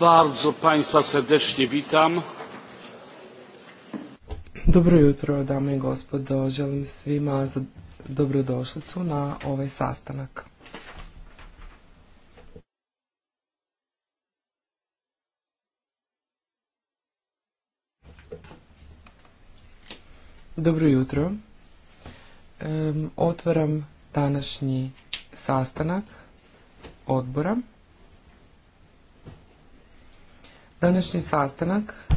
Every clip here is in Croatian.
Bardzo Państwa serdecznie witam. Dobro jutro, dame i gospodo. Želim svima dobrodošlicu na ovaj sastanak. Dobro jutro. Otvaram današnji sastanak odbora. Današnji sastanak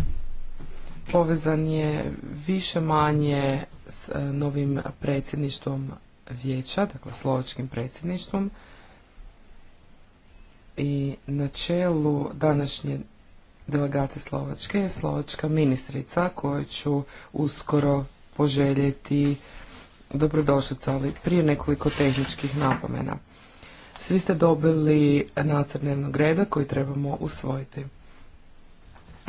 povezan je više manje s e, novim predsjedništvom vijeća, dakle slovačkim predsjedništvom i na čelu današnje delegacije Slovačke je slovačka ministrica koju ću uskoro poželjeti dobrodošlica, ali prije nekoliko tehničkih napomena. Svi ste dobili nacrt dnevnog reda koji trebamo usvojiti.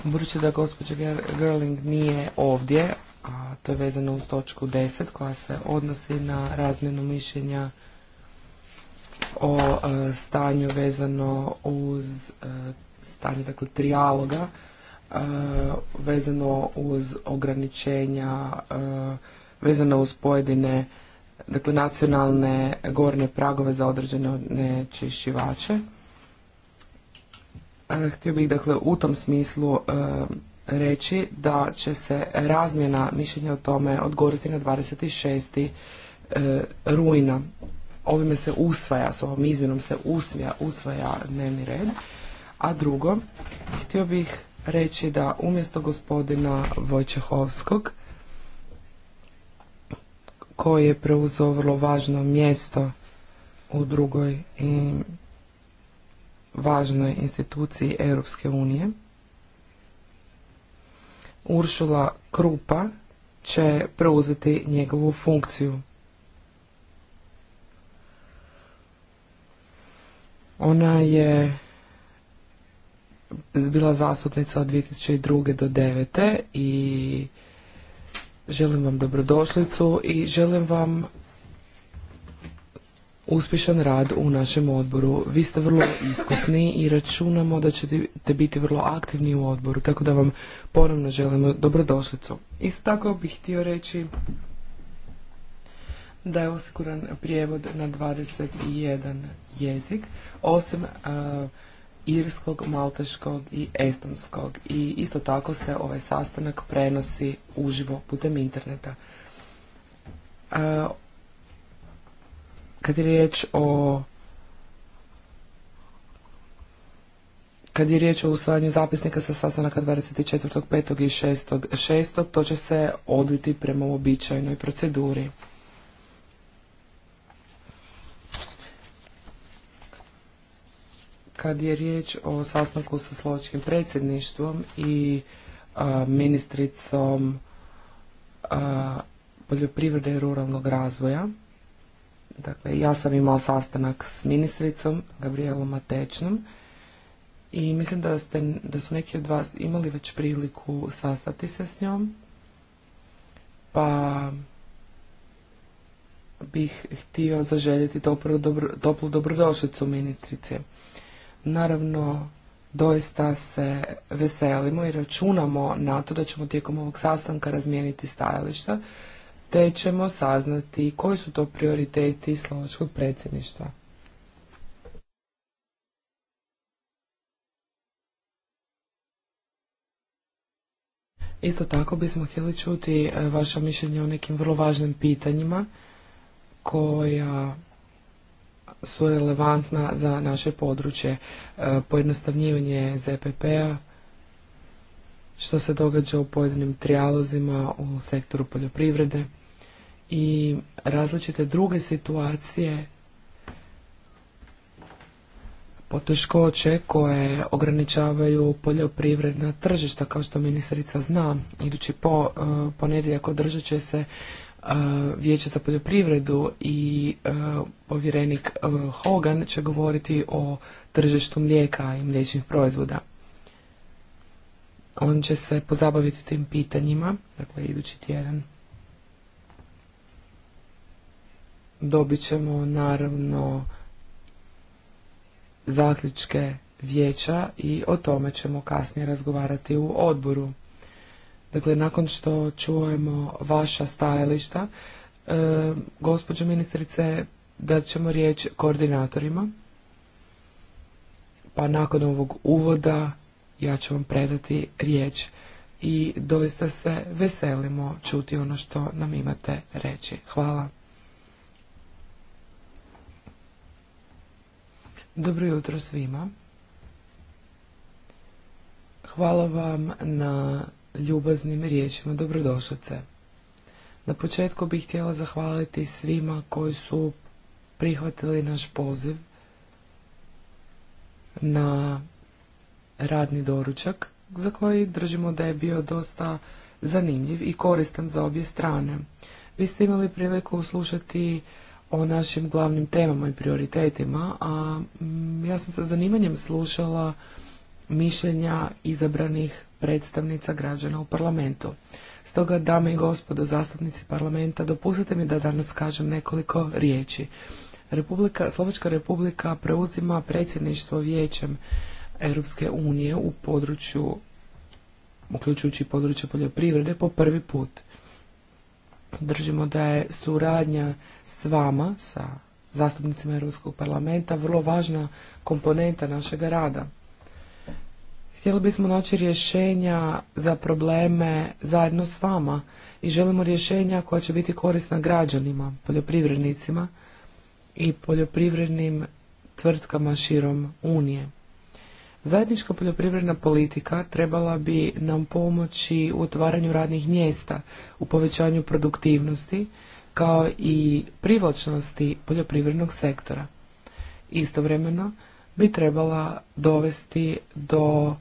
Budući da gospođa Gerling nije ovdje, a to je vezano uz točku 10 koja se odnosi na razmjenu mišljenja o e, stanju vezano uz e, stanje dakle trijaloga e, vezano uz ograničenja vezano uz pojedine dakle nacionalne gornje pragove za određene nečišivače. E, htio bih dakle u tom smislu e, reći da će se razmjena mišljenja o tome odgovoriti na 26. E, rujna. Ovime se usvaja, s ovom izmjenom se usvaja, usvaja dnevni red. A drugo, htio bih reći da umjesto gospodina Vojčehovskog koji je preuzeo vrlo važno mjesto u drugoj i važnoj instituciji Europske unije. Uršula Krupa će preuzeti njegovu funkciju. Ona je bila zastupnica od 2002. do 2009. i Želim vam dobrodošlicu i želim vam uspješan rad u našem odboru. Vi ste vrlo iskusni i računamo da ćete biti vrlo aktivni u odboru, tako da vam ponovno želimo dobrodošlicu. Isto tako bih htio reći da je osiguran prijevod na 21 jezik, osim uh, irskog, malteškog i estonskog i isto tako se ovaj sastanak prenosi uživo putem interneta. Kad je riječ o kad riječ o usvajanju zapisnika sa sastanaka 5. i 6. to će se odviti prema uobičajenoj proceduri. Kad je riječ o sastanku sa slovačkim predsjedništvom i ministricom poljoprivrede i ruralnog razvoja, dakle ja sam imao sastanak s ministricom Gabrielom Matečnom i mislim da, ste, da su neki od vas imali već priliku sastati se s njom, pa bih htio zaželjeti toplu, dobrodošlicu ministrice. Naravno, doista se veselimo i računamo na to da ćemo tijekom ovog sastanka razmijeniti stajališta, te ćemo saznati koji su to prioriteti slovačkog predsjedništva. Isto tako bismo htjeli čuti e, vaša mišljenja o nekim vrlo važnim pitanjima koja su relevantna za naše područje. E, pojednostavnjivanje ZPP-a, što se događa u pojedinim trijalozima u sektoru poljoprivrede i različite druge situacije poteškoće koje ograničavaju poljoprivredna tržišta, kao što ministrica zna. Idući po, e, ponedjeljak održat će se Vijeća za poljoprivredu i povjerenik Hogan će govoriti o tržištu mlijeka i mliječnih proizvoda. On će se pozabaviti tim pitanjima, dakle idući tjedan. Dobit ćemo naravno zaključke vijeća i o tome ćemo kasnije razgovarati u odboru. Dakle, nakon što čujemo vaša stajališta, e, gospođo ministrice, da ćemo riječ koordinatorima. Pa nakon ovog uvoda ja ću vam predati riječ i doista se veselimo čuti ono što nam imate reći. Hvala. Dobro jutro svima. Hvala vam na ljubaznim riječima dobrodošlice. Na početku bih htjela zahvaliti svima koji su prihvatili naš poziv na radni doručak za koji držimo da je bio dosta zanimljiv i koristan za obje strane. Vi ste imali priliku slušati o našim glavnim temama i prioritetima, a mm, ja sam sa zanimanjem slušala mišljenja izabranih predstavnica građana u parlamentu. Stoga, dame i gospodo, zastupnici parlamenta, dopustite mi da danas kažem nekoliko riječi. Republika, Slovačka republika preuzima predsjedništvo vijećem Europske unije u području, uključujući područje poljoprivrede, po prvi put. Držimo da je suradnja s vama, sa zastupnicima Europskog parlamenta, vrlo važna komponenta našega rada. Htjeli bismo naći rješenja za probleme zajedno s vama i želimo rješenja koja će biti korisna građanima, poljoprivrednicima i poljoprivrednim tvrtkama širom Unije. Zajednička poljoprivredna politika trebala bi nam pomoći u otvaranju radnih mjesta, u povećanju produktivnosti, kao i privlačnosti poljoprivrednog sektora. Istovremeno bi trebala dovesti do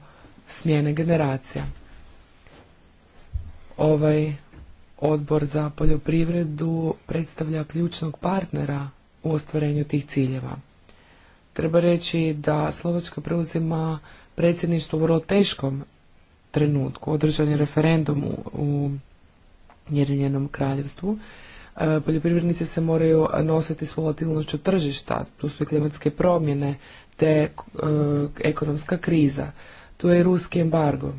smjene generacija. Ovaj odbor za poljoprivredu predstavlja ključnog partnera u ostvarenju tih ciljeva. Treba reći da Slovačka preuzima predsjedništvo u vrlo teškom trenutku. Održan je referendum u njerenjenom kraljevstvu. E, Poljoprivrednice se moraju nositi s volatilnošću tržišta, tu su i klimatske promjene te e, ekonomska kriza. Tu je ruski embargo.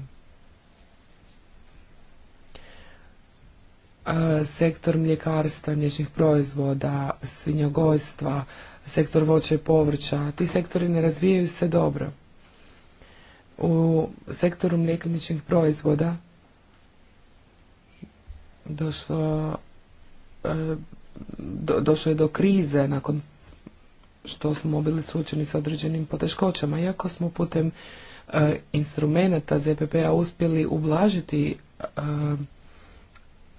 sektor mljekarstva, mliječnih proizvoda, svinjogojstva, sektor voća i povrća. Ti sektori ne razvijaju se dobro. U sektoru mljekničnih proizvoda došlo, e, do, došlo je do krize nakon što smo bili suočeni s određenim poteškoćama. Iako smo putem E, instrumenta ZPP-a uspjeli ublažiti e,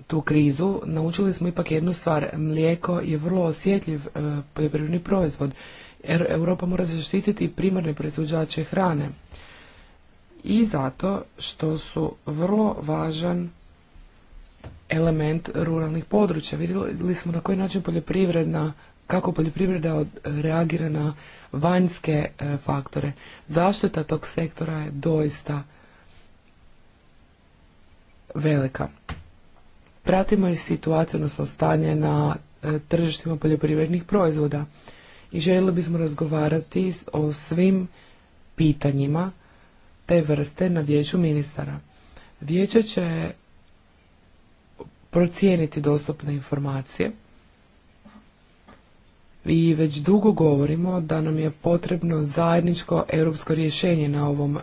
tu krizu, naučili smo ipak jednu stvar. Mlijeko je vrlo osjetljiv e, poljoprivredni proizvod. Europa mora zaštititi primarne proizvođače hrane. I zato što su vrlo važan element ruralnih područja. Vidjeli smo na koji način poljoprivredna kako poljoprivreda e, reagira na vanjske e, faktore. Zaštita tog sektora je doista velika. Pratimo i situaciju, odnosno stanje na e, tržištima poljoprivrednih proizvoda i željeli bismo razgovarati o svim pitanjima te vrste na vijeću ministara. Vijeće će procijeniti dostupne informacije vi već dugo govorimo da nam je potrebno zajedničko europsko rješenje na ovom e,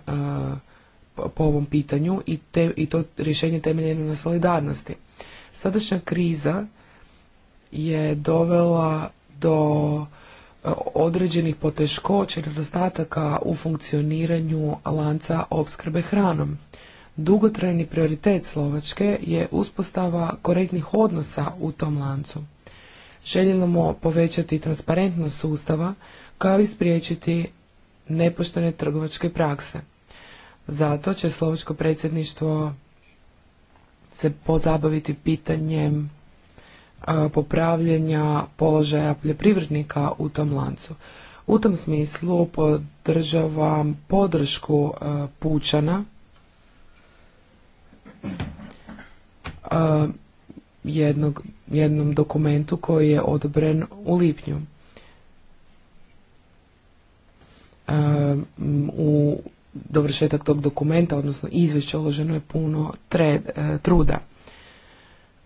po ovom pitanju i, i to rješenje temeljeno na solidarnosti. Sadašnja kriza je dovela do e, određenih poteškoća i nedostataka u funkcioniranju lanca opskrbe hranom. Dugotrajni prioritet Slovačke je uspostava korektnih odnosa u tom lancu. Željamo povećati transparentnost sustava kao i spriječiti nepoštene trgovačke prakse. Zato će slovačko predsjedništvo se pozabaviti pitanjem popravljanja položaja poljoprivrednika u tom lancu. U tom smislu podržavam podršku pučana jednog, jednom dokumentu koji je odobren u lipnju. E, u dovršetak tog dokumenta, odnosno izvješće uloženo je puno tre, e, truda.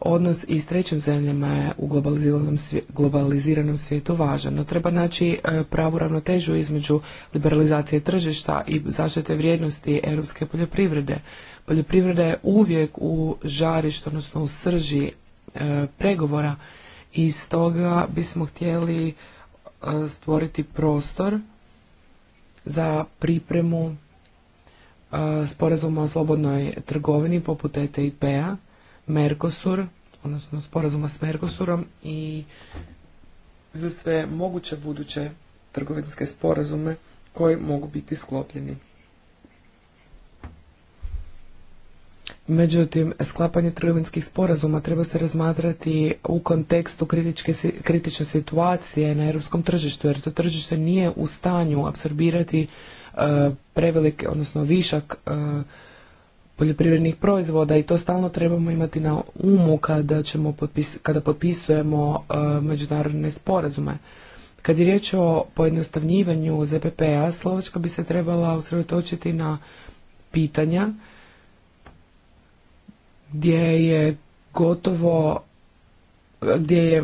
Odnos i s trećim zemljama je u globaliziranom, globaliziranom svijetu važan, no treba naći e, pravu ravnotežu između liberalizacije tržišta i zaštite vrijednosti europske poljoprivrede. Poljoprivreda je uvijek u žarištu, odnosno u srži E, pregovora i stoga bismo htjeli e, stvoriti prostor za pripremu e, sporazuma o slobodnoj trgovini poput ETIP-a, Mercosur, odnosno sporazuma s Mercosurom i za sve moguće buduće trgovinske sporazume koji mogu biti sklopljeni. Međutim, sklapanje trgovinskih sporazuma treba se razmatrati u kontekstu kritičke, kritične situacije na europskom tržištu, jer to tržište nije u stanju apsorbirati uh, e, prevelik, odnosno višak e, poljoprivrednih proizvoda i to stalno trebamo imati na umu kada, ćemo potpis, kada potpisujemo e, međunarodne sporazume. Kad je riječ o pojednostavnjivanju ZPP-a, Slovačka bi se trebala usredotočiti na pitanja gdje je gotovo gdje je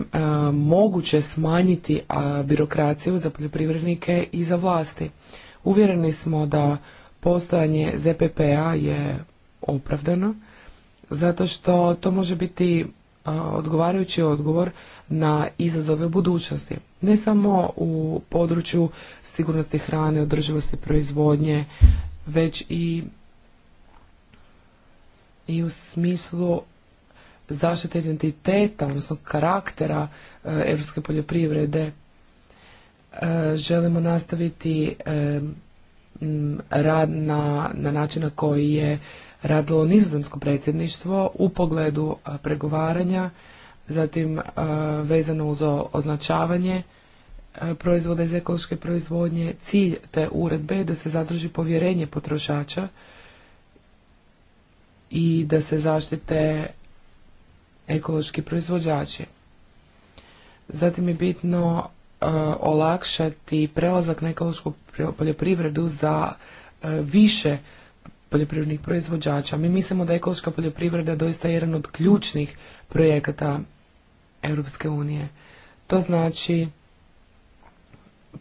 moguće smanjiti birokraciju za poljoprivrednike i za vlasti. Uvjereni smo da postojanje ZPpa je opravdano zato što to može biti odgovarajući odgovor na izazove budućnosti. Ne samo u području sigurnosti hrane, održivosti proizvodnje, već i i u smislu zaštite identiteta, odnosno karaktera europske poljoprivrede. E, želimo nastaviti e, rad na, na način na koji je radilo nizozemsko predsjedništvo u pogledu e, pregovaranja, zatim vezano uz označavanje proizvoda iz ekološke proizvodnje. Cilj te uredbe je da se zadrži povjerenje potrošača i da se zaštite ekološki proizvođači. Zatim je bitno e, olakšati prelazak na ekološku poljoprivredu za e, više poljoprivrednih proizvođača. Mi mislimo da je ekološka poljoprivreda doista jedan od ključnih projekata Europske unije. To znači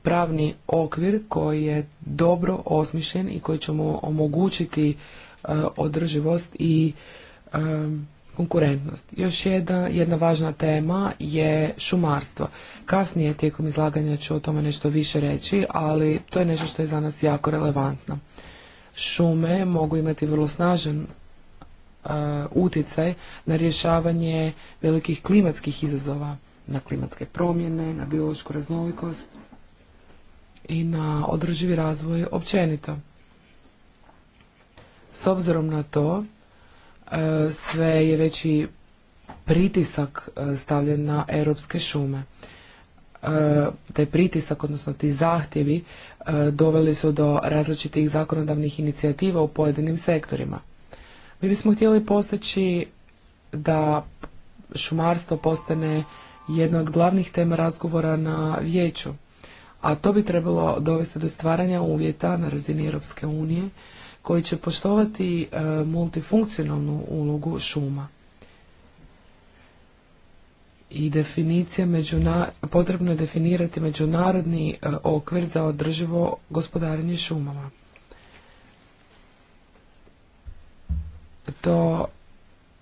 pravni okvir koji je dobro osmišljen i koji će mu omogućiti E, održivost i e, konkurentnost. Još jedna, jedna važna tema je šumarstvo. Kasnije tijekom izlaganja ću o tome nešto više reći, ali to je nešto što je za nas jako relevantno. Šume mogu imati vrlo snažan e, utjecaj na rješavanje velikih klimatskih izazova, na klimatske promjene, na biološku raznolikost i na održivi razvoj općenito. S obzirom na to, e, sve je veći pritisak e, stavljen na europske šume. E, taj pritisak, odnosno ti zahtjevi, doveli su do različitih zakonodavnih inicijativa u pojedinim sektorima. Mi bismo htjeli postići da šumarstvo postane jedna od glavnih tema razgovora na vijeću, a to bi trebalo dovesti do stvaranja uvjeta na razini Europske unije koji će poštovati e, multifunkcionalnu ulogu šuma. I definicija međuna, potrebno je definirati međunarodni e, okvir za održivo gospodarenje šumama. To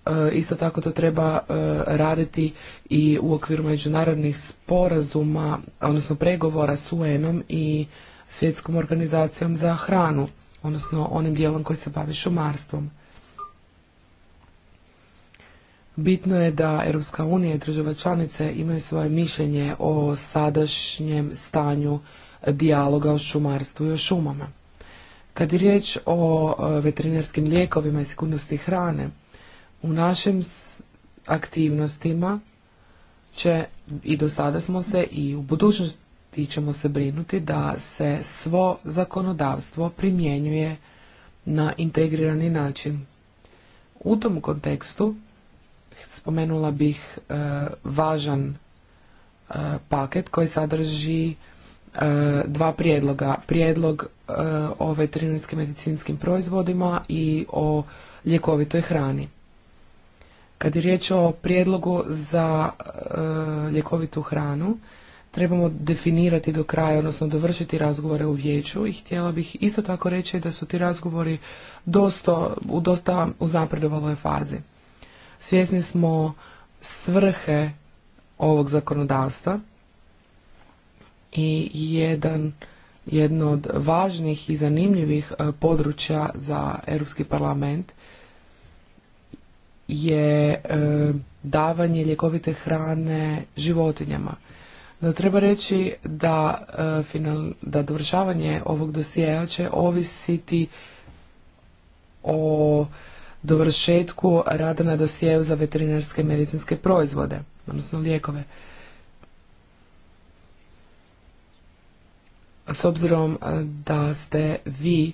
e, isto tako to treba raditi i u okviru međunarodnih sporazuma, odnosno pregovora s UN-om i svjetskom organizacijom za hranu odnosno onim dijelom koji se bavi šumarstvom. Bitno je da Europska unija i država članice imaju svoje mišljenje o sadašnjem stanju dijaloga o šumarstvu i o šumama. Kad je riječ o e, veterinarskim lijekovima i sigurnosti hrane, u našim aktivnostima će i do sada smo se i u budućnosti i ćemo se brinuti da se svo zakonodavstvo primjenjuje na integrirani način. U tom kontekstu spomenula bih e, važan e, paket koji sadrži e, dva prijedloga. Prijedlog o veterinarskim medicinskim proizvodima i o ljekovitoj hrani. Kad je riječ o prijedlogu za ljekovitu hranu, trebamo definirati do kraja, odnosno dovršiti razgovore u vijeću i htjela bih isto tako reći da su ti razgovori dosta, u dosta fazi. Svjesni smo svrhe ovog zakonodavstva i jedan jedno od važnih i zanimljivih e, područja za Europski parlament je e, davanje ljekovite hrane životinjama no, e, treba reći da, e, final, da dovršavanje ovog dosijeja će ovisiti o dovršetku rada na dosijeju za veterinarske i medicinske proizvode, odnosno lijekove. S obzirom e, da ste vi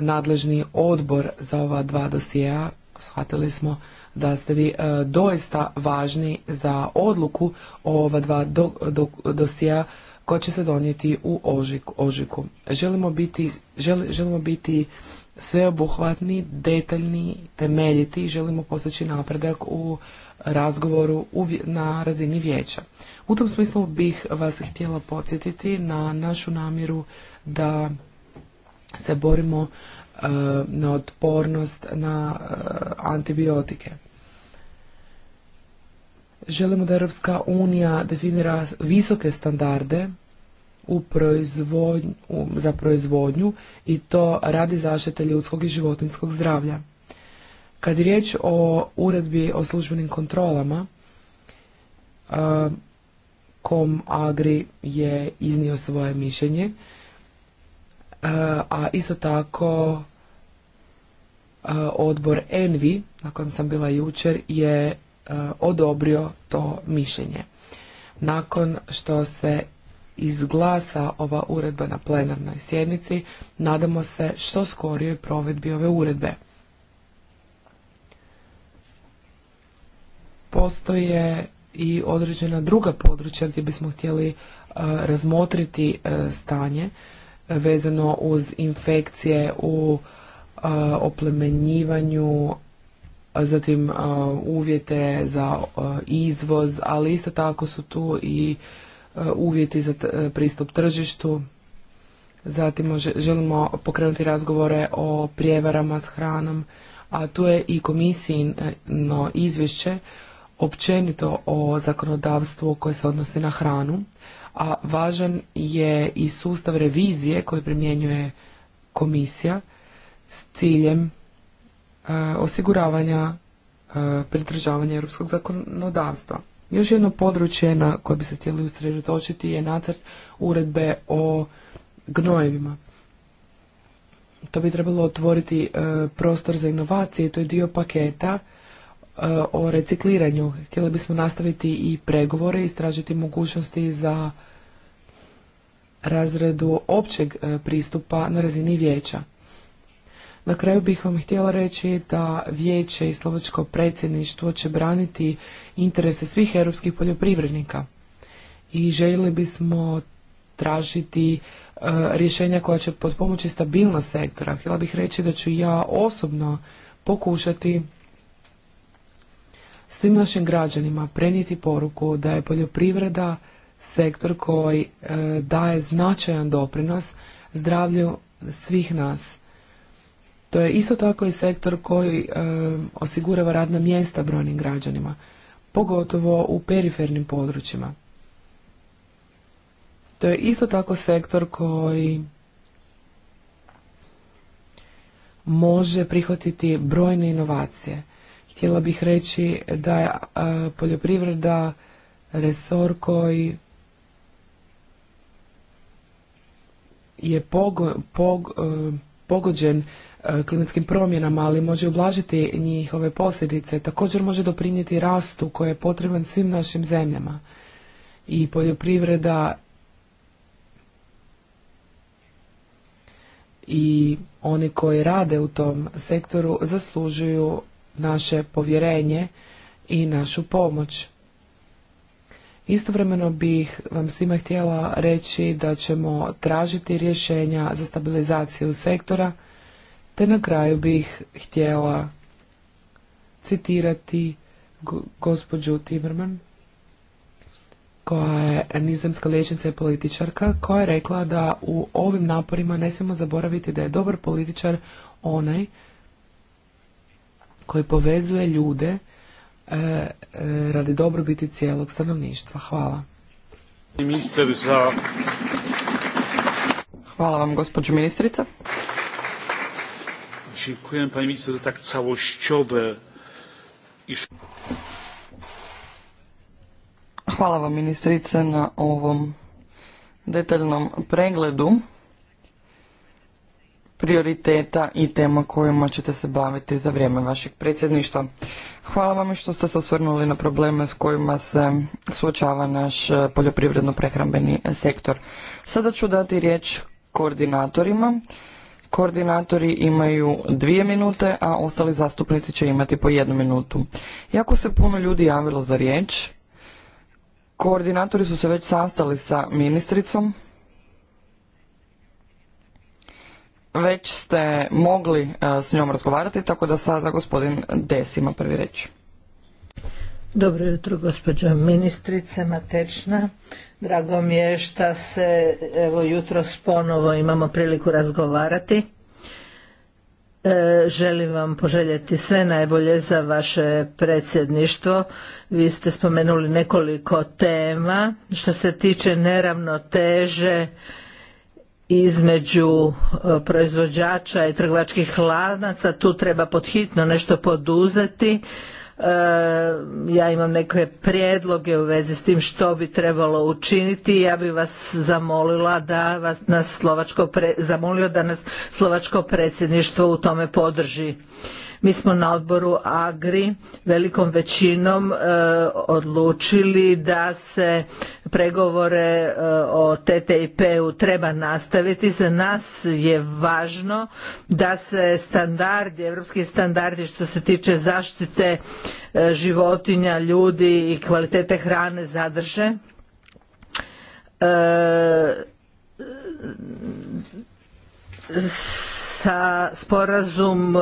nadležni odbor za ova dva dosijeja, shvatili smo da ste vi e, doista važni za odluku o ova dva dosija koja će se donijeti u ožiku. Želimo biti, sveobuhvatni, detaljni, temeljiti i želimo postići napredak u razgovoru na razini vijeća. U tom smislu bih vas htjela podsjetiti na našu namjeru da se borimo Eh, na otpornost na eh, antibiotike. Želimo da Europska unija definira visoke standarde u proizvodnju, za proizvodnju i to radi zaštite ljudskog i životinskog zdravlja. Kad je riječ o uredbi o službenim kontrolama, eh, kom Agri je iznio svoje mišljenje, E, a isto tako e, odbor Envi, na kojem sam bila jučer, je e, odobrio to mišljenje. Nakon što se izglasa ova uredba na plenarnoj sjednici, nadamo se što skorijoj provedbi ove uredbe. Postoje i određena druga područja gdje bismo htjeli razmotriti stanje vezano uz infekcije u oplemenjivanju, zatim uvjete za izvoz, ali isto tako su tu i uvjeti za pristup tržištu. Zatim želimo pokrenuti razgovore o prijevarama s hranom, a tu je i komisijino izvješće općenito o zakonodavstvu koje se odnosi na hranu a važan je i sustav revizije koji primjenjuje komisija s ciljem e, osiguravanja e, pridržavanja europskog zakonodavstva. Još jedno područje na koje bi se htjeli usredotočiti je nacrt uredbe o gnojevima. To bi trebalo otvoriti e, prostor za inovacije, to je dio paketa o recikliranju. Htjeli bismo nastaviti i pregovore, istražiti mogućnosti za razredu općeg e, pristupa na razini vijeća. Na kraju bih vam htjela reći da vijeće i slovačko predsjedništvo će braniti interese svih europskih poljoprivrednika i željeli bismo tražiti e, rješenja koja će pomoći stabilnost sektora. Htjela bih reći da ću ja osobno pokušati svim našim građanima prenijeti poruku da je poljoprivreda sektor koji e, daje značajan doprinos zdravlju svih nas. To je isto tako i sektor koji e, osigurava radna mjesta brojnim građanima, pogotovo u perifernim područjima. To je isto tako sektor koji može prihvatiti brojne inovacije. Htjela bih reći da je e, poljoprivreda resor koji je pog, e, pogođen e, klimatskim promjenama, ali može ublažiti njihove posljedice. Također može doprinijeti rastu koji je potreban svim našim zemljama. I poljoprivreda i oni koji rade u tom sektoru zaslužuju naše povjerenje i našu pomoć. Istovremeno bih vam svima htjela reći da ćemo tražiti rješenja za stabilizaciju sektora, te na kraju bih htjela citirati gospođu Timerman, koja je nizemska liječnica i političarka, koja je rekla da u ovim naporima ne smijemo zaboraviti da je dobar političar onaj koji povezuje ljude E, radi dobrobiti cijelog stanovništva. Hvala. Minister za... Hvala vam, gospođo ministrica. Dziękujem, panie ministrze, tak całościowe i... Hvala vam, ministrice, na ovom detaljnom pregledu prioriteta i tema kojima ćete se baviti za vrijeme vašeg predsjedništva. Hvala vam što ste se osvrnuli na probleme s kojima se suočava naš e, poljoprivredno-prehrambeni sektor. Sada ću dati riječ koordinatorima. Koordinatori imaju dvije minute, a ostali zastupnici će imati po jednu minutu. Jako se puno ljudi javilo za riječ. Koordinatori su se već sastali sa ministricom već ste mogli e, s njom razgovarati, tako da sada gospodin Des ima prvi reč. Dobro jutro, gospođo ministrice Matečna. Drago mi je što se evo jutros ponovo imamo priliku razgovarati. E, želim vam poželjeti sve najbolje za vaše predsjedništvo. Vi ste spomenuli nekoliko tema. Što se tiče neravnoteže, između e, proizvođača i trgovačkih lanaca tu treba podhitno nešto poduzeti e, ja imam neke prijedloge u vezi s tim što bi trebalo učiniti ja bih vas zamolila da vas nas slovačko zamolio da nas slovačko predsjedništvo u tome podrži mi smo na odboru Agri velikom većinom e, odlučili da se pregovore e, o TTIP-u treba nastaviti. Za nas je važno da se standardi, evropski standardi što se tiče zaštite e, životinja, ljudi i kvalitete hrane zadrže sa sporazum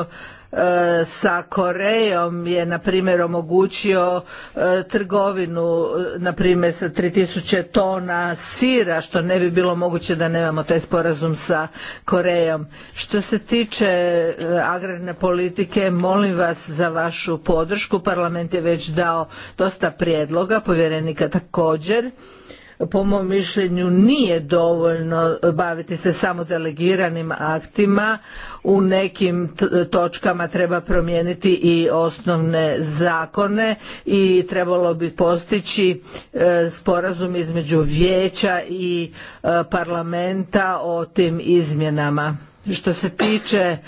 E, sa Korejom je na primjer omogućio e, trgovinu e, na primjer sa 3000 tona sira što ne bi bilo moguće da nemamo taj sporazum sa Korejom. Što se tiče agrarne politike molim vas za vašu podršku. Parlament je već dao dosta prijedloga, povjerenika također po mom mišljenju nije dovoljno baviti se samo delegiranim aktima u nekim točkama treba promijeniti i osnovne zakone i trebalo bi postići e, sporazum između vijeća i e, parlamenta o tim izmjenama što se tiče e,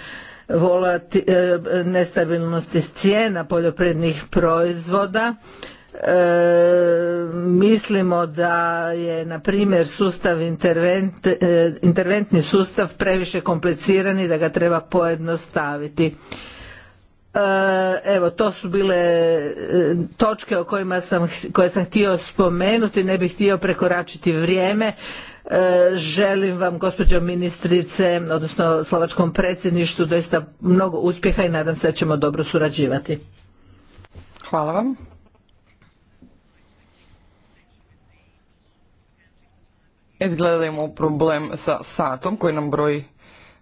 volati, nestabilnosti cijena poljoprivrednih proizvoda E, mislimo da je na primjer sustav intervent, e, interventni sustav previše kompliciran i da ga treba pojednostaviti. E, evo to su bile točke o kojima sam koje sam htio spomenuti, ne bih htio prekoračiti vrijeme. Želim vam gospođo ministrice, odnosno slovačkom predsjedništvu doista mnogo uspjeha i nadam se da ćemo dobro surađivati. Hvala vam. izgleda problem sa satom koji nam broji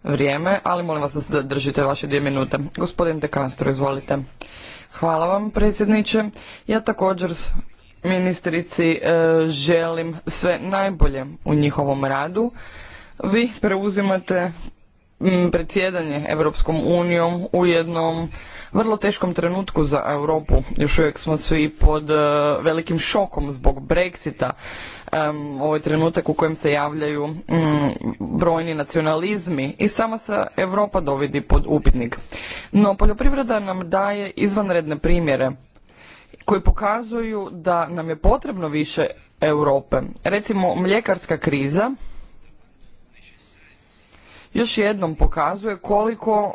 vrijeme, ali molim vas da se držite vaše dvije minute. Gospodin De Castro, izvolite. Hvala vam, predsjedniče. Ja također ministrici e, želim sve najbolje u njihovom radu. Vi preuzimate predsjedanje Europskom unijom u jednom vrlo teškom trenutku za Europu. Još uvijek smo svi pod e, velikim šokom zbog Brexita um, ovo je trenutak u kojem se javljaju mm, brojni nacionalizmi i sama se Europa dovidi pod upitnik. No poljoprivreda nam daje izvanredne primjere koji pokazuju da nam je potrebno više Europe. Recimo mljekarska kriza još jednom pokazuje koliko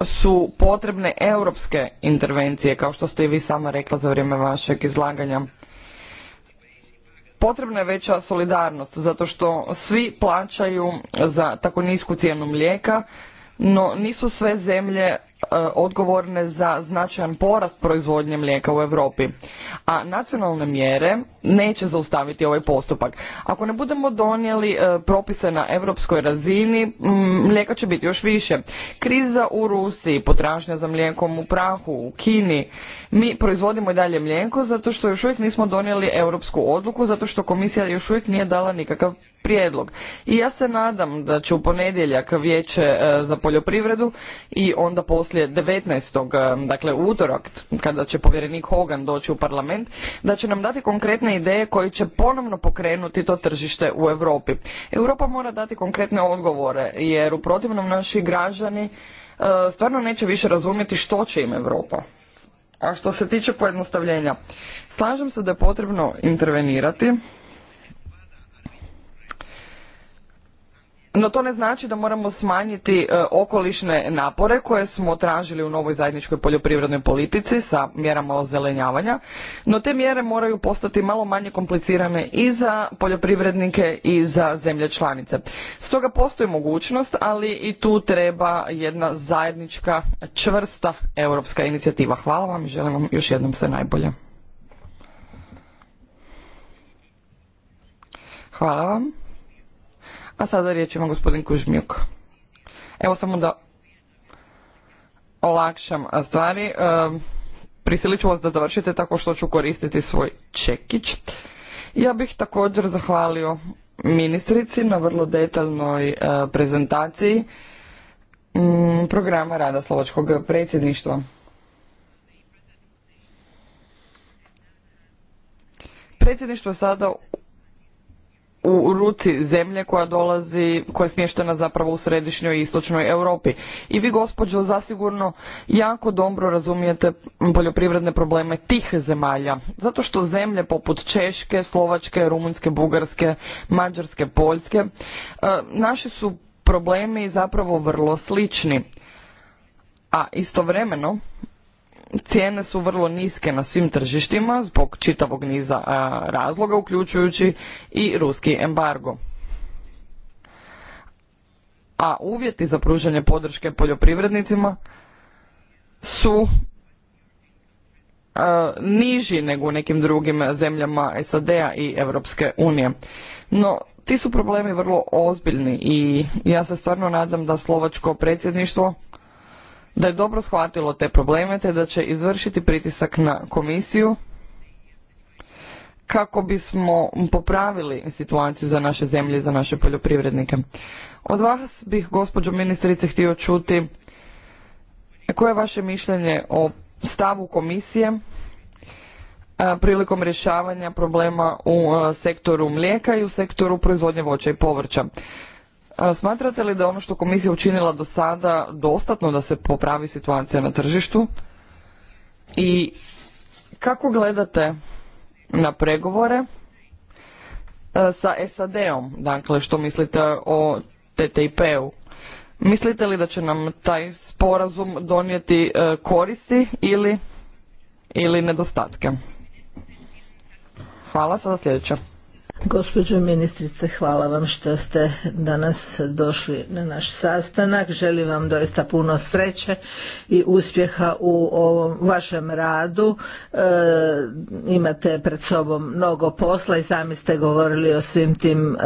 su potrebne europske intervencije, kao što ste i vi sama rekla za vrijeme vašeg izlaganja. Potrebna je veća solidarnost zato što svi plaćaju za tako nisku cijenu mlijeka, no nisu sve zemlje E, odgovorne za značajan porast proizvodnje mlijeka u Europi. A nacionalne mjere neće zaustaviti ovaj postupak. Ako ne budemo donijeli e, propise na europskoj razini, mlijeka će biti još više. Kriza u Rusiji, potražnja za mlijekom u prahu, u Kini. Mi proizvodimo i dalje mlijeko zato što još uvijek nismo donijeli europsku odluku, zato što komisija još uvijek nije dala nikakav prijedlog. I ja se nadam da će u ponedjeljak vijeće e, za poljoprivredu i onda poslije 19. Eh, dakle utorak kada će povjerenik Hogan doći u parlament da će nam dati konkretne ideje koji će ponovno pokrenuti to tržište u Europi. Europa mora dati konkretne odgovore jer u protivnom naši građani eh, stvarno neće više razumjeti što će im Europa. A što se tiče pojednostavljenja, slažem se da je potrebno intervenirati no to ne znači da moramo smanjiti e, okolišne napore koje smo tražili u novoj zajedničkoj poljoprivrednoj politici sa mjerama ozelenjavanja, no te mjere moraju postati malo manje komplicirane i za poljoprivrednike i za zemlje članice. Stoga postoji mogućnost, ali i tu treba jedna zajednička čvrsta europska inicijativa. Hvala vam i želim vam još jednom sve najbolje. Hvala vam. A sada riječ ima gospodin Kužmjuk. Evo samo da olakšam stvari. E, prisilit ću vas da završite tako što ću koristiti svoj čekić. Ja bih također zahvalio ministrici na vrlo detaljnoj e, prezentaciji mm, programa rada slovačkog predsjedništva. Predsjedništvo je sada u ruci zemlje koja dolazi, koja je smještena zapravo u središnjoj i istočnoj Europi. I vi gospođo zasigurno jako dobro razumijete poljoprivredne probleme tih zemalja. Zato što zemlje poput Češke, Slovačke, Rumunjske, Bugarske, Mađarske, Poljske, e, naši su problemi zapravo vrlo slični. A istovremeno cijene su vrlo niske na svim tržištima zbog čitavog niza razloga uključujući i ruski embargo a uvjeti za pružanje podrške poljoprivrednicima su niži nego u nekim drugim zemljama SAD-a i Europske unije. No, ti su problemi vrlo ozbiljni i ja se stvarno nadam da slovačko predsjedništvo da je dobro shvatilo te probleme te da će izvršiti pritisak na komisiju kako bismo popravili situaciju za naše zemlje i za naše poljoprivrednike. Od vas bih, gospođo ministrice, htio čuti koje je vaše mišljenje o stavu komisije e, prilikom rješavanja problema u e, sektoru mlijeka i u sektoru proizvodnje voća i povrća. Smatrate li da ono što komisija učinila do sada dostatno da se popravi situacija na tržištu? I kako gledate na pregovore e, sa SAD-om? Dakle, što mislite o TTIP-u? Mislite li da će nam taj sporazum donijeti e, koristi ili, ili nedostatke? Hvala, sada sljedeća. Gospođo ministrice, hvala vam što ste danas došli na naš sastanak. Želim vam doista puno sreće i uspjeha u ovom vašem radu. E, imate pred sobom mnogo posla i sami ste govorili o svim tim e,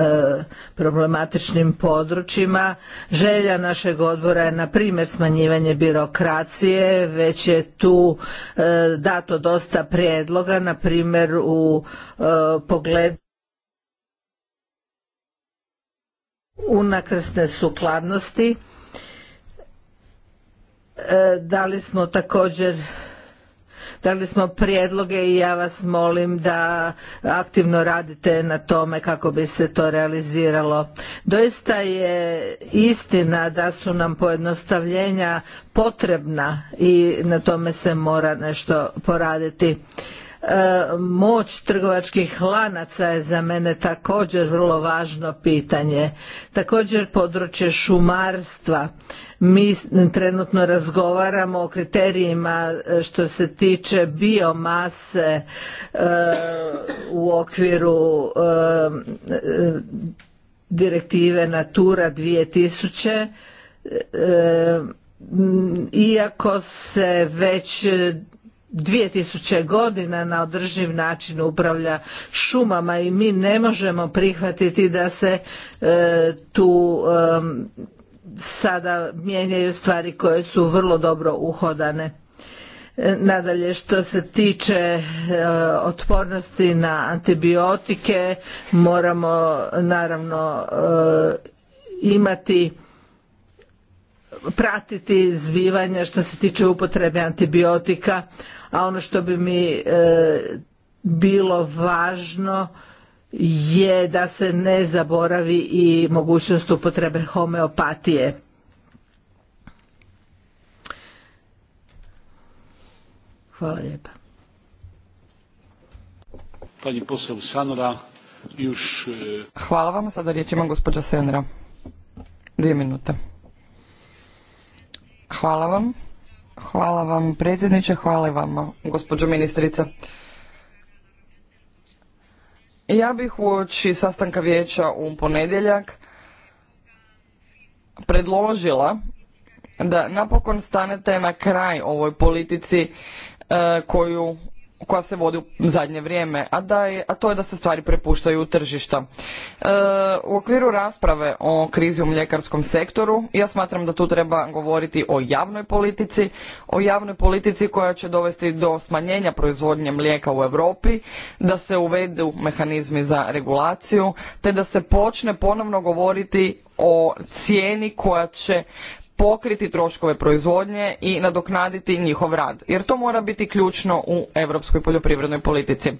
problematičnim područjima. Želja našeg odbora je na primjer smanjivanje birokracije, već je tu e, dato dosta prijedloga, na primjer u pogledu unakrsne sukladnosti. E, dali smo također dali smo prijedloge i ja vas molim da aktivno radite na tome kako bi se to realiziralo. Doista je istina da su nam pojednostavljenja potrebna i na tome se mora nešto poraditi. E, moć trgovačkih lanaca je za mene također vrlo važno pitanje. Također područje šumarstva. Mi trenutno razgovaramo o kriterijima e, što se tiče biomase e, u okviru direktive Natura 2000 iako se već 2000 godina na održiv način upravlja šumama i mi ne možemo prihvatiti da se e, tu sada mijenjaju stvari koje su vrlo dobro uhodane. E, nadalje, što se tiče e, otpornosti na antibiotike, moramo naravno imati pratiti zbivanja što se tiče upotrebe antibiotika, a ono što bi mi e, bilo važno je da se ne zaboravi i mogućnost upotrebe homeopatije. Hvala lijepa. E, Hvala vam, sada riječ ima gospođa Senra. Dvije minute. Hvala vam. Hvala vam predsjedniče, hvala vam gospođo ministrica. Ja bih uoči sastanka vijeća u ponedjeljak predložila da napokon stanete na kraj ovoj politici e, koju koja se vodi u zadnje vrijeme, a, a to je da se stvari prepuštaju u tržišta. E, u okviru rasprave o krizi u mljekarskom sektoru, ja smatram da tu treba govoriti o javnoj politici, o javnoj politici koja će dovesti do smanjenja proizvodnje mlijeka u Europi, da se uvedu mehanizmi za regulaciju, te da se počne ponovno govoriti o cijeni koja će pokriti troškove proizvodnje i nadoknaditi njihov rad jer to mora biti ključno u europskoj poljoprivrednoj politici.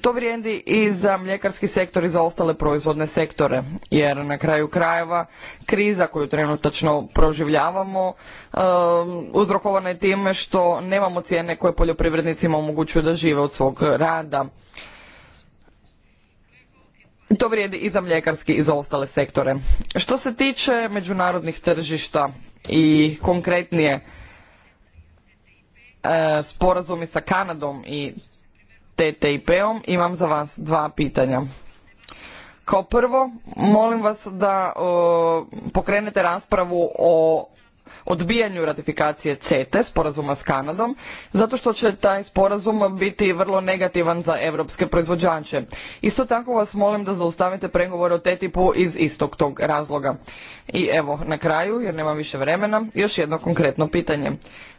To vrijedi i za mljekarski sektor i za ostale proizvodne sektore, jer na kraju krajeva kriza koju trenutačno proživljavamo um, uzrokovana je time što nemamo cijene koje poljoprivrednicima omogućuju da žive od svog rada. To vrijedi i za mljekarski i za ostale sektore. Što se tiče međunarodnih tržišta i konkretnije e, sporazumi sa Kanadom i TTIP-om, imam za vas dva pitanja. Kao prvo, molim vas da e, pokrenete raspravu o odbijanju ratifikacije CETE, sporazuma s Kanadom, zato što će taj sporazum biti vrlo negativan za europske proizvođače. Isto tako vas molim da zaustavite pregovore o TTIP-u iz istog tog razloga. I evo, na kraju, jer nemam više vremena, još jedno konkretno pitanje.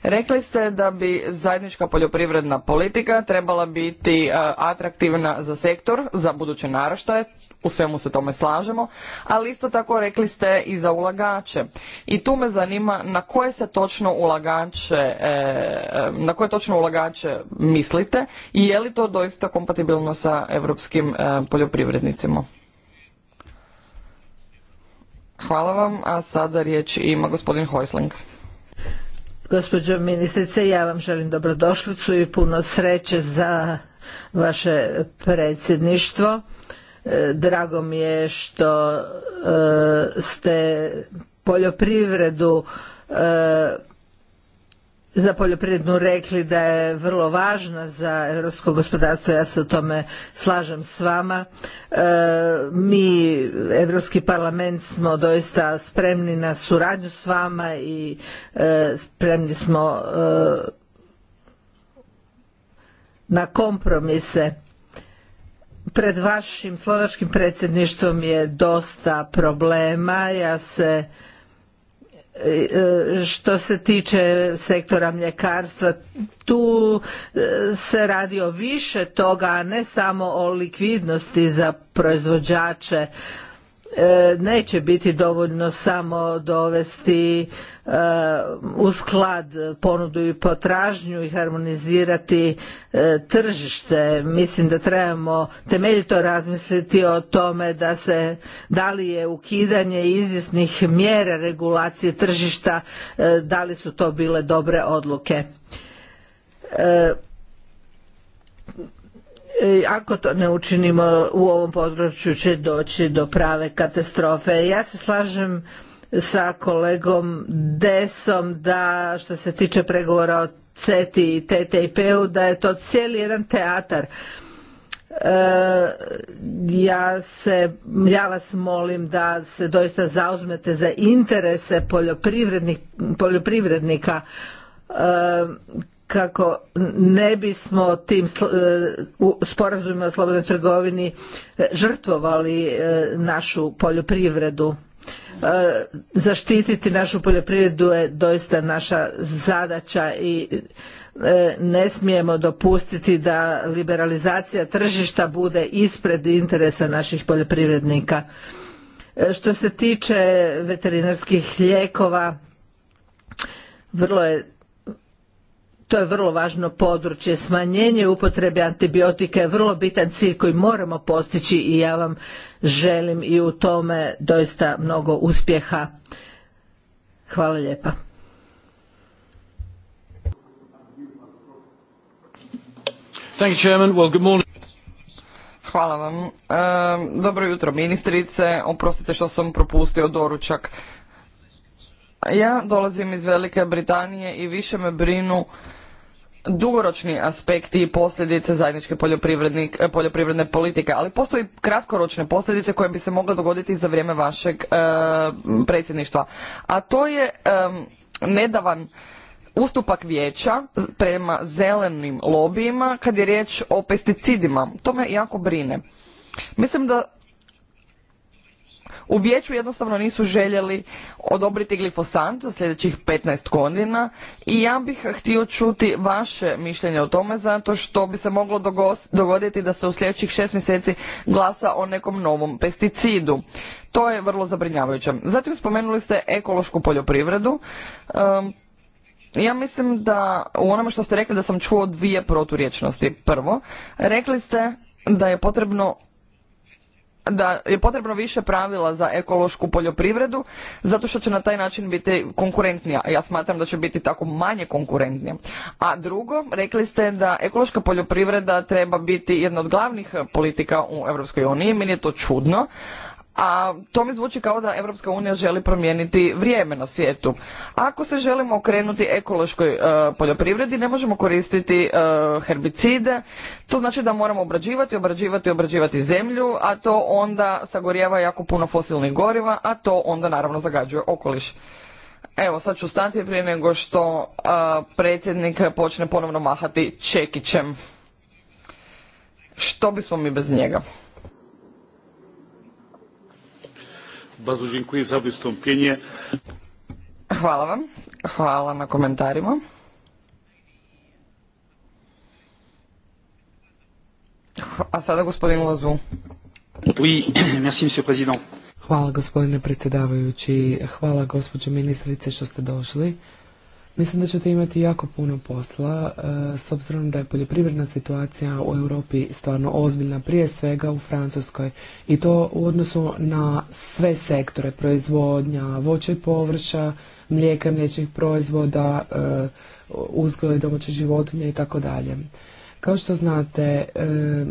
Rekli ste da bi zajednička poljoprivredna politika trebala biti e, atraktivna za sektor, za buduće naraštaje, u svemu se tome slažemo, ali isto tako rekli ste i za ulagače. I tu me zanima na koje se točno ulagače, e, e, na koje točno ulagače mislite i je li to doista kompatibilno sa europskim poljoprivrednicima? Hvala vam, a sada riječ ima gospodin Hojsling. Gospođo ministrice, ja vam želim dobrodošlicu i puno sreće za vaše predsjedništvo. E, drago mi je što e, ste poljoprivredu e, za poljoprivrednu rekli da je vrlo važna za europsko gospodarstvo, ja se u tome slažem s vama. E, mi, Europski parlament, smo doista spremni na suradnju s vama i e, spremni smo e, na kompromise. Pred vašim slovačkim predsjedništvom je dosta problema. Ja se što se tiče sektora mljekarstva tu e, se radi o više toga a ne samo o likvidnosti za proizvođače E, neće biti dovoljno samo dovesti e, u sklad ponudu i potražnju i harmonizirati e, tržište. Mislim da trebamo temeljito razmisliti o tome da se da li je ukidanje izvjesnih mjera regulacije tržišta, da li su to bile dobre odluke E, ako to ne učinimo u ovom području će doći do prave katastrofe. Ja se slažem sa kolegom Desom da što se tiče pregovora o CETI i TTIP-u da je to cijeli jedan teatar. E, ja, se, ja vas molim da se doista zauzmete za interese poljoprivrednika e, kako ne bismo tim e, sporazumima o slobodnoj trgovini e, žrtvovali e, našu poljoprivredu. Zaštititi našu poljoprivredu je doista naša zadaća i ne smijemo dopustiti da liberalizacija tržišta bude ispred interesa naših poljoprivrednika. Što se tiče veterinarskih lijekova, vrlo je to je vrlo važno područje. Smanjenje upotrebe antibiotika je vrlo bitan cilj koji moramo postići i ja vam želim i u tome doista mnogo uspjeha. Hvala lijepa. Hvala vam. E, dobro jutro ministrice. Oprostite što sam propustio doručak. Ja dolazim iz Velike Britanije i više me brinu dugoročni aspekti i posljedice zajedničke eh, poljoprivredne politike, ali postoji kratkoročne posljedice koje bi se mogle dogoditi za vrijeme vašeg eh, predsjedništva. A to je nedavan ustupak vijeća prema zelenim lobijima kad je riječ o pesticidima. To me jako brine. Mislim da u vijeću jednostavno nisu željeli odobriti glifosat za sljedećih 15 godina i ja bih htio čuti vaše mišljenje o tome zato što bi se moglo dogoditi da se u sljedećih šest mjeseci glasa o nekom novom pesticidu. To je vrlo zabrinjavajuće. Zatim spomenuli ste ekološku poljoprivredu. ja mislim da u onome što ste rekli da sam čuo dvije proturječnosti. Prvo, rekli ste da je potrebno da je potrebno više pravila za ekološku poljoprivredu zato što će na taj način biti konkurentnija. Ja smatram da će biti tako manje konkurentnija. A drugo, rekli ste da ekološka poljoprivreda treba biti jedna od glavnih politika u Europskoj uniji. Meni je to čudno, a to mi zvuči kao da Europska unija želi promijeniti vrijeme na svijetu. Ako se želimo okrenuti ekološkoj e, poljoprivredi, ne možemo koristiti e, herbicide, to znači da moramo obrađivati, obrađivati, obrađivati zemlju, a to onda sagorijeva jako puno fosilnih goriva, a to onda naravno zagađuje okoliš. Evo, sad ću stati prije nego što e, predsjednik počne ponovno mahati čekićem. Što bismo mi bez njega? Bardzo dziękuję za wystąpienie. Hvala vam. Hvala na komentarima. A sada gospodin Lazu. Oui, merci monsieur président. Hvala gospodine predsjedavajući, hvala gospođo ministrice što ste došli. Mislim da ćete imati jako puno posla e, s obzirom da je poljoprivredna situacija u Europi stvarno ozbiljna, prije svega u Francuskoj i to u odnosu na sve sektore, proizvodnja, voće i povrća, mlijeka, mliječnih proizvoda, e, uzgoj domaće životinje i tako dalje. Kao što znate, e,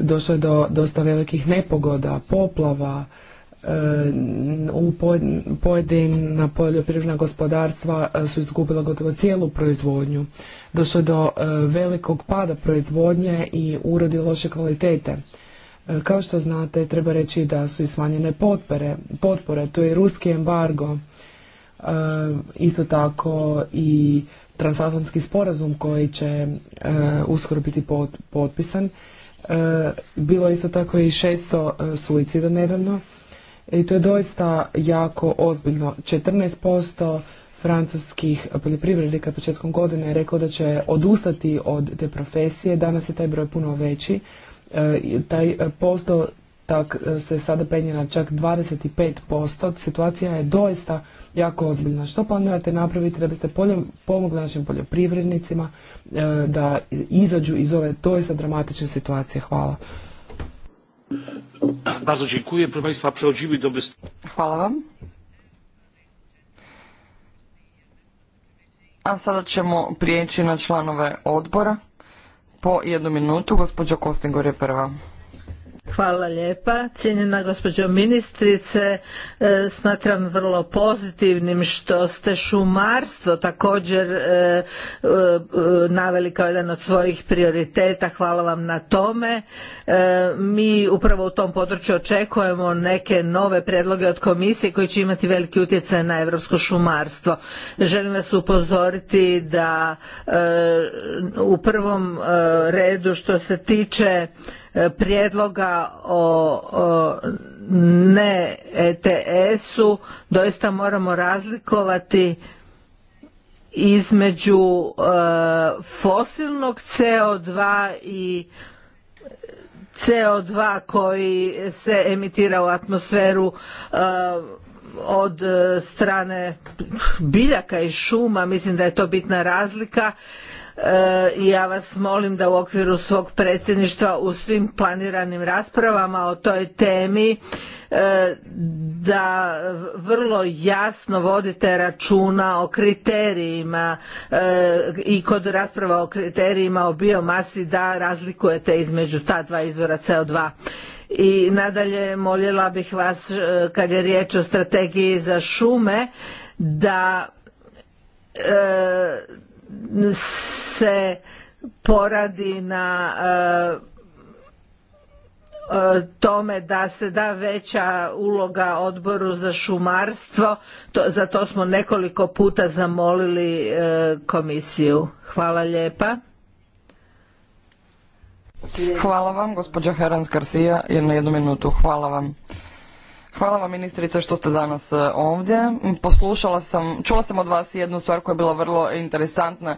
došlo je do dosta velikih nepogoda, poplava, E, u pojedina poljoprivredna gospodarstva e, su izgubila gotovo cijelu proizvodnju. Došlo do e, velikog pada proizvodnje i urodi loše kvalitete. Kao što znate, treba reći da su i smanjene potpore, to je ruski embargo, isto tako i transatlantski sporazum koji će uskoro biti potpisan. Bilo je isto tako i 600 suicida nedavno i to je doista jako ozbiljno. 14% francuskih poljoprivrednika početkom godine je reklo da će odustati od te profesije. Danas je taj broj puno veći. E, taj posto tak e, se sada penje na čak 25%. Situacija je doista jako ozbiljna. Što planirate napraviti da biste pomogli našim poljoprivrednicima e, da izađu iz ove doista dramatične situacije? Hvala. Bardzo dziękuję. Proszę Państwa, przechodzimy do Hvala vam. A sada ćemo prijeći na članove odbora. Po jednu minutu, gospođa Kostingor je prva. Hvala lijepa. Cijenjena gospođo ministrice, e, smatram vrlo pozitivnim što ste šumarstvo također e, e, naveli kao jedan od svojih prioriteta. Hvala vam na tome. Mi upravo u tom području očekujemo neke nove predloge od komisije koji će imati veliki utjecaj na europsko šumarstvo. Želim vas upozoriti da u prvom redu što se tiče E, prijedloga o, ne ETS-u doista moramo razlikovati između e, fosilnog CO2 i CO2 koji se emitira u atmosferu e, od strane biljaka i šuma mislim da je to bitna razlika i ja vas molim da u okviru svog predsjedništva u svim planiranim raspravama o toj temi e, da vrlo jasno vodite računa o kriterijima e, i kod rasprava o kriterijima o biomasi da razlikujete između ta dva izvora CO2. I nadalje moljela bih vas e, kad je riječ o strategiji za šume da se poradi na e, e, tome da se da veća uloga odboru za šumarstvo to, za to smo nekoliko puta zamolili e, komisiju hvala lijepa hvala vam gospođa Herans Garcia na jednu minutu hvala vam Hvala vam ministrice što ste danas e, ovdje. Poslušala sam, čula sam od vas jednu stvar koja je bila vrlo interesantna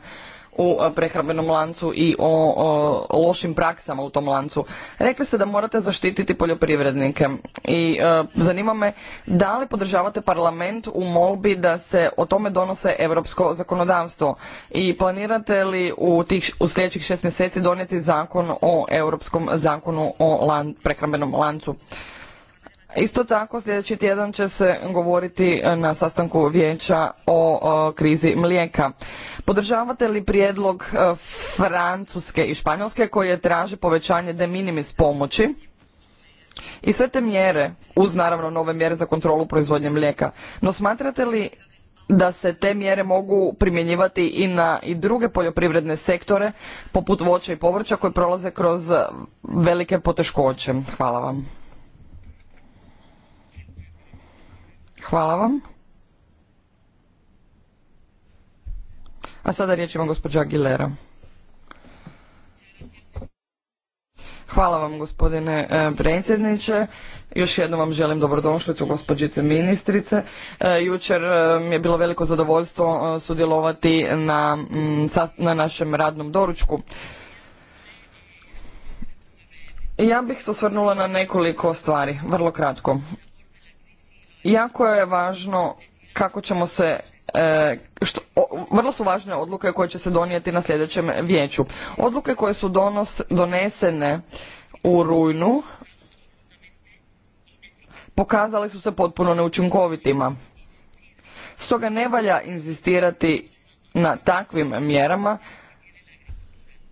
u e, prehrambenom lancu i o, lošim praksama u tom lancu. Rekli ste da morate zaštititi poljoprivrednike i e, zanima me da li podržavate parlament u molbi da se o tome donose europsko zakonodavstvo i planirate li u, tih, u sljedećih šest mjeseci donijeti zakon o europskom zakonu o prehrambenom lancu? Isto tako sljedeći tjedan će se govoriti e, na sastanku vijeća o, krizi mlijeka. Podržavate li prijedlog e, Francuske i Španjolske koje traži povećanje de minimis pomoći? I sve te mjere, uz naravno nove mjere za kontrolu proizvodnje mlijeka, no smatrate li da se te mjere mogu primjenjivati i na i druge poljoprivredne sektore poput voća i povrća koji prolaze kroz velike poteškoće. Hvala vam. Hvala vam. A sada riječ ima gospođa Aguilera. Hvala vam gospodine e, predsjedniče. Još jednom vam želim dobrodošlicu gospođice ministrice. E, jučer e, mi je bilo veliko zadovoljstvo sudjelovati na, mm, na našem radnom doručku. Ja bih se osvrnula na nekoliko stvari, vrlo kratko jako je važno kako ćemo se e, vrlo su važne odluke koje će se donijeti na sljedećem vijeću. Odluke koje su donos, donesene u rujnu pokazale su se potpuno neučinkovitima. Stoga ne valja inzistirati na takvim mjerama,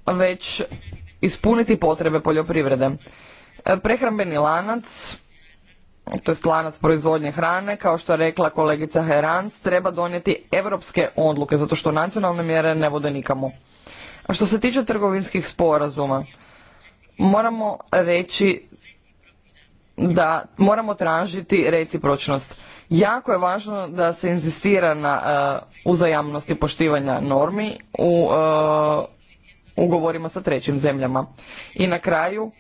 već ispuniti potrebe poljoprivrede. E, prehrambeni lanac to je lanac proizvodnje hrane, kao što je rekla kolegica Herans, treba donijeti europske odluke, zato što nacionalne mjere ne vode nikamo. A što se tiče trgovinskih sporazuma, moramo reći da moramo tražiti recipročnost. Jako je važno da se inzistira na uh, uzajamnosti poštivanja normi u e, ugovorima sa trećim zemljama. I na kraju,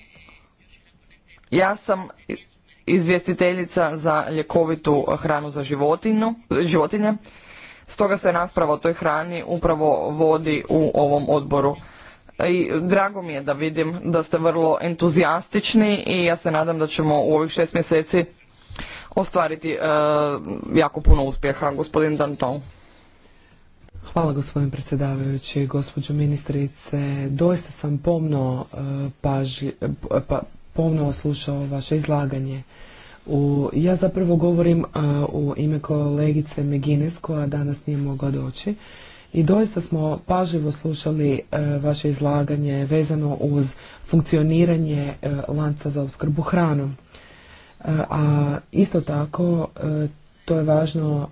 ja sam izvjestiteljica za ljekovitu hranu za životinje. Stoga se rasprava o toj hrani upravo vodi u ovom odboru. I drago mi je da vidim da ste vrlo entuzijastični i ja se nadam da ćemo u ovih šest mjeseci ostvariti e, jako puno uspjeha. Gospodin Danton. Hvala gospodin predsjedavajući, gospođo ministrice. Doista sam pomno e, pa, pomno slušao vaše izlaganje. ja zapravo govorim u ime kolegice Megines koja danas nije mogla doći i doista smo pažljivo slušali e, vaše izlaganje vezano uz funkcioniranje e, lanca za opskrbu hranom. E, a isto tako to je važno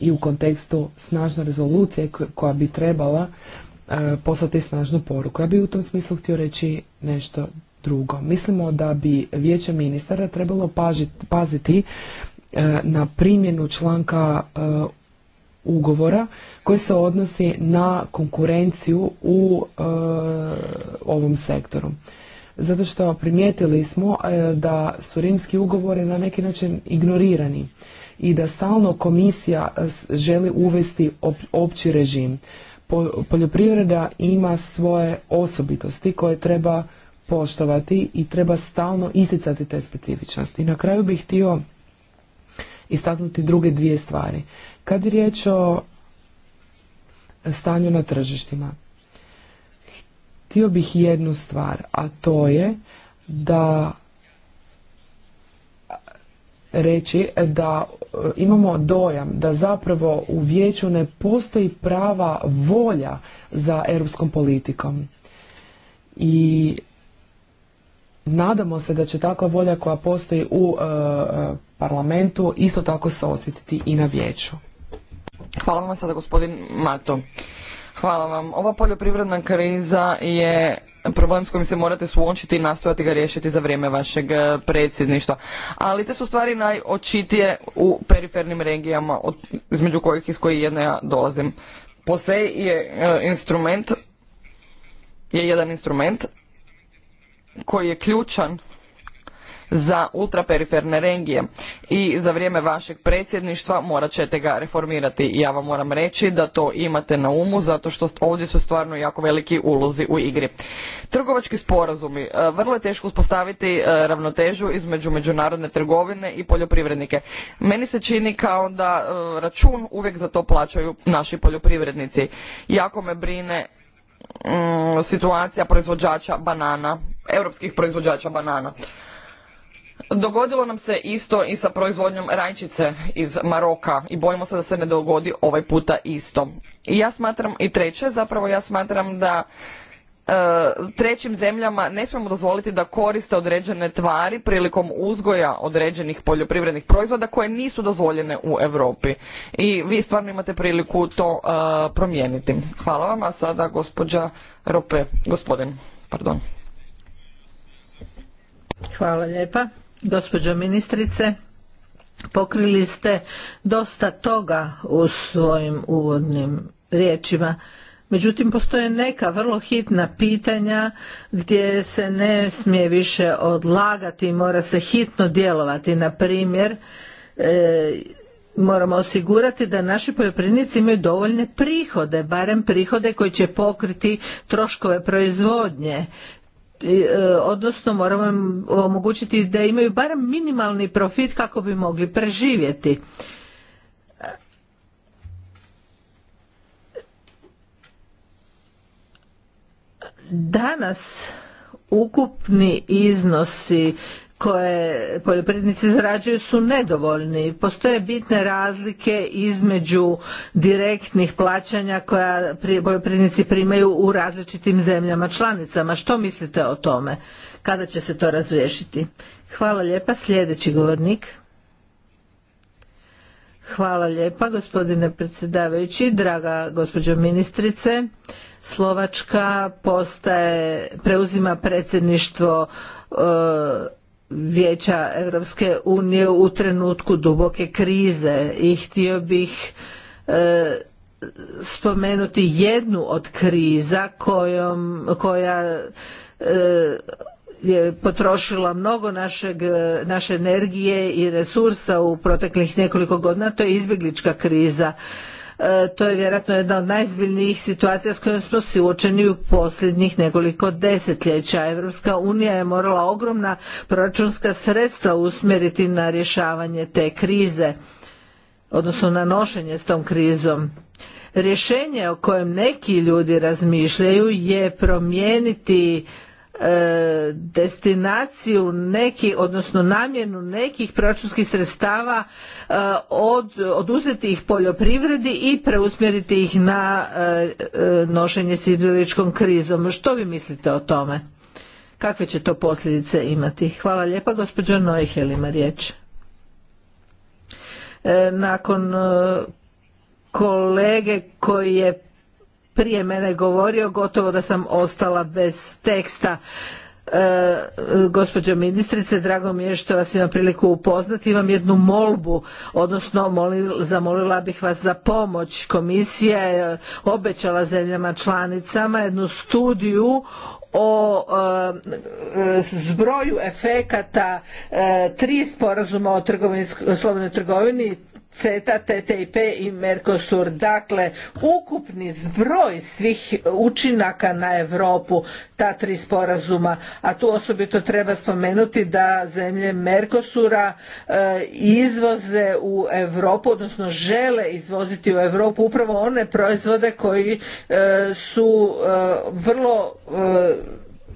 i u kontekstu snažne rezolucije koja bi trebala poslati snažnu poruku. Ja bih u tom smislu htio reći nešto Drugo, mislimo da bi vijeće ministara trebalo paziti e, na primjenu članka e, ugovora koji se odnosi na konkurenciju u e, ovom sektoru. Zato što primijetili smo da su rimski ugovori na neki način ignorirani i da stalno komisija želi uvesti opći režim. poljoprivreda ima svoje osobitosti koje treba poštovati i treba stalno isticati te specifičnosti. I na kraju bih htio istaknuti druge dvije stvari. Kad je riječ o stanju na tržištima, htio bih jednu stvar, a to je da reći da e, imamo dojam da zapravo u vijeću ne postoji prava volja za europskom politikom. I nadamo se da će takva volja koja postoji u e, parlamentu isto tako se osjetiti i na vijeću. Hvala vam sada gospodin Mato. Hvala vam. Ova poljoprivredna kriza je problem s kojim se morate suočiti i nastojati ga riješiti za vrijeme vašeg e, predsjedništva. Ali te su stvari najočitije u perifernim regijama, između kojih iz koje jedne ja dolazim. Posej je e, instrument, je jedan instrument koji je ključan za ultraperiferne regije i za vrijeme vašeg predsjedništva morat ćete ga reformirati. Ja vam moram reći da to imate na umu zato što ovdje su stvarno jako veliki ulozi u igri. Trgovački sporazumi. E, vrlo je teško uspostaviti e, ravnotežu između međunarodne trgovine i poljoprivrednike. Meni se čini kao da e, račun uvijek za to plaćaju naši poljoprivrednici. Jako me brine Mm, situacija proizvođača banana, europskih proizvođača banana. Dogodilo nam se isto i sa proizvodnjom rajčice iz Maroka i bojimo se da se ne dogodi ovaj puta isto. I ja smatram, i treće, zapravo ja smatram da E, trećim zemljama ne smijemo dozvoliti da koriste određene tvari prilikom uzgoja određenih poljoprivrednih proizvoda koje nisu dozvoljene u Europi. I vi stvarno imate priliku to e, promijeniti. Hvala vam, a sada gospođa Rope, gospodin, pardon. Hvala lijepa. Gospođo ministrice, pokrili ste dosta toga u svojim uvodnim riječima Međutim, postoje neka vrlo hitna pitanja gdje se ne smije više odlagati, i mora se hitno djelovati. Na primjer, e, moramo osigurati da naši poljoprivrednici imaju dovoljne prihode, barem prihode koji će pokriti troškove proizvodnje e, odnosno moramo omogućiti da imaju barem minimalni profit kako bi mogli preživjeti. Danas ukupni iznosi koje poljoprivrednici zarađuju su nedovoljni. Postoje bitne razlike između direktnih plaćanja koja poljoprivrednici primaju u različitim zemljama članicama. Što mislite o tome? Kada će se to razriješiti? Hvala lijepa. Sljedeći govornik. Hvala lijepa gospodine predsjedavajući, draga gospođo ministrice. Slovačka postaje, preuzima predsjedništvo e, Vijeća Europske unije u trenutku duboke krize i htio bih e, spomenuti jednu od kriza kojom, koja e, je potrošila mnogo našeg, naše energije i resursa u proteklih nekoliko godina, to je izbjeglička kriza. E, to je vjerojatno jedna od najzbiljnijih situacija s kojom smo suočeni u posljednjih nekoliko desetljeća. Evropska unija je morala ogromna proračunska sredstva usmjeriti na rješavanje te krize, odnosno na nošenje s tom krizom. Rješenje o kojem neki ljudi razmišljaju je promijeniti E, destinaciju neki odnosno namjenu nekih proračunskih sredstava e, od, oduzeti ih poljoprivredi i preusmjeriti ih na e, nošenje s izbjegličkom krizom. Što vi mislite o tome? Kakve će to posljedice imati? Hvala lijepa gospođo Nojhel ima riječ. Nakon kolege koji je prije mene govorio, gotovo da sam ostala bez teksta. E, gospođo ministrice, drago mi je što vas imam priliku upoznati. Imam jednu molbu, odnosno molil, zamolila bih vas za pomoć. Komisija e, obećala zemljama članicama jednu studiju o e, zbroju efekata e, tri sporazuma o slobodnoj trgovini CETA, TTIP i Mercosur. Dakle, ukupni zbroj svih učinaka na Europu ta tri sporazuma, a tu osobito treba spomenuti da zemlje Mercosura eh, izvoze u Europu, odnosno žele izvoziti u Europu upravo one proizvode koji eh, su eh, vrlo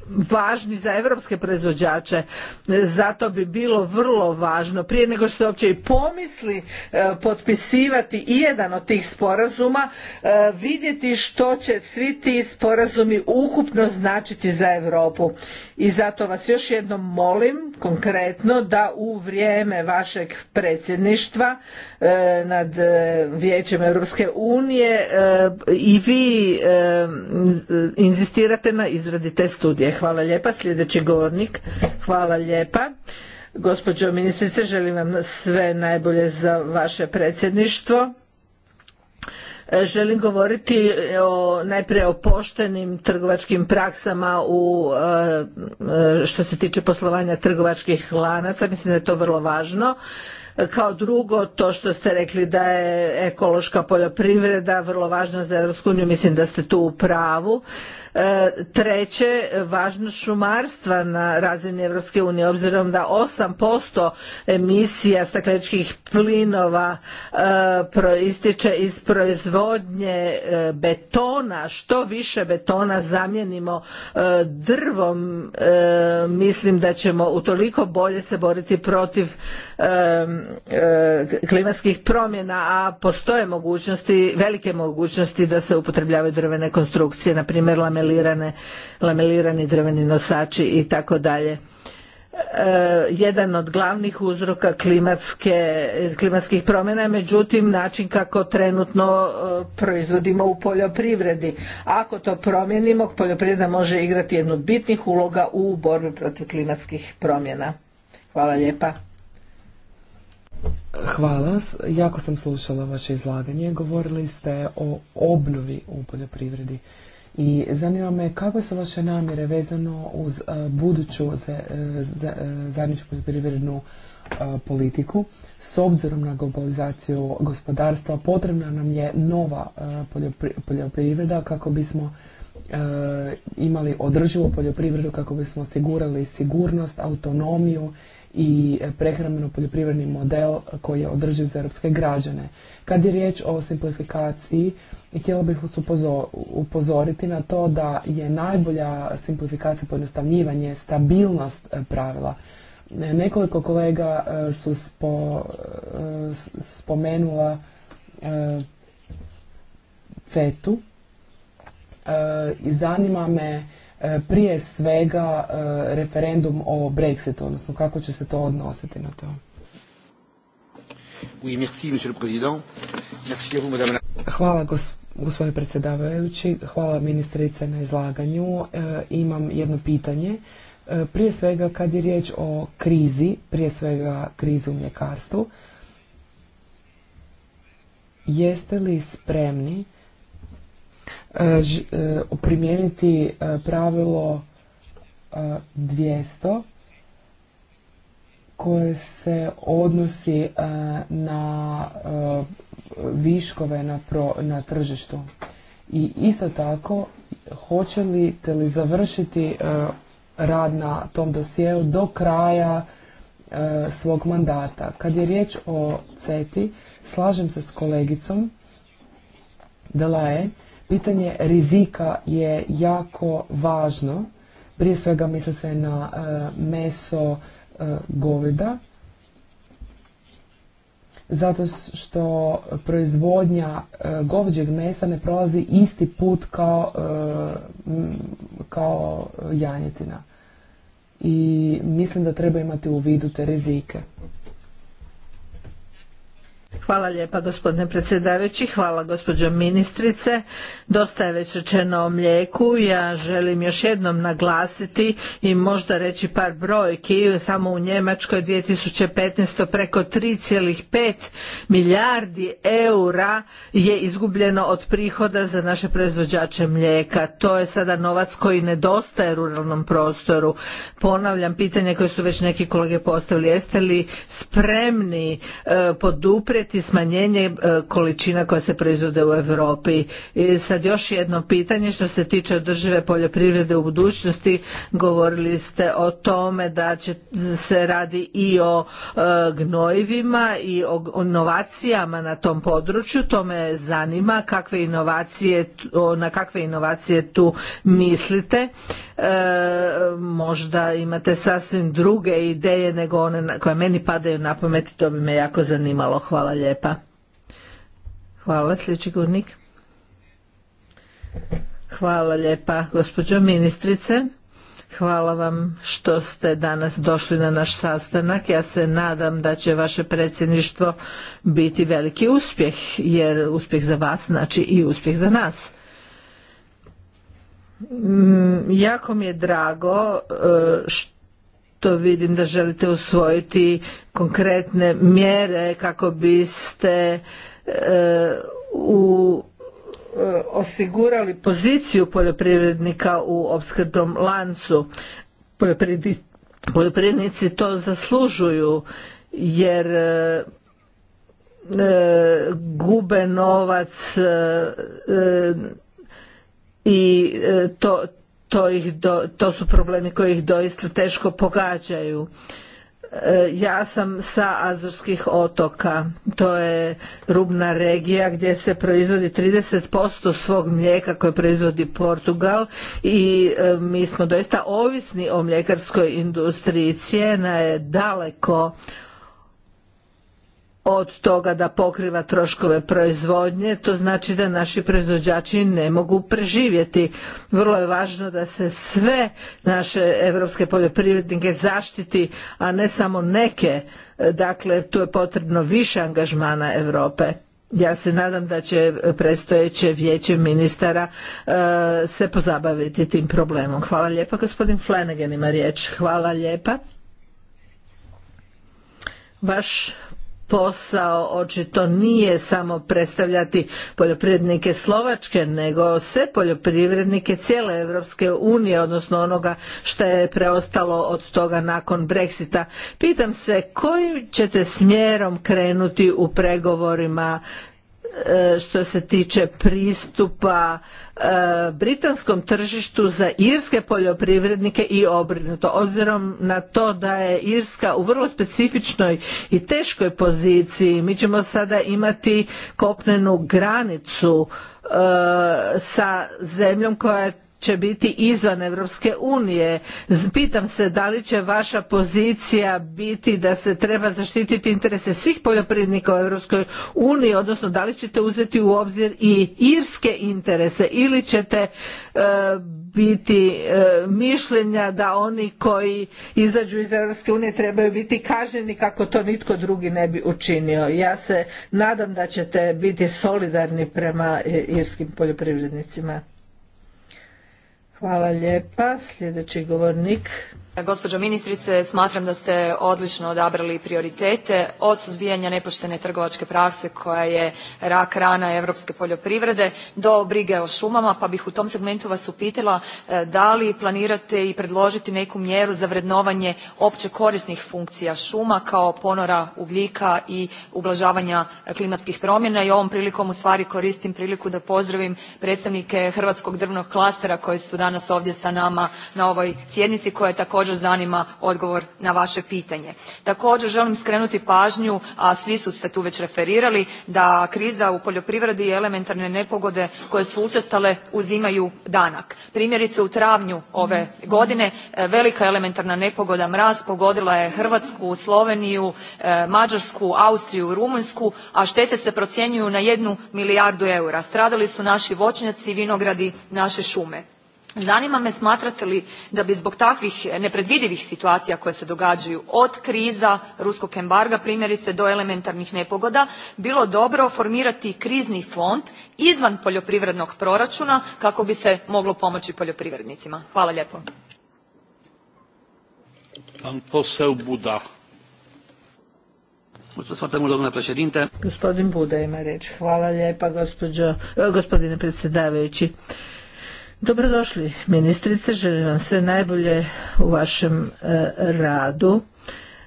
važni za europske proizvođače. Zato bi bilo vrlo važno prije nego što se uopće i pomisli e, potpisivati i jedan od tih sporazuma e, vidjeti što će svi ti sporazumi ukupno značiti za Europu. I zato vas još jednom molim konkretno da u vrijeme vašeg predsjedništva e, nad Vijećem Europske unije i vi inzistirate na izradi te studije. Hvala lijepa. Sljedeći govornik. Hvala lijepa. Gospođo ministrice, želim vam sve najbolje za vaše predsjedništvo. E, želim govoriti o, najprije o poštenim trgovačkim praksama u, e, e, što se tiče poslovanja trgovačkih lanaca. Mislim da je to vrlo važno. Kao drugo, to što ste rekli da je ekološka poljoprivreda vrlo važna za EU, mislim da ste tu u pravu. E, treće, važnost šumarstva na razini Europske unije, obzirom da 8% emisija stakleničkih plinova e, ističe iz proizvodnje e, betona, što više betona zamijenimo drvom, mislim da ćemo utoliko bolje se boriti protiv klimatskih promjena, a postoje mogućnosti, velike mogućnosti da se upotrebljavaju drvene konstrukcije, na primjer lamelirani drveni nosači i tako dalje. E, jedan od glavnih uzroka klimatske, klimatskih promjena je međutim način kako trenutno e, proizvodimo u poljoprivredi. Ako to promijenimo, poljoprivreda može igrati jednu od bitnih uloga u borbi protiv klimatskih promjena. Hvala lijepa. Hvala. Jako sam slušala vaše izlaganje. Govorili ste o obnovi u poljoprivredi. I zanima me kakve su vaše namjere vezano uz e, buduću e, e, zajedničku poljoprivrednu politiku. S obzirom na globalizaciju gospodarstva potrebna nam je nova poljoprivreda kako bismo imali održivu poljoprivredu, kako bismo osigurali sigurnost, autonomiju i prehrambeno poljoprivredni model koji je održiv za europske građane. Kad je riječ o simplifikaciji, i htjela bih vas upozoriti na to da je najbolja simplifikacija pojednostavljivanje stabilnost e, pravila. E, nekoliko kolega e, su spomenula CETU i zanima me prije svega referendum o Brexitu, odnosno kako će se to odnositi na to. Hvala Gospodine predsjedavajući, hvala ministrice na izlaganju. E, imam jedno pitanje. E, prije svega kad je riječ o krizi, prije svega krizi u mljekarstvu, jeste li spremni e, primijeniti pravilo 200 koje se odnosi na viškove na, pro, tržištu. I isto tako, hoće li te li završiti e, rad na tom dosjeu do kraja e, svog mandata. Kad je riječ o CETI, slažem se s kolegicom je pitanje rizika je jako važno. Prije svega misle se na e, meso goveda, zato što proizvodnja e, goveđeg mesa ne prolazi isti put kao, e, kao janjetina. I mislim da treba imati u vidu te rizike. Hvala lijepa gospodine predsjedavajući, hvala gospođo ministrice. Dosta je već rečeno o mlijeku, ja želim još jednom naglasiti i možda reći par brojki, samo u Njemačkoj 2015. preko 3,5 milijardi eura je izgubljeno od prihoda za naše proizvođače mlijeka. To je sada novac koji nedostaje ruralnom prostoru. Ponavljam pitanje koje su već neki kolege postavili, jeste li spremni eh, poduprijeti uvjeti smanjenje e, količina koja se proizvode u Europi. I sad još jedno pitanje što se tiče održive poljoprivrede u budućnosti. Govorili ste o tome da će se radi i o e, gnojivima i o inovacijama na tom području. To me zanima kakve inovacije, na kakve inovacije tu mislite. E, možda imate sasvim druge ideje nego one koje meni padaju na pamet to bi me jako zanimalo. Hvala lijepa. Hvala, sljedeći Hvala lijepa, gospođo ministrice. Hvala vam što ste danas došli na naš sastanak. Ja se nadam da će vaše predsjedništvo biti veliki uspjeh, jer uspjeh za vas znači i uspjeh za nas. Mm, jako mi je drago što e, vidim da želite usvojiti konkretne mjere kako biste e, u e, osigurali poziciju poljoprivrednika u opskrbnom lancu poljoprivrednici to zaslužuju jer e, gube novac i to to, to su problemi koji ih doista teško pogađaju e, ja sam sa Azorskih otoka. To je rubna regija gdje se proizvodi 30% svog mlijeka koje proizvodi Portugal i e, mi smo doista ovisni o mljekarskoj industriji. Cijena je daleko od toga da pokriva troškove proizvodnje, to znači da naši proizvođači ne mogu preživjeti. Vrlo je važno da se sve naše europske poljoprivrednike zaštiti, a ne samo neke. Dakle, tu je potrebno više angažmana Europe. Ja se nadam da će prestojeće vijeće ministara e, se pozabaviti tim problemom. Hvala lijepa, gospodin Flanagan ima riječ. Hvala lijepa. Vaš posao očito nije samo predstavljati poljoprivrednike Slovačke, nego sve poljoprivrednike cijele Europske unije, odnosno onoga što je preostalo od toga nakon Brexita. Pitam se kojim ćete smjerom krenuti u pregovorima E, što se tiče pristupa e, britanskom tržištu za irske poljoprivrednike i obrnuto obzirom na to da je Irska u vrlo specifičnoj i teškoj poziciji mi ćemo sada imati kopnenu granicu e, sa zemljom koja je će biti izvan Europske unije. Pitam se da li će vaša pozicija biti da se treba zaštititi interese svih poljoprivrednika u Europskoj uniji, odnosno da li ćete uzeti u obzir i irske interese ili ćete e, biti e, mišljenja da oni koji izađu iz Europske unije trebaju biti kažnjeni kako to nitko drugi ne bi učinio. Ja se nadam da ćete biti solidarni prema e, irskim poljoprivrednicima. Hvala lijepa. Sljedeći govornik. Gospođo ministrice, smatram da ste odlično odabrali prioritete od suzbijanja nepoštene trgovačke prakse koja je rak rana europske poljoprivrede do brige o šumama, pa bih u tom segmentu vas upitala e, da li planirate i predložiti neku mjeru za vrednovanje opće korisnih funkcija šuma kao ponora ugljika i ublažavanja klimatskih promjena i ovom prilikom stvari koristim priliku da pozdravim predstavnike hrvatskog drvnog klastera koji su danas ovdje sa nama na ovoj sjednici koje također zanima odgovor na vaše pitanje. Također želim skrenuti pažnju, a svi su se tu već referirali, da kriza u poljoprivredi i elementarne nepogode koje su učestale uzimaju danak. Primjerice u travnju ove godine e, velika elementarna nepogoda mraz pogodila je Hrvatsku, Sloveniju, e, Mađarsku, Austriju, Rumunjsku, a štete se procjenjuju na jednu milijardu eura. Stradali su naši voćnjaci, vinogradi, naše šume. Zanima me smatrate li da bi zbog takvih nepredvidivih situacija koje se događaju od kriza, ruskog embarga primjerice do elementarnih nepogoda bilo dobro formirati krizni fond izvan poljoprivrednog proračuna kako bi se moglo pomoći poljoprivrednicima. Hvala lijepo. gospodine predsjedavajući. Dobrodošli ministrice, želim vam sve najbolje u vašem e, radu.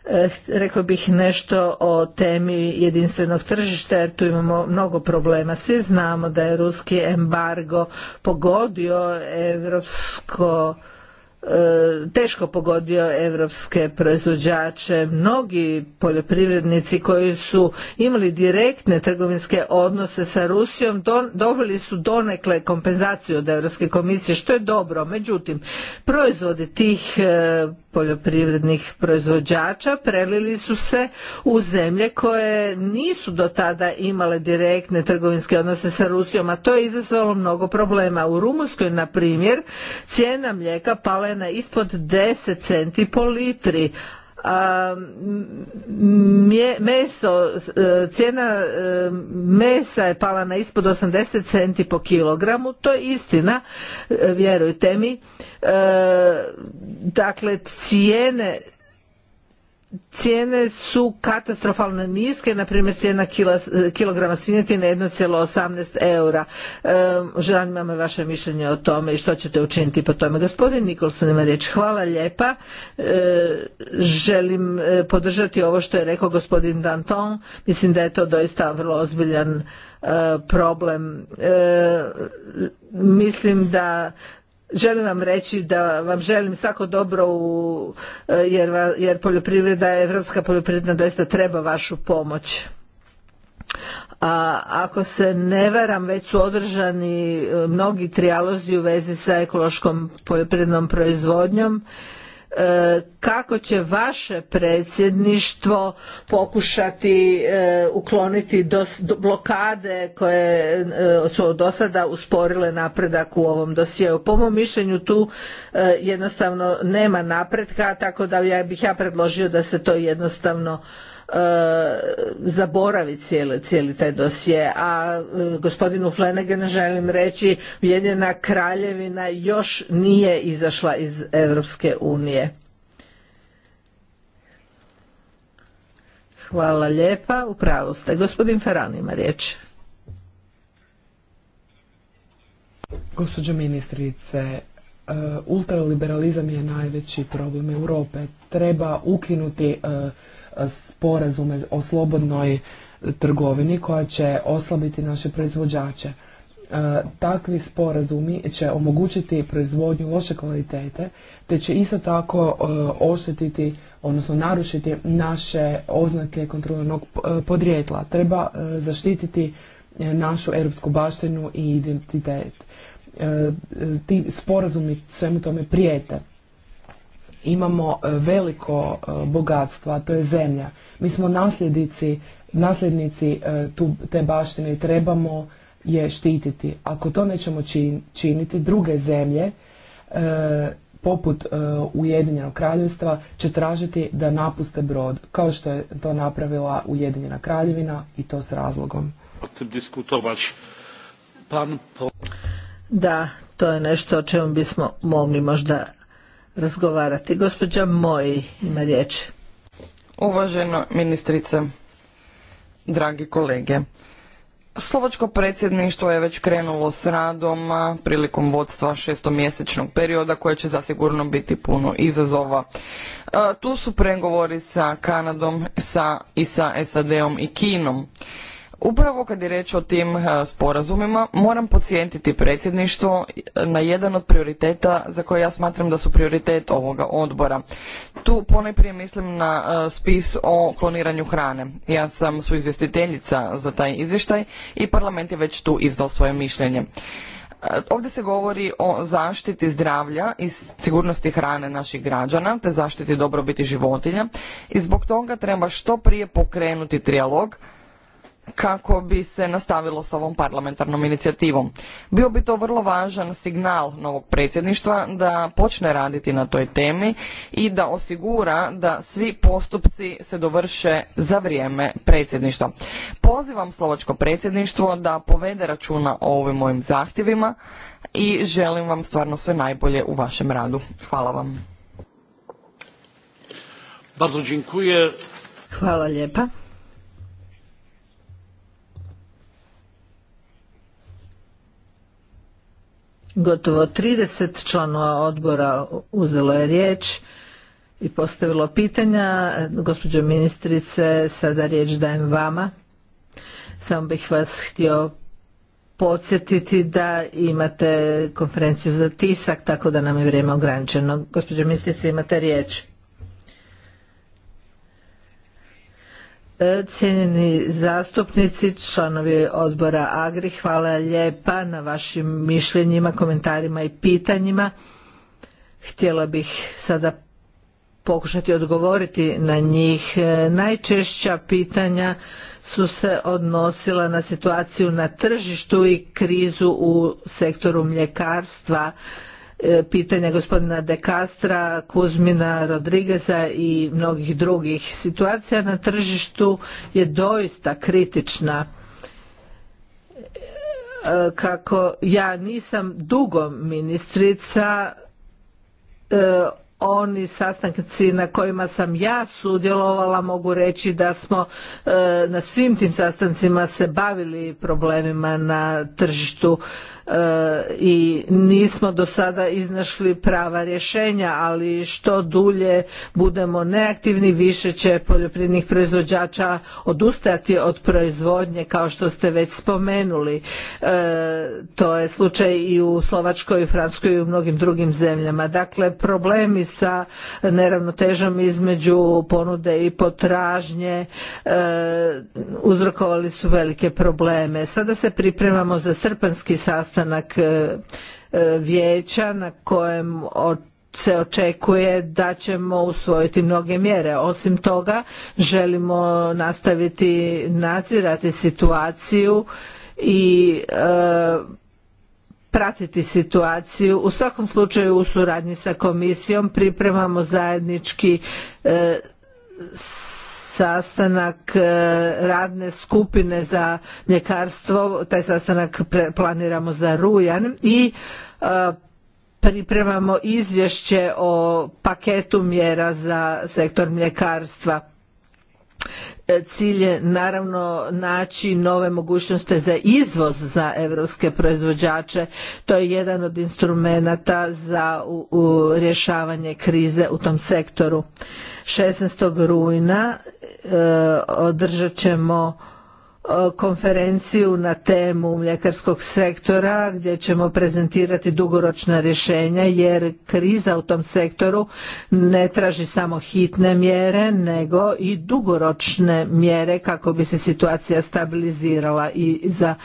E, Rekao bih nešto o temi jedinstvenog tržišta jer tu imamo mnogo problema. Svi znamo da je ruski embargo pogodio evropsko E, teško pogodio europske proizvođače. Mnogi poljoprivrednici koji su imali direktne trgovinske odnose sa Rusijom dobili su donekle kompenzaciju od Europske komisije što je dobro. Međutim, proizvodi tih e, poljoprivrednih proizvođača prelili su se u zemlje koje nisu do tada imale direktne trgovinske odnose sa Rusijom, a to je izazvalo mnogo problema. U Rumunskoj, na primjer, cijena mlijeka pala je na ispod 10 centi po litri, E, cijena e, mesa je pala na ispod 80 centi po kilogramu, to je istina, e, vjerujte mi. Dakle, cijene cijene su katastrofalno niske, na primjer cijena kilograma svinjetine 1,18 eura. E, me vaše mišljenje o tome i što ćete učiniti po tome. Gospodin Nikolson ima riječ. Hvala lijepa. E, želim e, podržati ovo što je rekao gospodin Danton. Mislim da je to doista vrlo ozbiljan e, problem. mislim da želim vam reći da vam želim svako dobro u, e, jer, poljoprivreda, evropska poljoprivreda doista treba vašu pomoć. A ako se ne varam, već su održani e, mnogi trijalozi u vezi sa ekološkom poljoprivrednom proizvodnjom E, kako će vaše predsjedništvo pokušati e, ukloniti blokade koje e, su do sada usporile napredak u ovom dosjeu. Po mom mišljenju tu jednostavno nema napretka, tako da ja bih ja predložio da se to jednostavno E, zaboravi cijeli, taj dosje. A e, gospodinu Flanaganu želim reći Ujedinjena kraljevina još nije izašla iz Europske unije. Hvala lijepa, upravo ste. Gospodin Ferran ima riječ. Gospođo ministrice, e, ultraliberalizam je najveći problem Europe. Treba ukinuti sporazume o slobodnoj trgovini koja će oslabiti naše proizvođače. E, takvi sporazumi će omogućiti proizvodnju loše kvalitete, te će isto tako e, oštetiti, odnosno narušiti naše oznake kontrolnog e, podrijetla. Treba zaštititi našu europsku baštinu i identitet. Ti sporazumi svemu tome prijete imamo e, veliko e, bogatstvo, a to je zemlja. Mi smo nasljednici, nasljednici e, te baštine i trebamo je štititi. Ako to nećemo činiti, druge zemlje poput Ujedinjenog kraljevstva će tražiti da napuste brod, kao što je to napravila Ujedinjena kraljevina i to s razlogom. Da, to je nešto o čemu bismo mogli možda razgovarati. Gospođa Moj ima riječ. Uvažena ministrice, dragi kolege, Slovačko predsjedništvo je već krenulo s radom prilikom vodstva šestomjesečnog perioda koje će zasigurno biti puno izazova. E, tu su pregovori sa Kanadom i sa SAD-om i Kinom. Upravo kad je reč o tim e, sporazumima, moram podsjetiti predsjedništvo e, na jedan od prioriteta za koje ja smatram da su prioritet ovoga odbora. Tu ponajprije mislim na e, spis o kloniranju hrane. Ja sam suizvjestiteljica za taj izvještaj i parlament je već tu izdao svoje mišljenje. Ovdje se govori o zaštiti zdravlja i sigurnosti hrane naših građana, te zaštiti dobrobiti životinja i zbog toga treba što prije pokrenuti trijalog kako bi se nastavilo s ovom parlamentarnom inicijativom. Bio bi to vrlo važan signal novog predsjedništva da počne raditi na toj temi i da osigura da svi postupci se dovrše za vrijeme predsjedništva. Pozivam slovačko predsjedništvo da povede računa o ovim mojim zahtjevima i želim vam stvarno sve najbolje u vašem radu. Hvala vam. Hvala Gotovo 30 članova odbora uzelo je riječ i postavilo pitanja. Gospođo ministrice, sada riječ dajem vama. Samo bih vas htio podsjetiti da imate konferenciju za tisak, tako da nam je vrijeme ograničeno. Gospođo ministrice, imate riječ. Cijenjeni zastupnici, članovi odbora Agri, hvala lijepa na vašim mišljenjima, komentarima i pitanjima. Htjela bih sada pokušati odgovoriti na njih. Najčešća pitanja su se odnosila na situaciju na tržištu i krizu u sektoru mljekarstva E, pitanja gospodina De Castra, Kuzmina Rodrigueza i mnogih drugih. Situacija na tržištu je doista kritična e, kako ja nisam dugo ministrica e, oni sastanci na kojima sam ja sudjelovala mogu reći da smo na svim tim sastancima se bavili problemima na tržištu i nismo do sada iznašli prava rješenja, ali što dulje budemo neaktivni, više će poljoprivrednih proizvođača odustajati od proizvodnje, kao što ste već spomenuli. E, to je slučaj i u Slovačkoj, i u Francuskoj i u mnogim drugim zemljama. Dakle, problemi sa neravnotežom između ponude i potražnje e, uzrokovali su velike probleme. Sada se pripremamo za srpanski sastav sastanak e, e, vijeća na kojem se očekuje da ćemo usvojiti mnoge mjere. Osim toga, želimo nastaviti nadzirati situaciju i e, pratiti situaciju. U svakom slučaju u suradnji sa komisijom pripremamo zajednički sastanak e, radne skupine za mljekarstvo, taj sastanak planiramo za rujan i e, pripremamo izvješće o paketu mjera za sektor mljekarstva. Cilj je naravno naći nove mogućnosti za izvoz za europske proizvođače. To je jedan od instrumenata za rješavanje krize u tom sektoru. 16. rujna e, održat ćemo E, konferenciju na temu mljekarskog sektora gdje ćemo prezentirati dugoročna rješenja jer kriza u tom sektoru ne traži samo hitne mjere nego i dugoročne mjere kako bi se situacija stabilizirala i za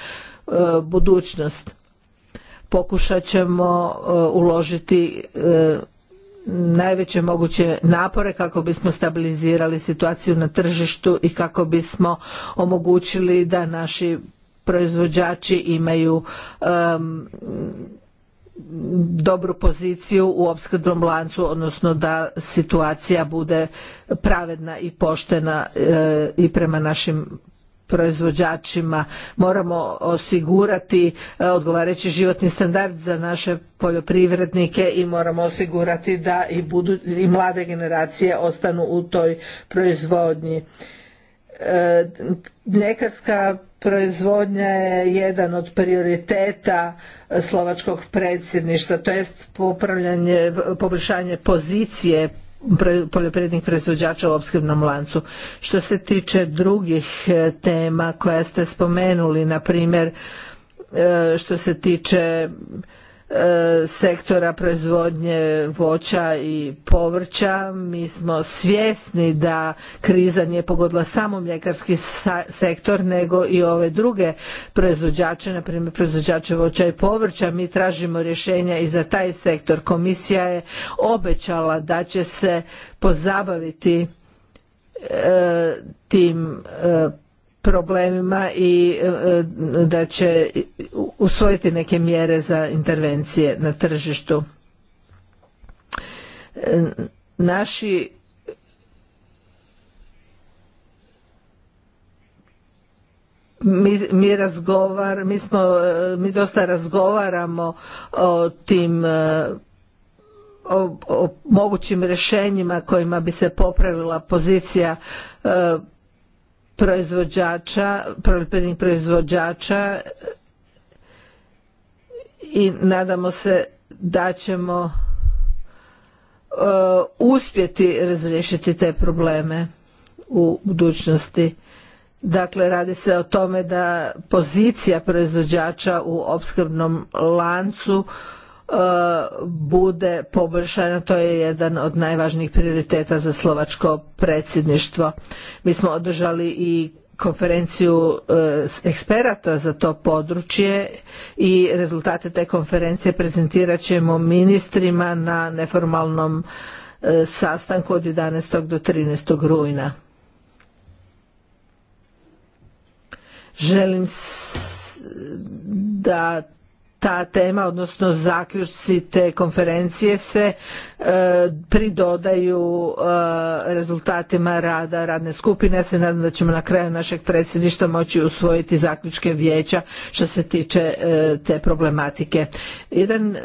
e, budućnost. Pokušat ćemo e, uložiti najveće moguće napore kako bismo stabilizirali situaciju na tržištu i kako bismo omogućili da naši proizvođači imaju um, dobru poziciju u opskrbnom lancu odnosno da situacija bude pravedna i poštena e, i prema našim proizvođačima moramo osigurati e, odgovarajući životni standard za naše poljoprivrednike i moramo osigurati da i, budu, i mlade generacije ostanu u toj proizvodnji e, mljekarska proizvodnja je jedan od prioriteta slovačkog predsjedništva to jest popravljanje poboljšanje pozicije poljoprivrednih proizvođača u opskrbnom lancu. Što se tiče drugih e, tema koje ste spomenuli, na primjer e, što se tiče sektora proizvodnje voća i povrća. Mi smo svjesni da kriza nije pogodila samo mljekarski sektor nego i ove druge proizvođače, na primjer proizvođače voća i povrća. Mi tražimo rješenja i za taj sektor. Komisija je obećala da će se pozabaviti e, tim e, problemima i e, e, da će usvojiti neke mjere za intervencije na tržištu. E, naši Mi, mi mi smo mi dosta razgovaramo o tim o, mogućim rješenjima kojima bi se popravila pozicija proizvođača, poljoprivrednih proizvođača i nadamo se da ćemo e, uspjeti razriješiti te probleme u budućnosti. Dakle, radi se o tome da pozicija proizvođača u opskrbnom lancu E, bude poboljšana. To je jedan od najvažnijih prioriteta za slovačko predsjedništvo. Mi smo održali i konferenciju e, eksperata za to područje i rezultate te konferencije prezentirat ćemo ministrima na neformalnom e, sastanku od 11. do 13. rujna. Želim da ta tema, odnosno zaključci te konferencije se e, pridodaju e, rezultatima rada radne skupine. Ja se nadam da ćemo na kraju našeg predsjedništva moći usvojiti zaključke vijeća što se tiče e, te problematike. Jedan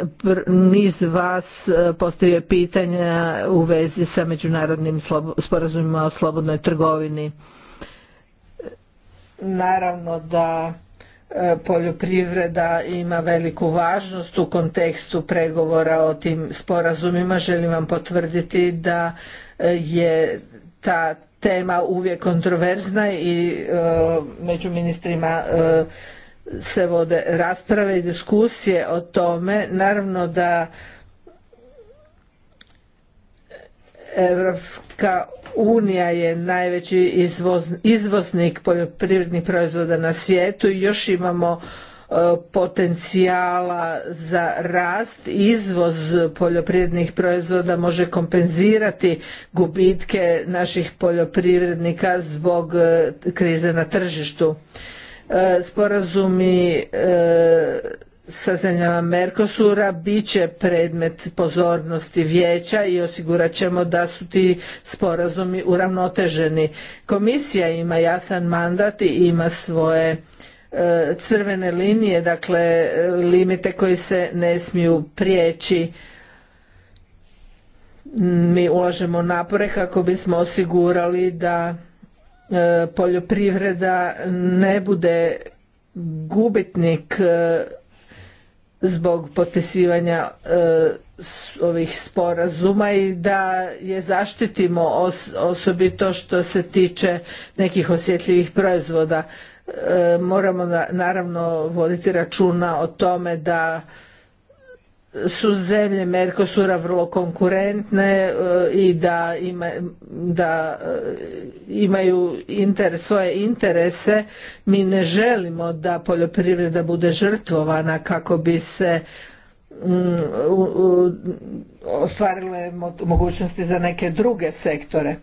niz vas postavio pitanja u vezi sa međunarodnim sporazumima o slobodnoj trgovini. Naravno da E, poljoprivreda ima veliku važnost u kontekstu pregovora o tim sporazumima. Želim vam potvrditi da e, je ta tema uvijek kontroverzna i e, među ministrima se vode rasprave i diskusije o tome. Naravno da Europska unija je najveći izvoznik poljoprivrednih proizvoda na svijetu i još imamo e, potencijala za rast izvoz poljoprivrednih proizvoda može kompenzirati gubitke naših poljoprivrednika zbog e, krize na tržištu e, sporazumi sa zemljama Merkosura bit će predmet pozornosti vijeća i osigurat ćemo da su ti sporazumi uravnoteženi. Komisija ima jasan mandat i ima svoje e, crvene linije, dakle limite koji se ne smiju prijeći. Mi ulažemo napore kako bismo osigurali da e, poljoprivreda ne bude gubitnik e, zbog potpisivanja e, ovih sporazuma i da je zaštitimo osobito što se tiče nekih osjetljivih proizvoda. E, moramo naravno voditi računa o tome da su zemlje Merkosura vrlo konkurentne e, i da, ima, da e, imaju inter, svoje interese. Mi ne želimo da poljoprivreda bude žrtvovana kako bi se mm, ostvarile mogućnosti za neke druge sektore.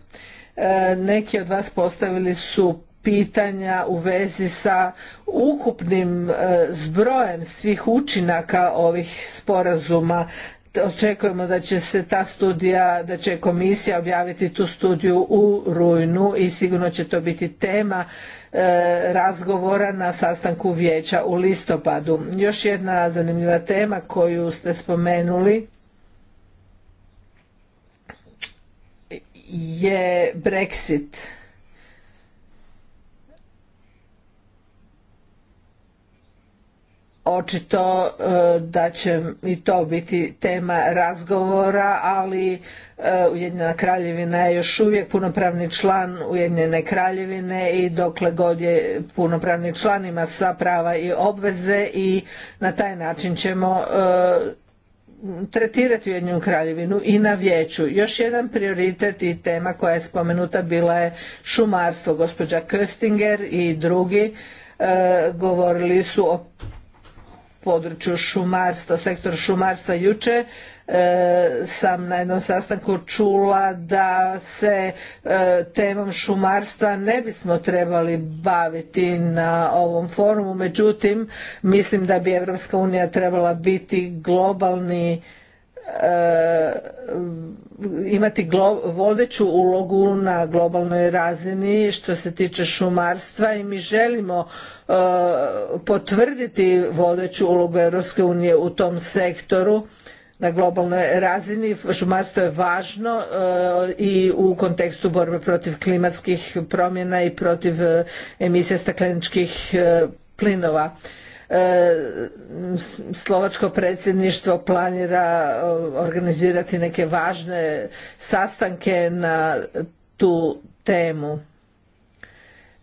E, neki od vas postavili su pitanja u vezi sa ukupnim e, zbrojem svih učinaka ovih sporazuma očekujemo da će se ta studija, da će komisija objaviti tu studiju u rujnu i sigurno će to biti tema e, razgovora na sastanku vijeća u listopadu. Još jedna zanimljiva tema koju ste spomenuli je Brexit. očito eh, da će i to biti tema razgovora, ali eh, Ujedinjena kraljevina je još uvijek punopravni član Ujedinjene kraljevine i dokle god je punopravni član ima sva prava i obveze i na taj način ćemo eh, tretirati Ujedinjenu kraljevinu i na vijeću. Još jedan prioritet i tema koja je spomenuta bila je šumarstvo. Gospođa Köstinger i drugi govorili su o području šumarstva, sektor šumarstva juče e, sam na jednom sastanku čula da se e, temom šumarstva ne bismo trebali baviti na ovom forumu, međutim mislim da bi Europska unija trebala biti globalni E, imati vodeću ulogu na globalnoj razini što se tiče šumarstva i mi želimo e, potvrditi vodeću ulogu Europske unije u tom sektoru na globalnoj razini. Šumarstvo je važno e, i u kontekstu borbe protiv klimatskih promjena i protiv emisija stakleničkih plinova E, slovačko predsjedništvo planira e, organizirati neke važne sastanke na tu temu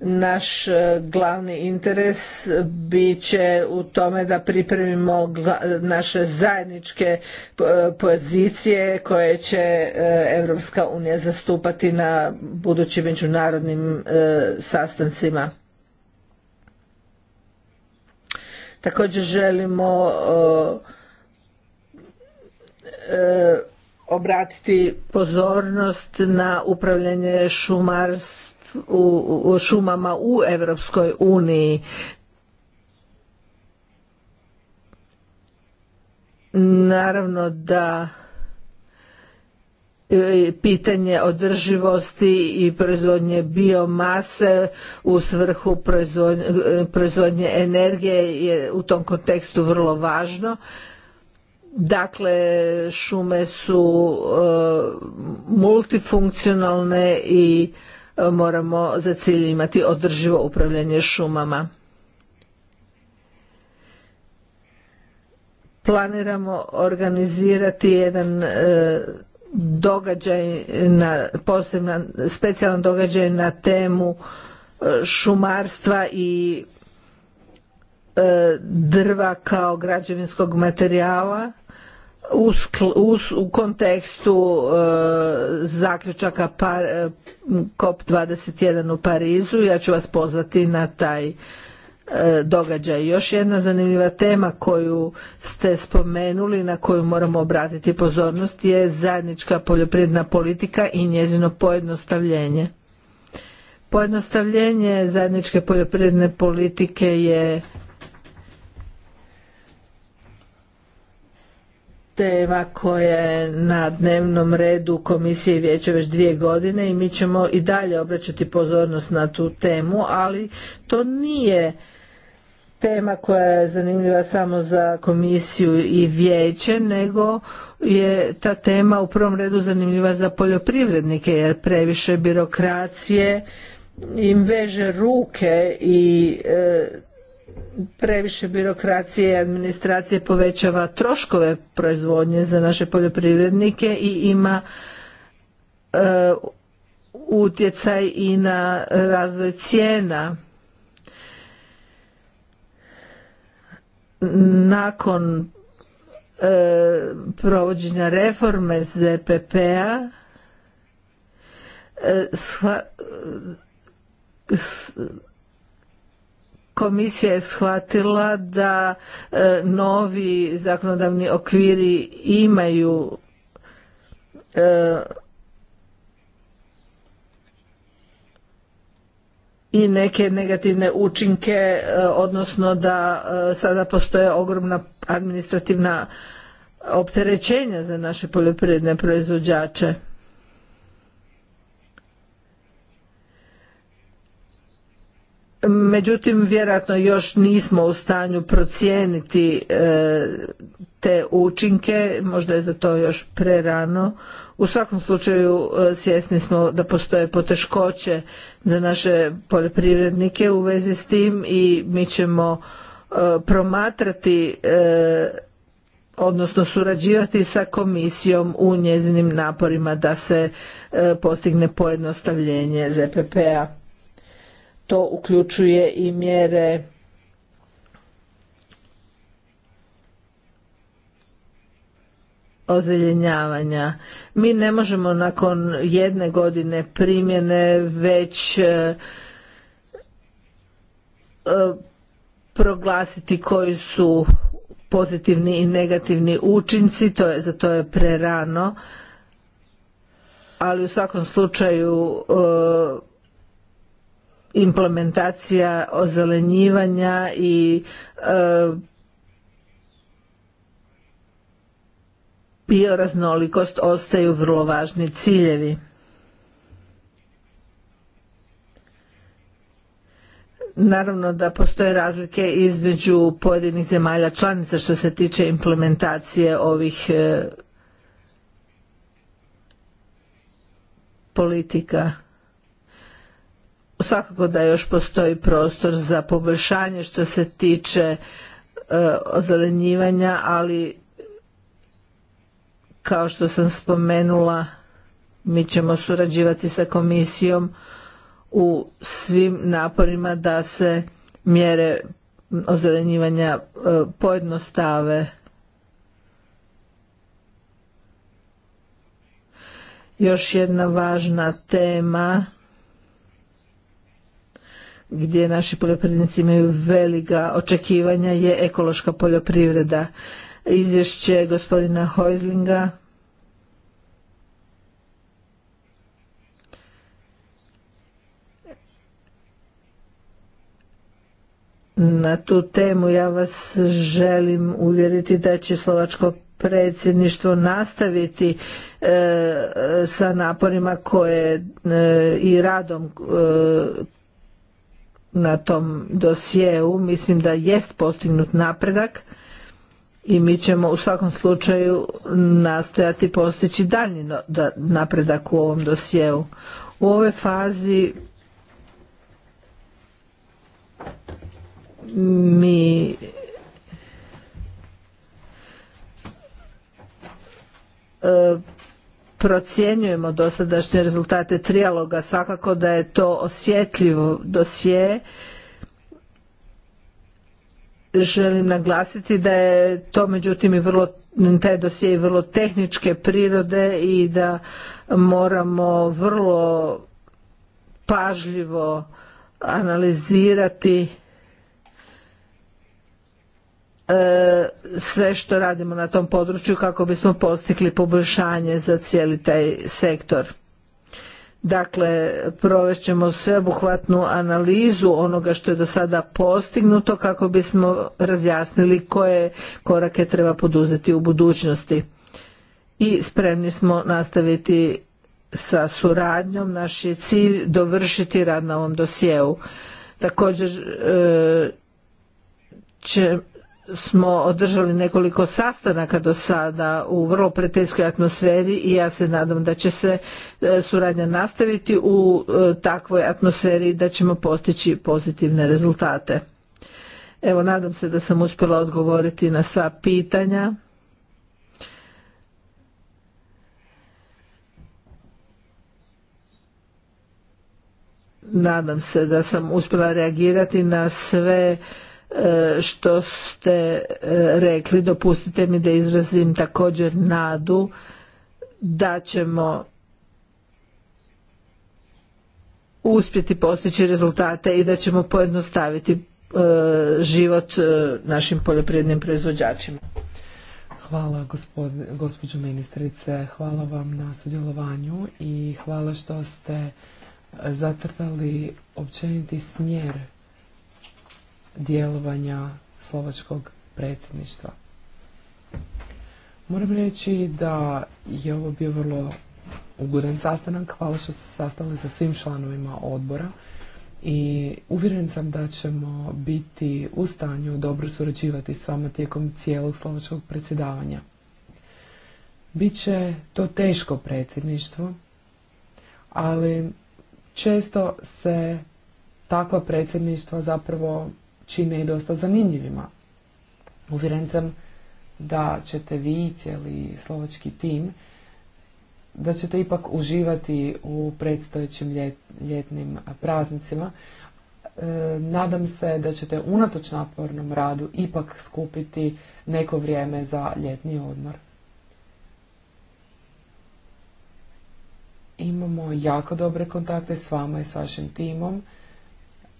naš e, glavni interes bit će u tome da pripremimo naše zajedničke pozicije koje će Europska unija zastupati na budućim međunarodnim sastancima Također želimo e, obratiti pozornost na upravljanje u šumama u Europskoj uniji. Naravno da E, pitanje održivosti i proizvodnje biomase u svrhu proizvodnje, energije je u tom kontekstu vrlo važno. Dakle, šume su e, multifunkcionalne i e, moramo za cilj imati održivo upravljanje šumama. Planiramo organizirati jedan događaj na posebna specijalan događaj na temu e, šumarstva i e, drva kao građevinskog materijala u, kontekstu e, zaključaka COP21 u Parizu. Ja ću vas pozvati na taj E, događaj. Još jedna zanimljiva tema koju ste spomenuli na koju moramo obratiti pozornost je zajednička poljoprivredna politika i njezino pojednostavljenje. Pojednostavljenje zajedničke poljoprivredne politike je tema koja je na dnevnom redu komisije vijeća već dvije godine i mi ćemo i dalje obraćati pozornost na tu temu, ali to nije tema koja je zanimljiva samo za komisiju i vijeće, nego je ta tema u prvom redu zanimljiva za poljoprivrednike jer previše birokracije im veže ruke i e, previše birokracije i administracije povećava troškove proizvodnje za naše poljoprivrednike i ima e, utjecaj i na razvoj cijena nakon e, provođenja reforme ZPP-a e, komisija je shvatila da e, novi zakonodavni okviri imaju i neke negativne učinke, e, odnosno da e, sada postoje ogromna administrativna opterećenja za naše poljoprivredne proizvođače. međutim vjerojatno još nismo u stanju procijeniti e, te učinke možda je za to još prerano u svakom slučaju e, svjesni smo da postoje poteškoće za naše poljoprivrednike u vezi s tim i mi ćemo e, promatrati odnosno surađivati sa komisijom u njezinim naporima da se postigne pojednostavljenje ZPP-a to uključuje i mjere ozeljenjavanja. Mi ne možemo nakon jedne godine primjene već e, e, proglasiti koji su pozitivni i negativni učinci, to je, za to je prerano, ali u svakom slučaju e, implementacija ozelenjivanja i e, bioraznolikost ostaju vrlo važni ciljevi. Naravno da postoje razlike između pojedinih zemalja članica što se tiče implementacije ovih e, politika svakako da još postoji prostor za poboljšanje što se tiče e, ozelenjivanja, ali kao što sam spomenula, mi ćemo surađivati sa komisijom u svim naporima da se mjere ozelenjivanja e, pojednostave. Još jedna važna tema gdje naši poljoprivrednici imaju velika očekivanja je ekološka poljoprivreda. Izvješće gospodina Hojzlinga na tu temu ja vas želim uvjeriti da će slovačko predsjedništvo nastaviti e, sa naporima koje e, i radom e, na tom dosjeu mislim da jest postignut napredak i mi ćemo u svakom slučaju nastojati postići daljnji napredak u ovom dosjeu. U ove fazi mi procjenjujemo dosadašnje rezultate trijaloga, svakako da je to osjetljivo dosje. Želim naglasiti da je to međutim i vrlo, taj dosje i vrlo tehničke prirode i da moramo vrlo pažljivo analizirati E, sve što radimo na tom području kako bismo postigli poboljšanje za cijeli taj sektor. Dakle, ćemo sveobuhvatnu analizu onoga što je do sada postignuto kako bismo razjasnili koje korake treba poduzeti u budućnosti. I spremni smo nastaviti sa suradnjom. Naš je cilj dovršiti rad na ovom dosjeu. Također e, će smo održali nekoliko sastanaka do sada u vrlo prijateljskoj atmosferi i ja se nadam da će se e, suradnja nastaviti u e, takvoj atmosferi da ćemo postići pozitivne rezultate. Evo, nadam se da sam uspjela odgovoriti na sva pitanja. Nadam se da sam uspjela reagirati na sve što ste e, rekli. Dopustite mi da izrazim također nadu da ćemo uspjeti postići rezultate i da ćemo pojednostaviti e, život e, našim poljoprivrednim proizvođačima. Hvala gospođo ministrice, hvala vam na sudjelovanju i hvala što ste zatrvali općeniti smjer djelovanja slovačkog predsjedništva. Moram reći da je ovo bio vrlo ugodan sastanak. Hvala što ste sastali sa svim članovima odbora i uvjeren sam da ćemo biti u stanju dobro surađivati s vama tijekom cijelog slovačkog predsjedavanja. Biće to teško predsjedništvo, ali često se takva predsjedništva zapravo čine i dosta zanimljivima. Uvjeren sam da ćete vi i cijeli slovački tim da ćete ipak uživati u predstojećim ljetnim praznicima. E, nadam se da ćete unatoč napornom radu ipak skupiti neko vrijeme za ljetni odmor. Imamo jako dobre kontakte s vama i s vašim timom.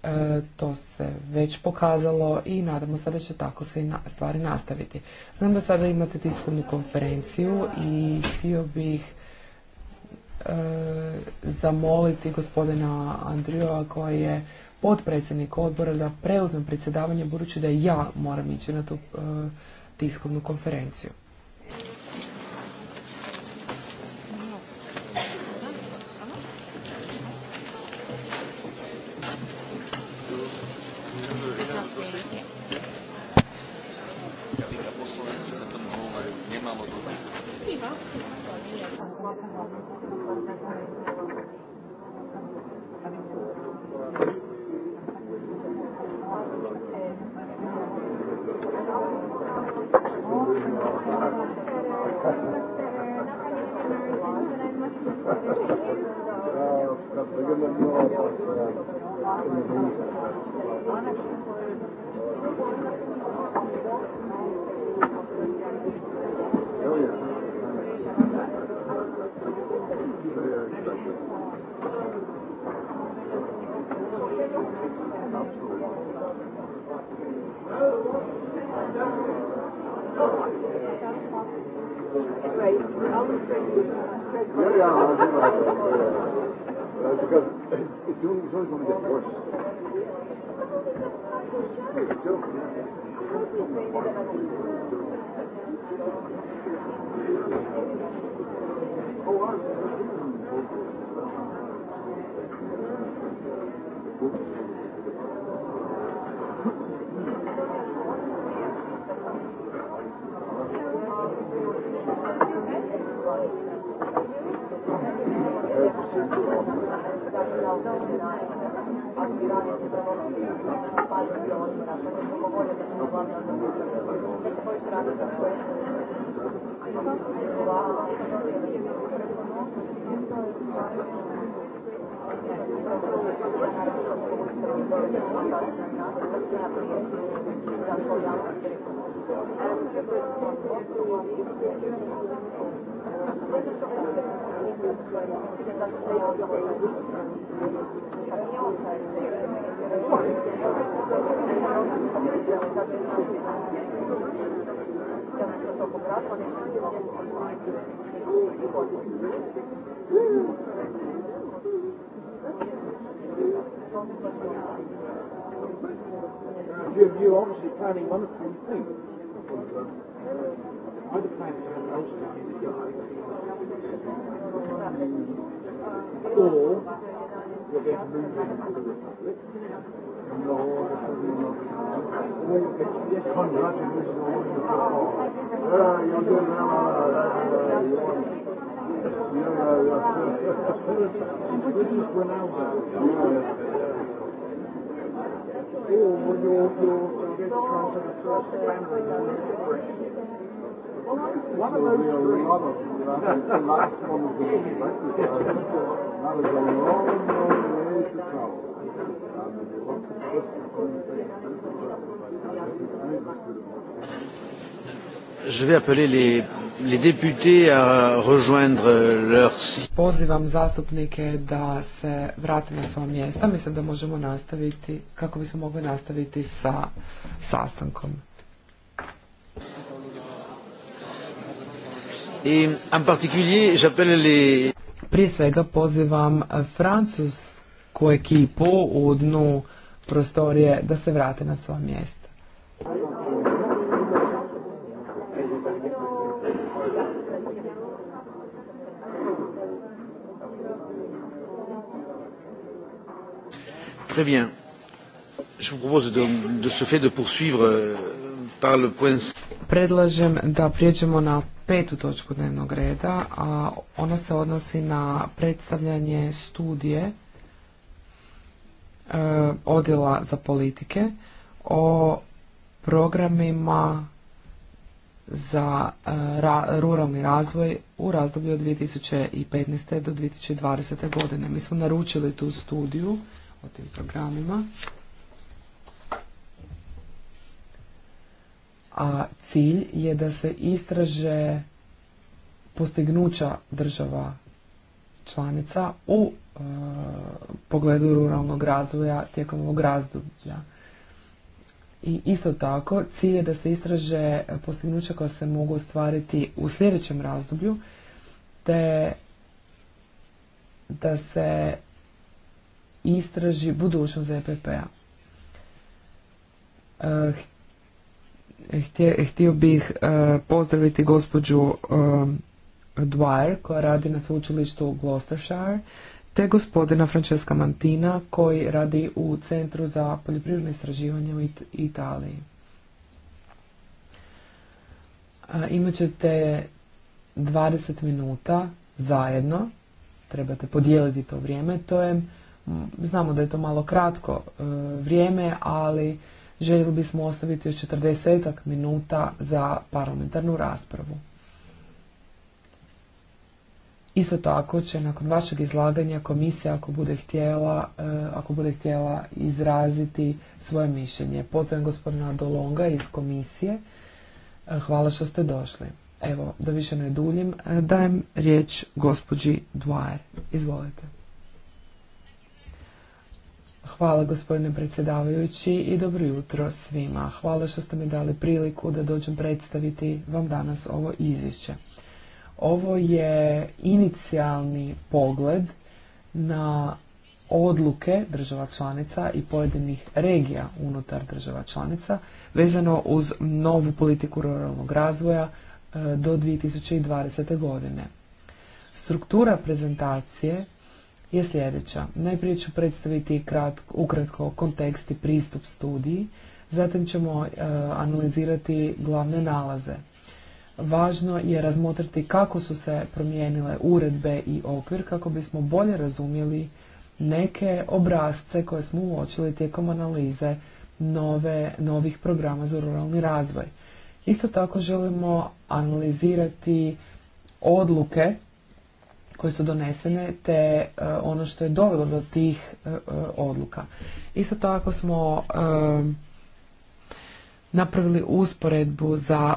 E, to se već pokazalo i nadamo se da će tako se i stvari nastaviti. Znam da sada imate tiskovnu konferenciju i htio bih e, zamoliti gospodina Andrijova koji je potpredsjednik odbora da preuzme predsjedavanje budući da ja moram ići na tu e, tiskovnu konferenciju. planning one of them the Or you're je vais appeler les les Pozivam zastupnike da se vrate na svoje mjesta. Mislim da možemo nastaviti, kako bismo mogli nastaviti sa sastankom. I, Prije svega pozivam francusku ekipu u dnu prostorije da se vrate na svoje mjesta. Très bien. Je Predlažem da prijeđemo na petu točku dnevnog reda, a ona se odnosi na predstavljanje studije e, odjela za politike o programima za e, ruralni razvoj u razdoblju od 2015. do 2020. godine. Mi smo naručili tu studiju o tim programima. A cilj je da se istraže postignuća država članica u e, pogledu ruralnog razvoja tijekom ovog razdoblja. I isto tako, cilj je da se istraže postignuća koja se mogu ostvariti u sljedećem razdoblju, te da se istraži budućnost EPP-a. E, htio, bih e, pozdraviti gospođu e, Dwyer koja radi na sveučilištu u Gloucestershire te gospodina Francesca Mantina koji radi u Centru za poljoprivredne istraživanje u Italiji. Imaćete 20 minuta zajedno, trebate podijeliti to vrijeme, to je Mm, znamo da je to malo kratko e, vrijeme, ali željeli bismo ostaviti još 40 minuta za parlamentarnu raspravu. Isto tako će nakon vašeg izlaganja komisija ako bude htjela, e, ako bude htjela izraziti svoje mišljenje. Pozdravim gospodina Dolonga iz komisije. E, hvala što ste došli. Evo, da više ne duljim, dajem riječ gospođi Dwyer. Izvolite. Hvala gospodine predsjedavajući i dobro jutro svima. Hvala što ste mi dali priliku da dođem predstaviti vam danas ovo izvješće. Ovo je inicijalni pogled na odluke država članica i pojedinih regija unutar država članica vezano uz novu politiku ruralnog razvoja e, do 2020. godine. Struktura prezentacije je sljedeća. Najprije ću predstaviti ukratko kontekst i pristup studiji, zatim ćemo e, analizirati glavne nalaze. Važno je razmotriti kako su se promijenile uredbe i okvir kako bismo bolje razumjeli neke obrazce koje smo uočili tijekom analize nove, novih programa za ruralni razvoj. Isto tako želimo analizirati odluke koje su donesene te e, ono što je dovelo do tih e, e, odluka. Isto tako smo napravili usporedbu za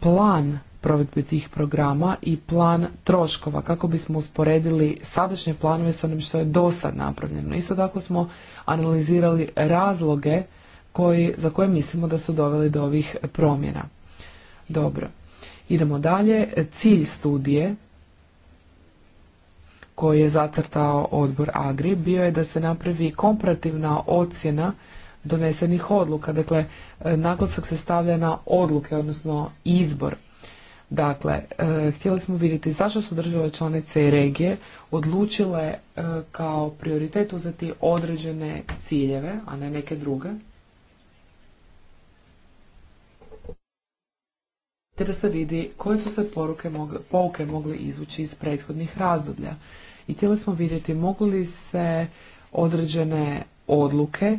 plan provedbe tih programa i plan troškova kako bismo usporedili sadašnje planove s onim što je do sad napravljeno. Isto tako smo analizirali razloge za koje mislimo da su doveli do ovih promjena. Dobro. Idemo dalje. Cilj studije koji je zacrtao odbor Agri bio je da se napravi komparativna ocjena donesenih odluka. Dakle, e, naglasak se stavlja na odluke, odnosno izbor. Dakle, e, htjeli smo vidjeti zašto su države članice i regije odlučile e, kao prioritet uzeti određene ciljeve, a ne neke druge. te da se vidi koje su se poruke mogle, pouke mogli izvući iz prethodnih razdoblja i htjeli smo vidjeti mogu li se određene odluke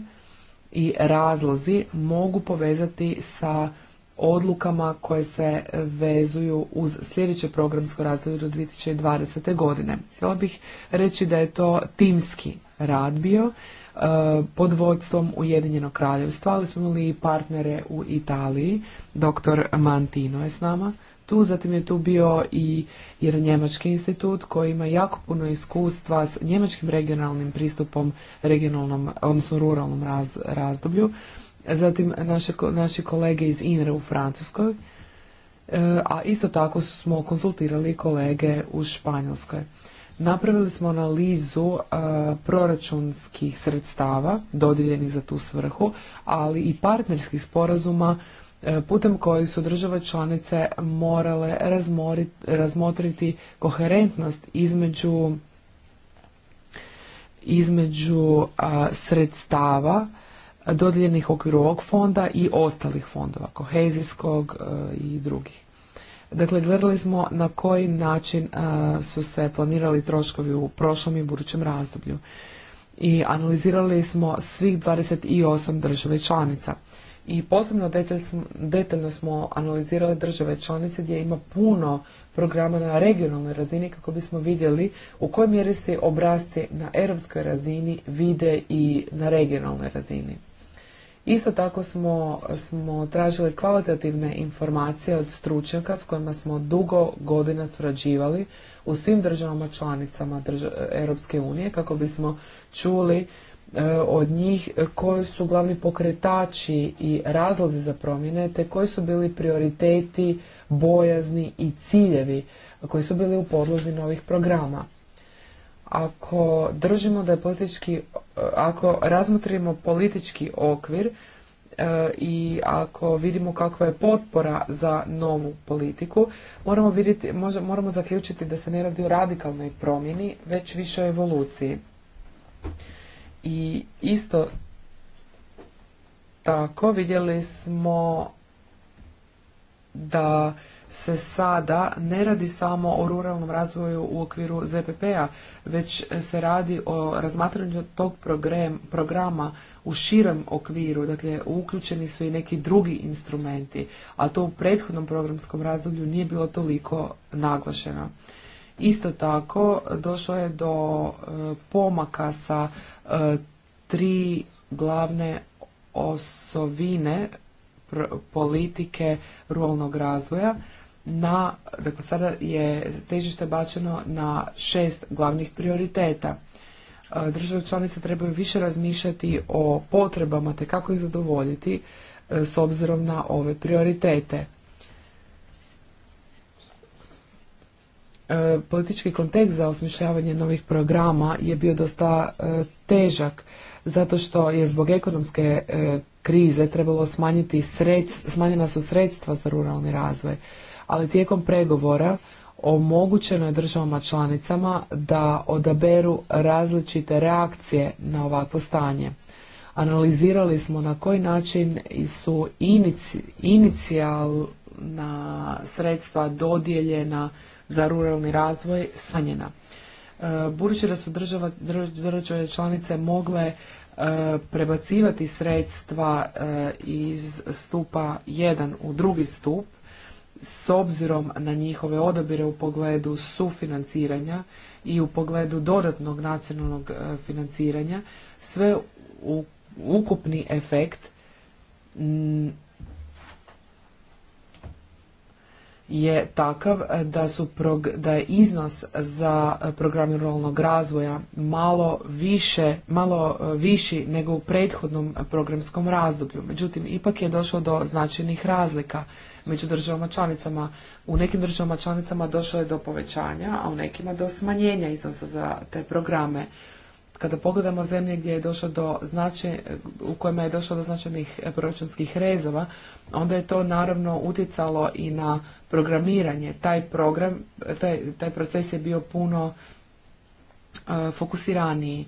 i razlozi mogu povezati sa odlukama koje se vezuju uz sljedeće programsko razdoblje do 2020. godine. Htjela bih reći da je to timski rad bio e, pod vodstvom Ujedinjenog kraljevstva, ali smo imali i partnere u Italiji. Doktor Mantino je s nama tu, zatim je tu bio i jedan njemački institut koji ima jako puno iskustva s njemačkim regionalnim pristupom regionalnom, odnosno ruralnom razdoblju. Zatim naši kolege iz INRE u Francuskoj, e, a isto tako smo konsultirali kolege u Španjolskoj. Napravili smo analizu e, proračunskih sredstava dodijeljenih za tu svrhu, ali i partnerskih sporazuma E, putem koji su države članice morale razmotriti koherentnost između između sredstava dodijeljenih okviru ovog fonda i ostalih fondova, kohezijskog e, i drugih. Dakle, gledali smo na koji način su se planirali troškovi u prošlom i budućem razdoblju i analizirali smo svih 28 države članica i posebno detaljno smo analizirali države članice gdje ima puno programa na regionalnoj razini kako bismo vidjeli u kojoj mjeri se obrazci na europskoj razini vide i na regionalnoj razini. Isto tako smo, tražili kvalitativne informacije od stručnjaka s kojima smo dugo godina surađivali u svim državama članicama Europske unije kako bismo čuli E, od njih e, koji su glavni pokretači i razlozi za promjene, te koji su bili prioriteti, bojazni i ciljevi koji su bili u podlozi novih programa. Ako držimo da je politički, e, ako razmotrimo politički okvir i ako vidimo kakva je potpora za novu politiku, moramo, vidjeti, moramo zaključiti da se ne radi o radikalnoj promjeni, već više o evoluciji. I isto tako vidjeli smo da se sada ne radi samo o ruralnom razvoju u okviru ZPP-a, već se radi o razmatranju tog programa u širem okviru, dakle uključeni su i neki drugi instrumenti, a to u prethodnom programskom razdoblju nije bilo toliko naglašeno. Isto tako došlo je do e, pomaka sa e, tri glavne osovine politike ruralnog razvoja na, dakle sada je težište bačeno na šest glavnih prioriteta. E, države članice trebaju više razmišljati o potrebama te kako ih zadovoljiti s obzirom na ove prioritete. E, politički kontekst za osmišljavanje novih programa je bio dosta e, težak zato što je zbog ekonomske e, krize trebalo smanjiti sredstva, smanjena su sredstva za ruralni razvoj, ali tijekom pregovora omogućeno je državama članicama da odaberu različite reakcije na ovakvo stanje. Analizirali smo na koji način su inici, inicijalna sredstva dodijeljena za ruralni razvoj sanjena. E, budući da su država, države članice mogle e, prebacivati sredstva e, iz stupa 1 u drugi stup, s obzirom na njihove odabire u pogledu sufinanciranja i u pogledu dodatnog nacionalnog financiranja, sve ukupni efekt je takav e, da su prog, da je iznos za e, program ruralnog razvoja malo više, malo e, viši nego u prethodnom programskom razdoblju. Međutim, ipak je došlo do značajnih razlika među državama članicama. U nekim državama članicama došlo je do povećanja, a u nekima do smanjenja iznosa za te programe. Kada pogledamo zemlje gdje je došlo do značaj, u kojima je došlo do značajnih proračunskih rezova, onda je to naravno utjecalo i na programiranje. Taj program, taj, taj proces je bio puno e, fokusiraniji e,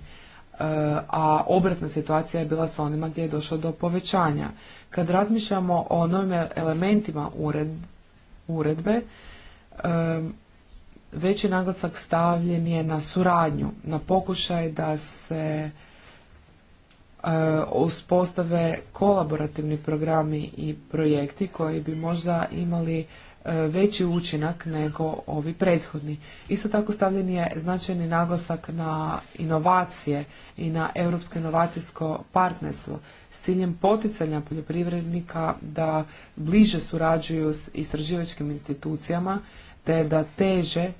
a obratna situacija je bila s onima gdje je došlo do povećanja. Kad razmišljamo o novim elementima uredbe, e, veći naglasak stavljen je na suradnju, na pokušaj da se e, uspostave kolaborativni programi i projekti koji bi možda imali e, veći učinak nego ovi prethodni. Isto tako stavljen je značajni naglasak na inovacije i na europsko inovacijsko partnerstvo s ciljem poticanja poljoprivrednika da bliže surađuju s istraživačkim institucijama te da teže e,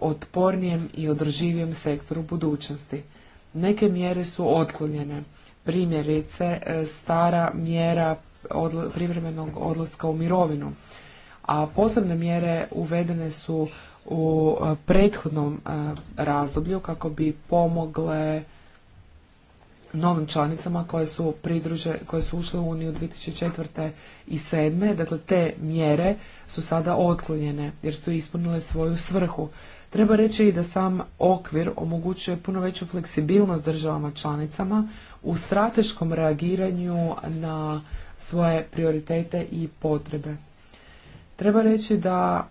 otpornijem i održivijem sektoru budućnosti. Neke mjere su otklonjene. Primjerice, e, stara mjera privremenog odlaska u mirovinu. A posebne mjere uvedene su u e, prethodnom razdoblju kako bi pomogle novim članicama koje su pridruže, koje su ušle u Uniju 2004. i 2007. Dakle, te mjere su sada otklonjene jer su ispunile svoju svrhu. Treba reći i da sam okvir omogućuje puno veću fleksibilnost državama članicama u strateškom reagiranju na svoje prioritete i potrebe. Treba reći da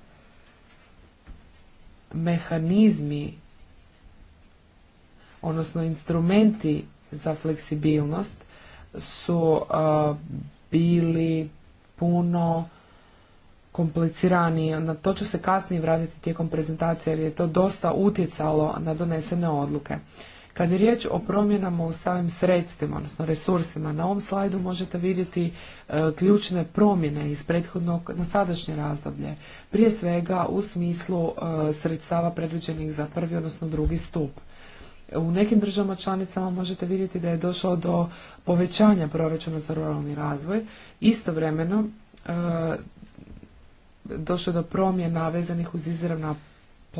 mehanizmi odnosno instrumenti za fleksibilnost su bili puno kompliciraniji. Na to ću se kasnije vratiti tijekom prezentacije jer je to dosta utjecalo na donesene odluke. Kad je riječ o promjenama u samim sredstvima, odnosno resursima, na ovom slajdu možete vidjeti e, ključne promjene iz prethodnog na sadašnje razdoblje. Prije svega u smislu e, sredstava predviđenih za prvi, odnosno drugi stup. U nekim državama članicama možete vidjeti da je došlo do povećanja proračuna za ruralni razvoj. Istovremeno e, došlo do promjena vezanih uz izravna e,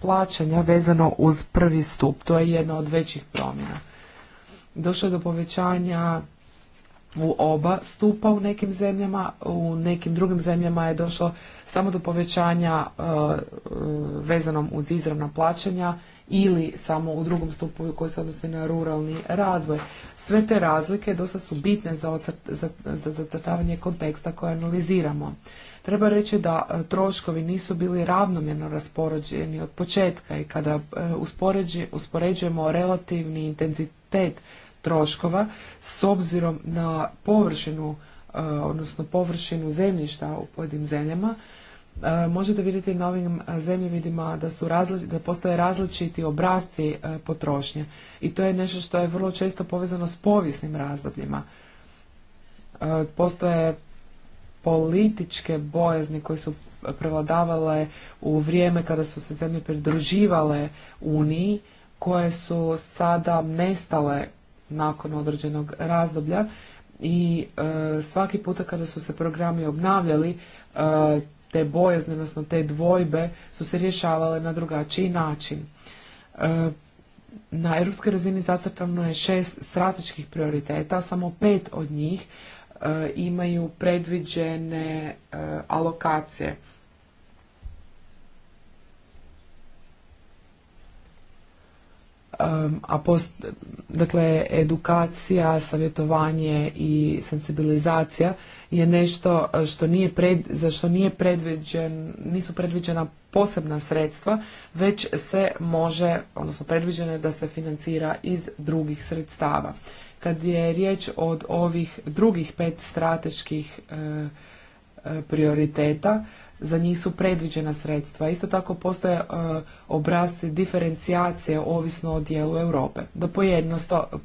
plaćanja vezano uz prvi stup. To je jedna od većih promjena. Došlo je do povećanja u oba stupa u nekim zemljama, u nekim drugim zemljama je došlo samo do povećanja e, vezanom uz izravna plaćanja ili samo u drugom stupu koji se odnosi na ruralni razvoj. Sve te razlike dosta su bitne za, zacrtavanje konteksta koje analiziramo. Treba reći da e, troškovi nisu bili ravnomjerno raspoređeni od početka i kada e, uspoređujemo relativni intenzitet troškova s obzirom na površinu, e, odnosno površinu zemljišta u pojedinim zemljama, E, možete vidjeti na ovim e, zemljevidima da, su da postoje različiti obrazci e, potrošnje i to je nešto što je vrlo često povezano s povijesnim razdobljima. Postoje političke bojazni koje su prevladavale u vrijeme kada su se zemlje pridruživale Uniji, koje su sada nestale nakon određenog razdoblja i svaki puta kada su se programi obnavljali, te bojazni, odnosno te dvojbe su se rješavale na drugačiji način. E, na europskoj razini zacrtano je šest strateških prioriteta, samo pet od njih e, imaju predviđene e, alokacije a post, dakle edukacija, savjetovanje i sensibilizacija je nešto e, što nije pred, za što nije predviđen, nisu predviđena posebna sredstva, već se može, odnosno predviđeno da se financira iz drugih sredstava. Kad je riječ od ovih drugih pet strateških e, e, prioriteta, za njih su predviđena sredstva. Isto tako postoje e, obrasci diferencijacije ovisno o dijelu Europe. Da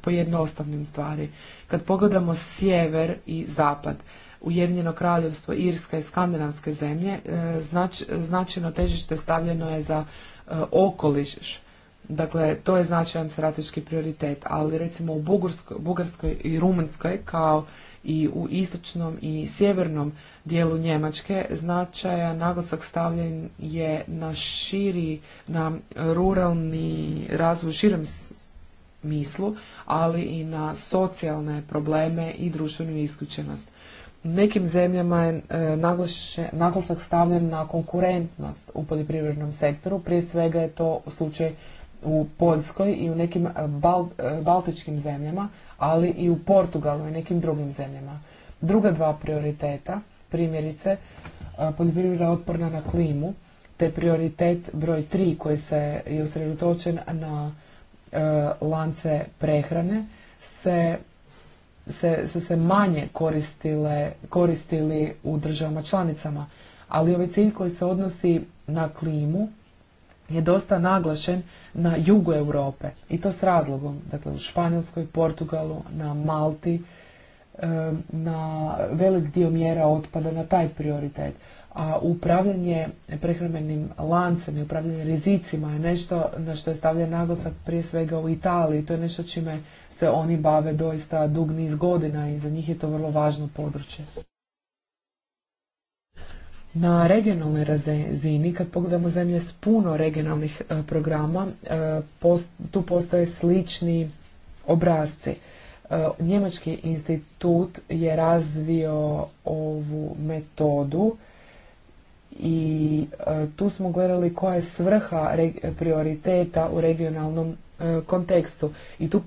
pojednostavnim stvari. Kad pogledamo sjever i zapad, Ujedinjeno kraljevstvo, Irska i skandinavske zemlje, e, značajno težište stavljeno je za e, okoliš. Dakle, to je značajan strateški prioritet, ali recimo u Bugarskoj, Bugarskoj i Rumunjskoj kao i u istočnom i sjevernom dijelu Njemačke značajan naglasak stavljen je na širi, na ruralni razvoj u širem smislu, ali i na socijalne probleme i društvenu isključenost. U nekim zemljama je e, naglasak stavljen na konkurentnost u poljoprivrednom sektoru, prije svega je to slučaj u Poljskoj i u nekim e, e, baltičkim zemljama, ali i u Portugalu i nekim drugim zemljama. Druga dva prioriteta, primjerice, e, poljoprivreda otporna na klimu, te prioritet broj 3 koji se je usredotočen na e, lance prehrane, se, su se manje koristili u državama članicama. Ali ovaj cilj koji se odnosi na klimu je dosta naglašen na jugu Europe i to s razlogom, dakle u Španjolskoj, Portugalu, na Malti, na velik dio mjera otpada na taj prioritet. A upravljanje prehrambenim lancem i upravljanje rizicima je nešto na što je stavljen naglasak prije svega u Italiji. To je nešto čime se oni bave doista dug niz godina i za njih je to vrlo važno područje na regionalnoj razini, kad pogledamo zemlje s puno regionalnih e, programa, e, tu postoje slični obrazci. E, Njemački institut je razvio ovu metodu i tu smo gledali koja je svrha prioriteta u regionalnom kontekstu. I tu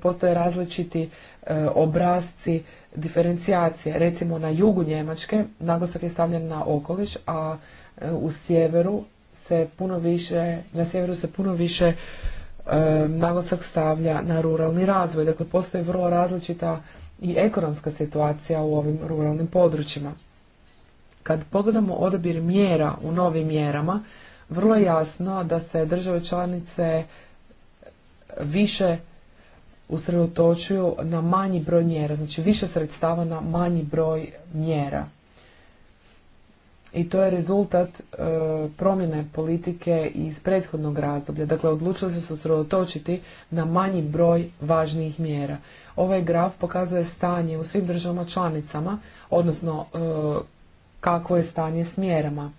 postoje različiti E, obrazci diferencijacije. Recimo na jugu Njemačke naglasak je stavljen na okoliš, a e, u sjeveru se puno više, na sjeveru se puno više e, naglasak stavlja na ruralni razvoj. Dakle, postoji vrlo različita i ekonomska situacija u ovim ruralnim područjima. Kad pogledamo odabir mjera u novim mjerama, vrlo je jasno da se države članice više usredotočuju na manji broj mjera, znači više sredstava na manji broj mjera. I to je rezultat e, promjene politike iz prethodnog razdoblja. Dakle, odlučili su se usredotočiti na manji broj važnijih mjera. Ovaj graf pokazuje stanje u svim državama članicama, odnosno e, kakvo je stanje s mjerama.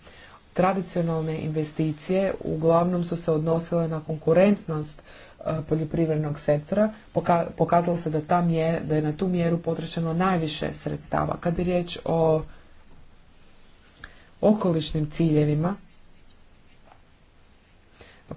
Tradicionalne investicije uglavnom su se odnosile na konkurentnost Eh, poljoprivrednog sektora, pokazalo se da, da je na tu mjeru potrošeno najviše sredstava. Kad je riječ o okolišnim ciljevima,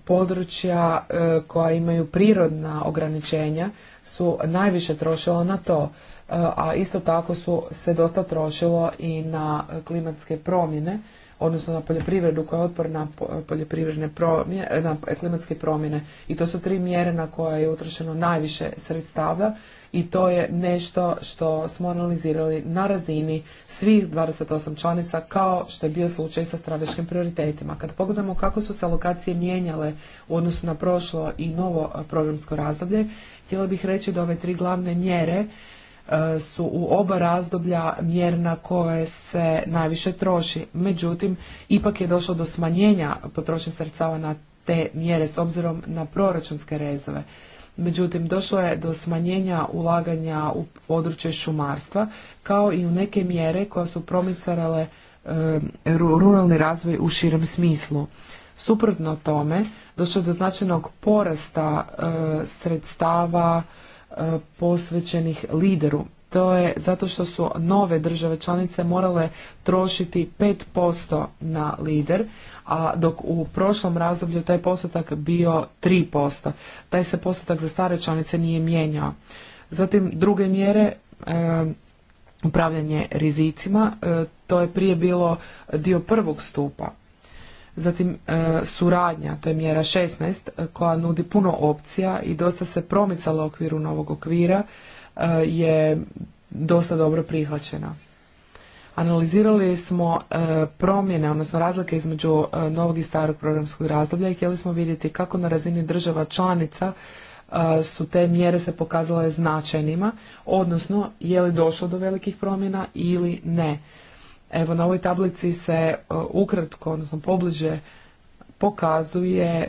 područja eh, koja imaju prirodna ograničenja su najviše trošila na to, eh, a isto tako su se dosta trošilo i na klimatske promjene odnosno na poljoprivredu koja je otporna eh, na poljoprivredne promjene, klimatske promjene. I to su tri mjere na koje je utrošeno najviše sredstava i to je nešto što smo analizirali na razini svih 28 članica kao što je bio slučaj sa strateškim prioritetima. Kad pogledamo kako su se lokacije mijenjale u odnosu na prošlo i novo programsko razdoblje, htjela bih reći da ove tri glavne mjere E, su u oba razdoblja mjerna koje se najviše troši. Međutim, ipak je došlo do smanjenja potrošnje sredstava na te mjere s obzirom na proračunske rezove. Međutim, došlo je do smanjenja ulaganja u područje šumarstva, kao i u neke mjere koja su promicarale e, ruralni razvoj u širem smislu. Suprotno tome, došlo je do značajnog porasta e, sredstava E, posvećenih lideru. To je zato što su nove države članice morale trošiti 5% na lider, a dok u prošlom razdoblju taj postotak bio 3%. Taj se postotak za stare članice nije mijenjao. Zatim druge mjere, e, upravljanje rizicima, e, to je prije bilo dio prvog stupa. Zatim e, suradnja, to je mjera 16 e, koja nudi puno opcija i dosta se promicala u okviru novog okvira e, je dosta dobro prihvaćena. Analizirali smo promjene, odnosno razlike između novog i starog programskog razdoblja i htjeli smo vidjeti kako na razini država članica su te mjere se pokazale značajnima, odnosno je li došlo do velikih promjena ili ne. Evo na ovoj tablici se e, ukratko, odnosno pobliže pokazuje e,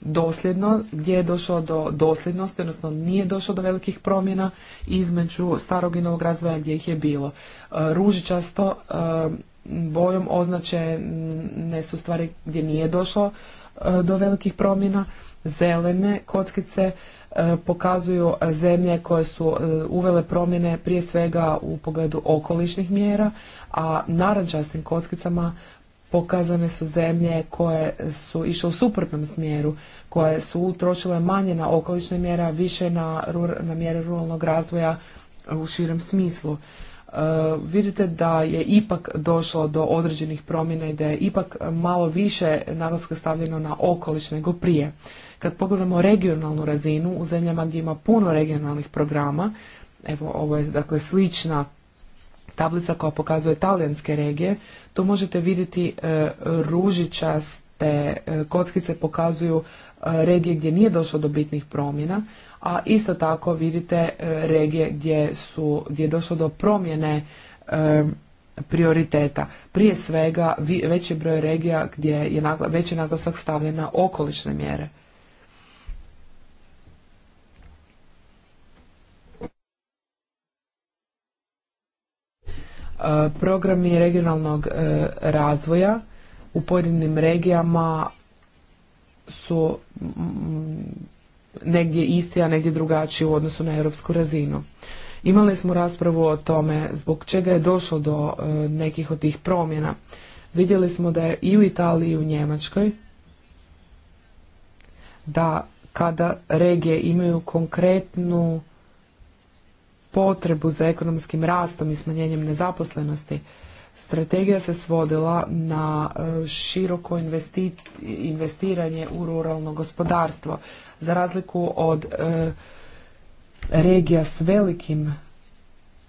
dosljedno gdje je došlo do dosljednosti, odnosno nije došlo do velikih promjena između starog i novog razvoja gdje ih je bilo. E, ružičasto bojom označene su stvari gdje nije došlo do velikih promjena, zelene kockice E, pokazuju zemlje koje su e, uvele promjene prije svega u pogledu okolišnih mjera, a narančastim kockicama pokazane su zemlje koje su išle u suprotnom smjeru, koje su utrošile manje na okolišne mjera, više na, na mjere ruralnog razvoja u širem smislu. E, vidite da je ipak došlo do određenih promjena i da je ipak malo više naglaska stavljeno na okoliš nego prije. Kad pogledamo regionalnu razinu u zemljama gdje ima puno regionalnih programa, evo ovo je dakle slična tablica koja pokazuje talijanske regije, to možete vidjeti e, ružičaste e, kockice pokazuju e, regije gdje nije došlo do bitnih promjena, a isto tako vidite e, regije gdje, su, gdje je došlo do promjene prioriteta. Prije svega veći broj regija gdje je nagla, veći naglasak stavljen na okolišne mjere. programi regionalnog e, razvoja u pojedinim regijama su mm, negdje isti, a negdje drugačiji u odnosu na europsku razinu. Imali smo raspravu o tome zbog čega je došlo do e, nekih od tih promjena. Vidjeli smo da je i u Italiji i u Njemačkoj da kada regije imaju konkretnu potrebu za ekonomskim rastom i smanjenjem nezaposlenosti. Strategija se svodila na e, široko investiranje u ruralno gospodarstvo. Za razliku od e, regija s velikim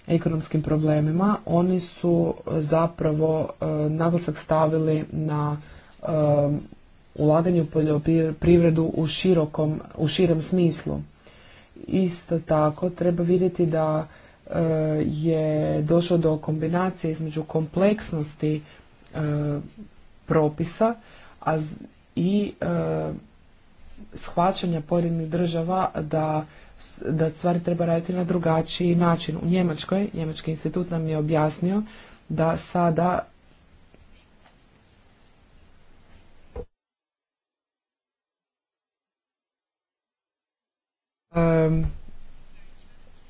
ekonomskim problemima, oni su e, zapravo naglasak stavili na ulaganje u poljoprivredu u širem smislu. Isto tako treba vidjeti da e, je došlo do kombinacije između kompleksnosti e, propisa i e, shvaćanja pojedinih država da da stvari treba raditi na drugačiji način. U Njemačkoj, Njemački institut nam je objasnio da sada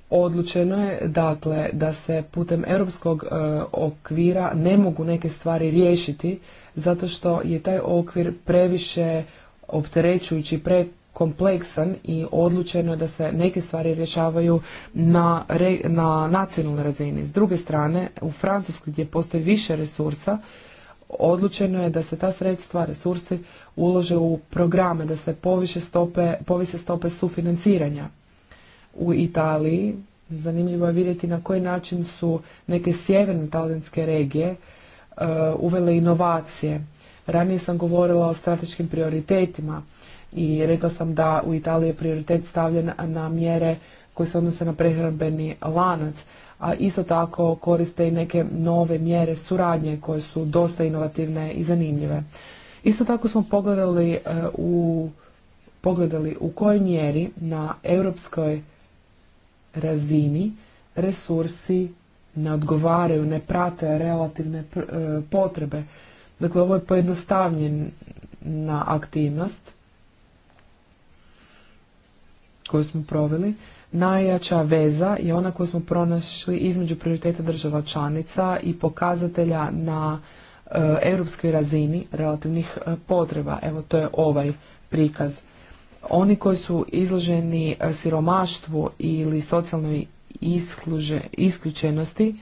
odlučeno je dakle da se putem europskog e, okvira ne mogu neke stvari riješiti zato što je taj okvir previše opterećujući, prekompleksan i odlučeno je da se neke stvari rješavaju na, na nacionalnoj razini. S druge strane, u Francuskoj gdje postoji više resursa, odlučeno je da se ta sredstva, resursi ulože u programe, da se poviše stope, povise stope sufinanciranja. U Italiji zanimljivo je vidjeti na koji način su neke sjeverne talijanske regije e, uvele inovacije. Ranije sam govorila o strateškim prioritetima i rekla sam da u Italiji je prioritet stavljen na mjere koje se odnose na prehrambeni lanac, a isto tako koriste i neke nove mjere suradnje koje su dosta inovativne i zanimljive. Isto tako smo pogledali e, u pogledali u kojoj mjeri na europskoj razini resursi ne odgovaraju, ne prate relativne e, potrebe. Dakle, ovo je na aktivnost koju smo proveli. Najjača veza je ona koju smo pronašli između prioriteta država članica i pokazatelja na Eh, europskoj razini relativnih eh, potreba. Evo to je ovaj prikaz. Oni koji su izloženi eh, siromaštvu ili socijalnoj isključenosti,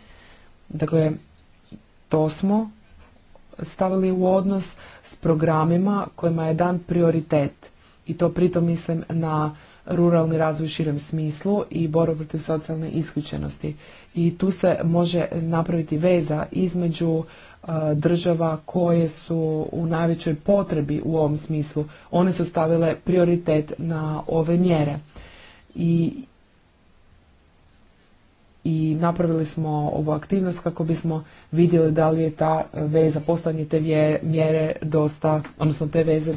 dakle to smo stavili u odnos s programima kojima je dan prioritet. I to pritom mislim na ruralni razvoj u širem smislu i borbu protiv socijalne isključenosti. I tu se može napraviti veza između E, država koje su u najvećoj potrebi u ovom smislu. One su stavile prioritet na ove mjere. I i napravili smo ovu aktivnost kako bismo vidjeli da li je ta veza, postojanje te mjere dosta, odnosno te veze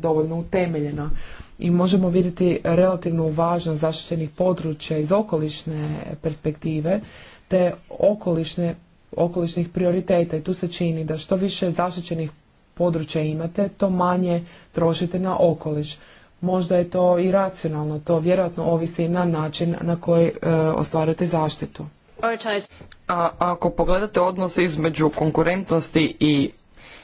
dovoljno utemeljena. I možemo vidjeti relativnu važnost zaštićenih područja iz okolišne perspektive te okolišne okolišnih prioriteta i tu se čini da što više zaštićenih područja imate, to manje trošite na okoliš. Možda je to i racionalno, to vjerojatno ovisi na način na koji e, ostvarate zaštitu. A ako pogledate odnose između konkurentnosti i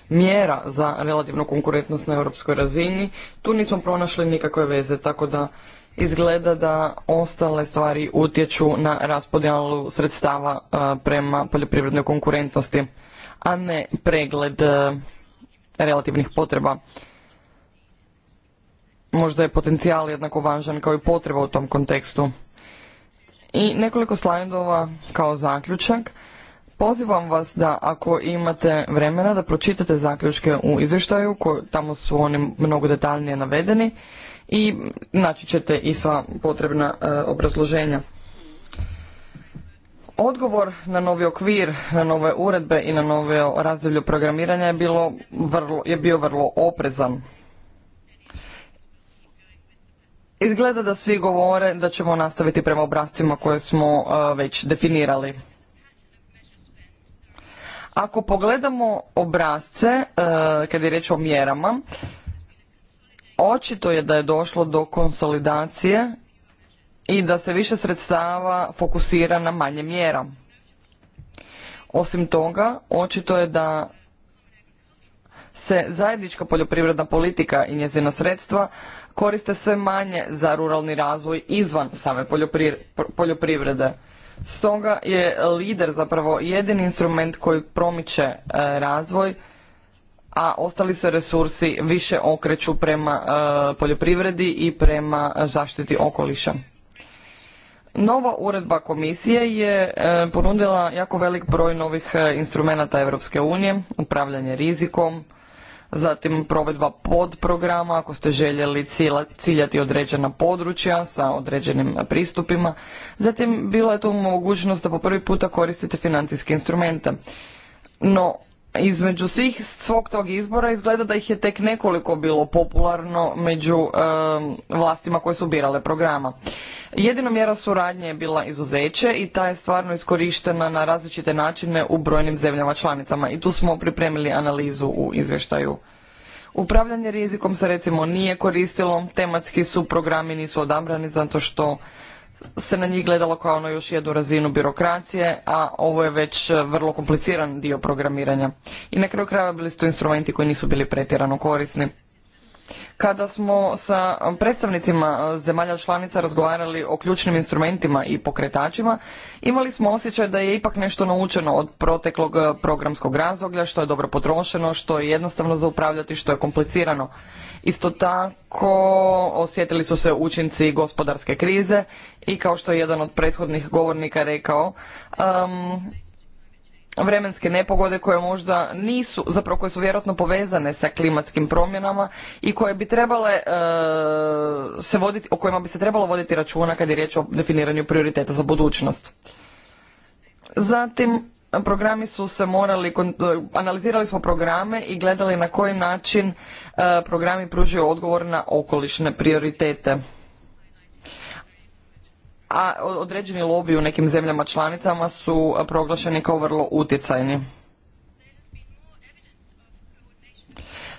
mjera za relativnu konkurentnost na europskoj razini, tu nismo pronašli nikakve veze, tako da izgleda da ostale stvari utječu na raspodjelu sredstava e, prema poljoprivrednoj konkurentnosti, a ne pregled e, relativnih potreba. Možda je potencijal jednako važan kao i potreba u tom kontekstu. I nekoliko slajdova kao zaključak. Pozivam vas da ako imate vremena da pročitate zaključke u izvještaju, tamo su oni mnogo detaljnije navedeni i naći ćete i sva potrebna e, obrazloženja. Odgovor na novi okvir, na nove uredbe i na nove razdoblje programiranja je, bilo je bio vrlo oprezan. Izgleda da svi govore da ćemo nastaviti prema obrazcima koje smo e, već definirali. Ako pogledamo obrazce, e, kada je riječ o mjerama, Očito je da je došlo do konsolidacije i da se više sredstava fokusira na manje mjera. Osim toga, očito je da se zajednička poljoprivredna politika i njezina sredstva koriste sve manje za ruralni razvoj izvan same poljoprivrede. Stoga je lider zapravo jedini instrument koji promiče e, razvoj a ostali se resursi više okreću prema e, poljoprivredi i prema zaštiti okoliša. Nova uredba komisije je e, ponudila jako velik broj novih e, instrumenata Europske unije, upravljanje rizikom, zatim provedba podprograma ako ste željeli ciljati određena područja sa određenim pristupima. Zatim bila je tu mogućnost da po prvi puta koristite financijske instrumente. No, između svih svog tog izbora izgleda da ih je tek nekoliko bilo popularno među vlastima koje su birale programa. Jedina mjera suradnje je bila izuzeće i ta je stvarno iskorištena na različite načine u brojnim zemljama članicama i tu smo pripremili analizu u izvještaju. Upravljanje rizikom se recimo nije koristilo, tematski su programi nisu odabrani zato što se na njih gledalo kao ono još jednu razinu birokracije, a ovo je već vrlo kompliciran dio programiranja. I na kraju krajeva bili su to instrumenti koji nisu bili pretjerano korisni. Kada smo sa predstavnicima zemalja članica razgovarali o ključnim instrumentima i pokretačima, imali smo osjećaj da je ipak nešto naučeno od proteklog programskog razdoblja, što je dobro potrošeno, što je jednostavno za upravljati, što je komplicirano. Isto tako osjetili su se učinci gospodarske krize i kao što je jedan od prethodnih govornika rekao, um, vremenske nepogode koje možda nisu, zapravo koje su vjerojatno povezane sa klimatskim promjenama i koje bi trebale e, se voditi, o kojima bi se trebalo voditi računa kad je riječ o definiranju prioriteta za budućnost. Zatim, programi su se morali, analizirali smo programe i gledali na koji način e, programi pružaju odgovor na okolišne prioritete a određeni lobiji u nekim zemljama članicama su proglašeni kao vrlo utjecajni.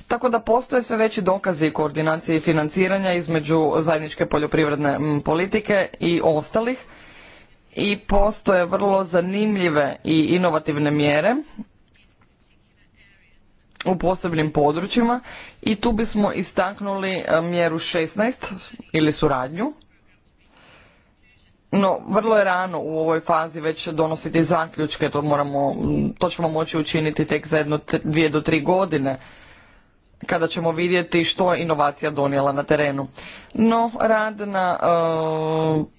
Tako da postoje sve veći dokazi koordinacije i financiranja između zajedničke poljoprivredne politike i ostalih i postoje vrlo zanimljive i inovativne mjere u posebnim područjima i tu bismo istaknuli e, mjeru 16 ili suradnju no, vrlo je rano u ovoj fazi već donositi zaključke, to, moramo, to ćemo moći učiniti tek za jedno dvije do tri godine kada ćemo vidjeti što je inovacija donijela na terenu. No, rad na e,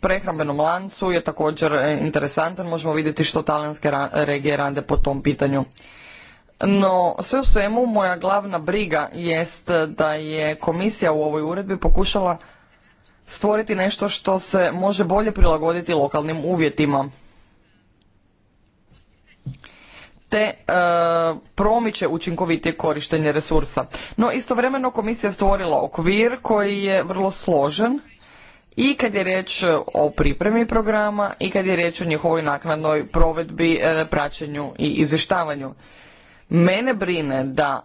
prehrambenom lancu je također interesantan, možemo vidjeti što talijanske regije rade po tom pitanju. No, sve u svemu moja glavna briga jest da je komisija u ovoj uredbi pokušala stvoriti nešto što se može bolje prilagoditi lokalnim uvjetima te e, promiče učinkovitije korištenje resursa. No istovremeno komisija stvorila okvir koji je vrlo složen i kad je riječ o pripremi programa i kad je riječ o njihovoj naknadnoj provedbi, e, praćenju i izvještavanju. Mene brine da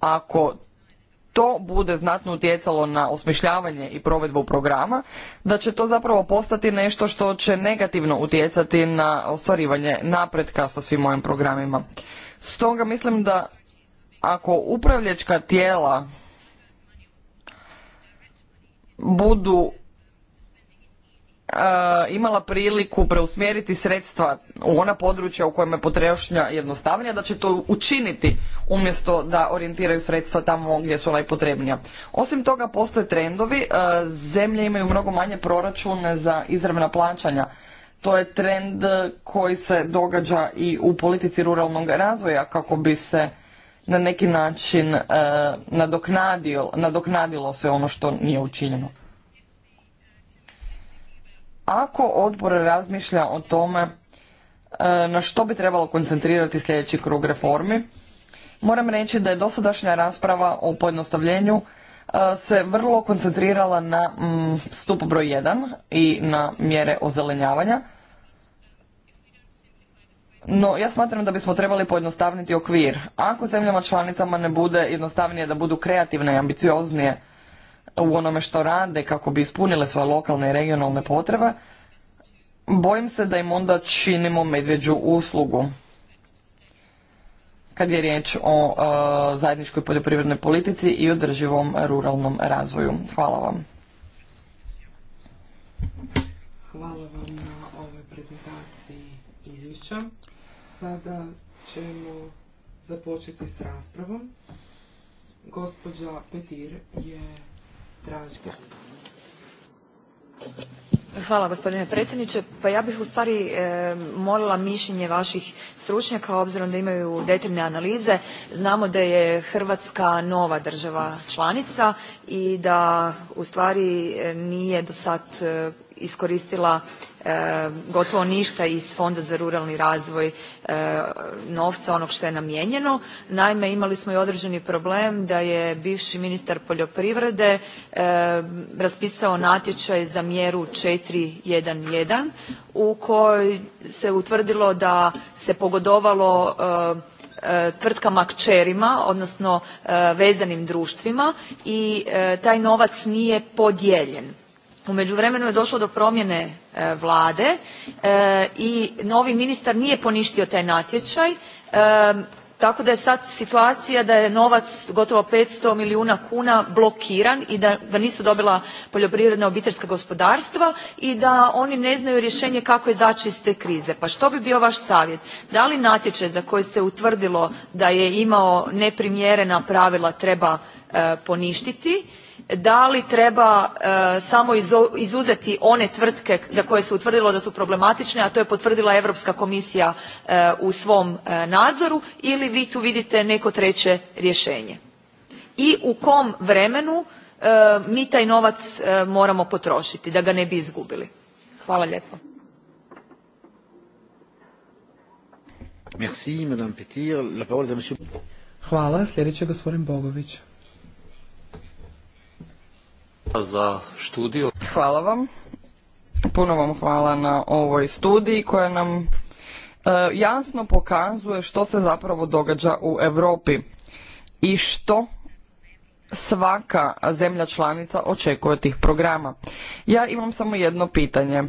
ako to bude znatno utjecalo na osmišljavanje i provedbu programa, da će to zapravo postati nešto što će negativno utjecati na ostvarivanje napretka sa svim mojim programima. Stoga mislim da ako upravljačka tijela budu E, imala priliku preusmjeriti sredstva u ona područja u kojima je potrošnja jednostavnija, da će to učiniti umjesto da orijentiraju sredstva tamo gdje su najpotrebnija. Osim toga postoje trendovi, e, zemlje imaju mnogo manje proračune za izravna plaćanja. To je trend koji se događa i u politici ruralnog razvoja kako bi se na neki način e, nadoknadilo sve ono što nije učinjeno ako odbor razmišlja o tome e, na što bi trebalo koncentrirati sljedeći krug reformi, moram reći da je dosadašnja rasprava o pojednostavljenju e, se vrlo koncentrirala na mm, stup broj 1 i na mjere ozelenjavanja. No, ja smatram da bismo trebali pojednostavniti okvir. Ako zemljama članicama ne bude jednostavnije da budu kreativne i ambicioznije u onome što rade kako bi ispunile svoje lokalne i regionalne potrebe, bojim se da im onda činimo medveđu uslugu. Kad je riječ o e, zajedničkoj poljoprivrednoj politici i održivom ruralnom razvoju. Hvala vam. Hvala vam na ovoj prezentaciji izvješća. Sada ćemo započeti s raspravom. Gospođa Petir je Hvala gospodine predsjedniče. Pa ja bih ustvari e, molila mišljenje vaših stručnjaka obzirom da imaju detaljne analize. Znamo da je Hrvatska nova država članica i da ustvari e, nije do sad e, iskoristila e, gotovo ništa iz Fonda za ruralni razvoj e, novca onog što je namijenjeno. Naime, imali smo i određeni problem da je bivši ministar poljoprivrede e, raspisao natječaj za mjeru 4.1.1 u kojoj se utvrdilo da se pogodovalo tvrtkama kćerima odnosno vezanim društvima i taj novac nije podijeljen. U međuvremenu je došlo do promjene e, vlade e, i novi ministar nije poništio taj natječaj, e, tako da je sad situacija da je novac gotovo 500 milijuna kuna blokiran i da ga nisu dobila poljoprivredna obiteljska gospodarstva i da oni ne znaju rješenje kako izaći iz te krize. Pa što bi bio vaš savjet? Da li natječaj za koji se utvrdilo da je imao neprimjerena pravila treba poništiti da li treba e, samo izuzeti one tvrtke za koje se utvrdilo da su problematične, a to je potvrdila Europska komisija e, u svom e, nadzoru ili vi tu vidite neko treće rješenje i u kom vremenu mi taj novac moramo potrošiti da ga ne bi izgubili. Hvala lijepo. Hvala. Sljedeći gospodin Bogović za studiju. Hvala vam. Puno vam hvala na ovoj studiji koja nam e, jasno pokazuje što se zapravo događa u Europi i što svaka zemlja članica očekuje tih programa. Ja imam samo jedno pitanje.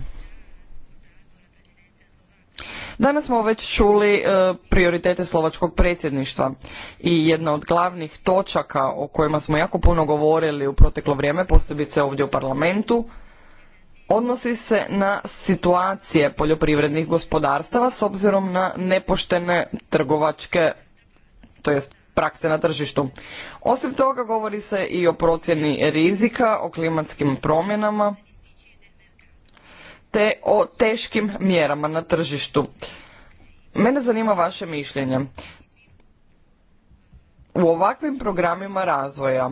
Danas smo već čuli e, prioritete slovačkog predsjedništva i jedna od glavnih točaka o kojima smo jako puno govorili u proteklo vrijeme, posebice ovdje u parlamentu, odnosi se na situacije poljoprivrednih gospodarstava s obzirom na nepoštene trgovačke, to jest prakse na tržištu. Osim toga govori se i o procjeni rizika, o klimatskim promjenama te o teškim mjerama na tržištu. Mene zanima vaše mišljenje. U ovakvim programima razvoja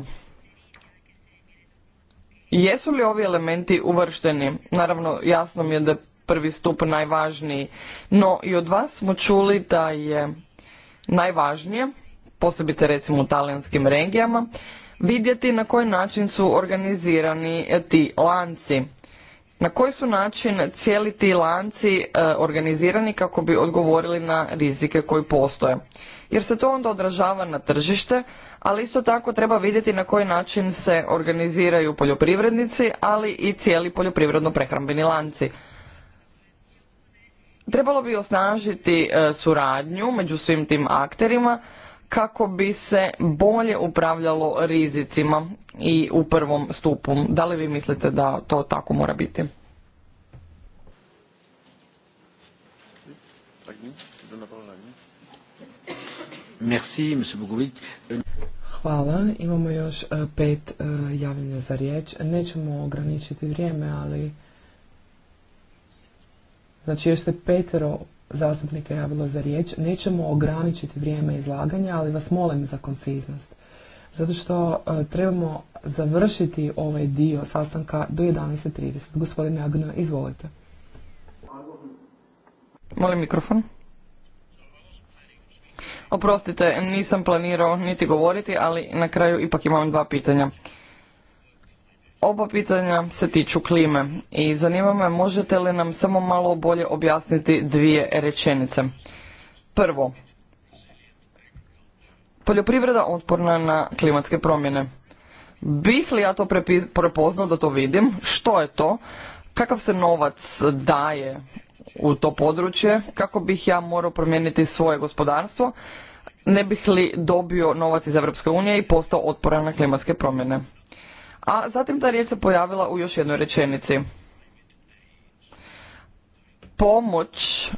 jesu li ovi elementi uvršteni? Naravno, jasno mi je da je prvi stup najvažniji, no i od vas smo čuli da je najvažnije, posebite recimo u talijanskim regijama, vidjeti na koji način su organizirani ti lanci na koji su način cijeli ti lanci e, organizirani kako bi odgovorili na rizike koji postoje? Jer se to onda odražava na tržište, ali isto tako treba vidjeti na koji način se organiziraju poljoprivrednici, ali i cijeli poljoprivredno-prehrambeni lanci. Trebalo bi osnažiti e, suradnju među svim tim akterima kako bi se bolje upravljalo rizicima i u prvom stupu. Da li vi mislite da to tako mora biti? Hvala. Imamo još e, pet e, javljanja za riječ. Nećemo ograničiti vrijeme, ali... Znači, još se petero zastupnika javilo za riječ. Nećemo ograničiti vrijeme izlaganja, ali vas molim za konciznost. Zato što e, trebamo završiti ovaj dio sastanka do 11.30. Gospodine Agno, izvolite. Molim mikrofon. Oprostite, nisam planirao niti govoriti, ali na kraju ipak imam dva pitanja. Oba pitanja se tiču klime i zanima me možete li nam samo malo bolje objasniti dvije rečenice. Prvo, poljoprivreda otporna na klimatske promjene. Bih li ja to prepoznao da to vidim? Što je to? Kakav se novac daje u to područje? Kako bih ja morao promijeniti svoje gospodarstvo? Ne bih li dobio novac iz Europske unije i postao otporan na klimatske promjene? a zatim ta riječ se pojavila u još jednoj rečenici. Pomoć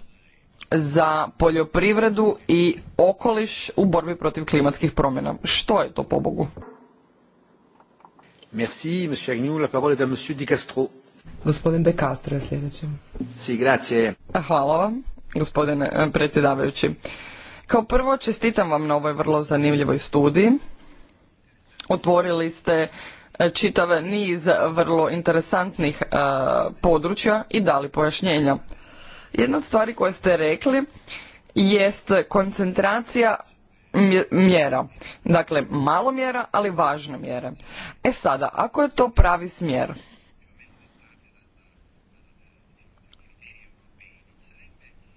za poljoprivredu i okoliš u borbi protiv klimatskih promjena. Što je to pobogu? Merci, monsieur Agnew. La parole monsieur Di Castro. Gospodin De Castro je sljedeći. grazie. Hvala vam, gospodine eh, predsjedavajući. Kao prvo, čestitam vam na ovoj vrlo zanimljivoj studiji. Otvorili ste čitav niz vrlo interesantnih e, područja i dali pojašnjenja. Jedna od stvari koje ste rekli jest koncentracija mjera. Dakle, malo mjera, ali važne mjere. E sada, ako je to pravi smjer,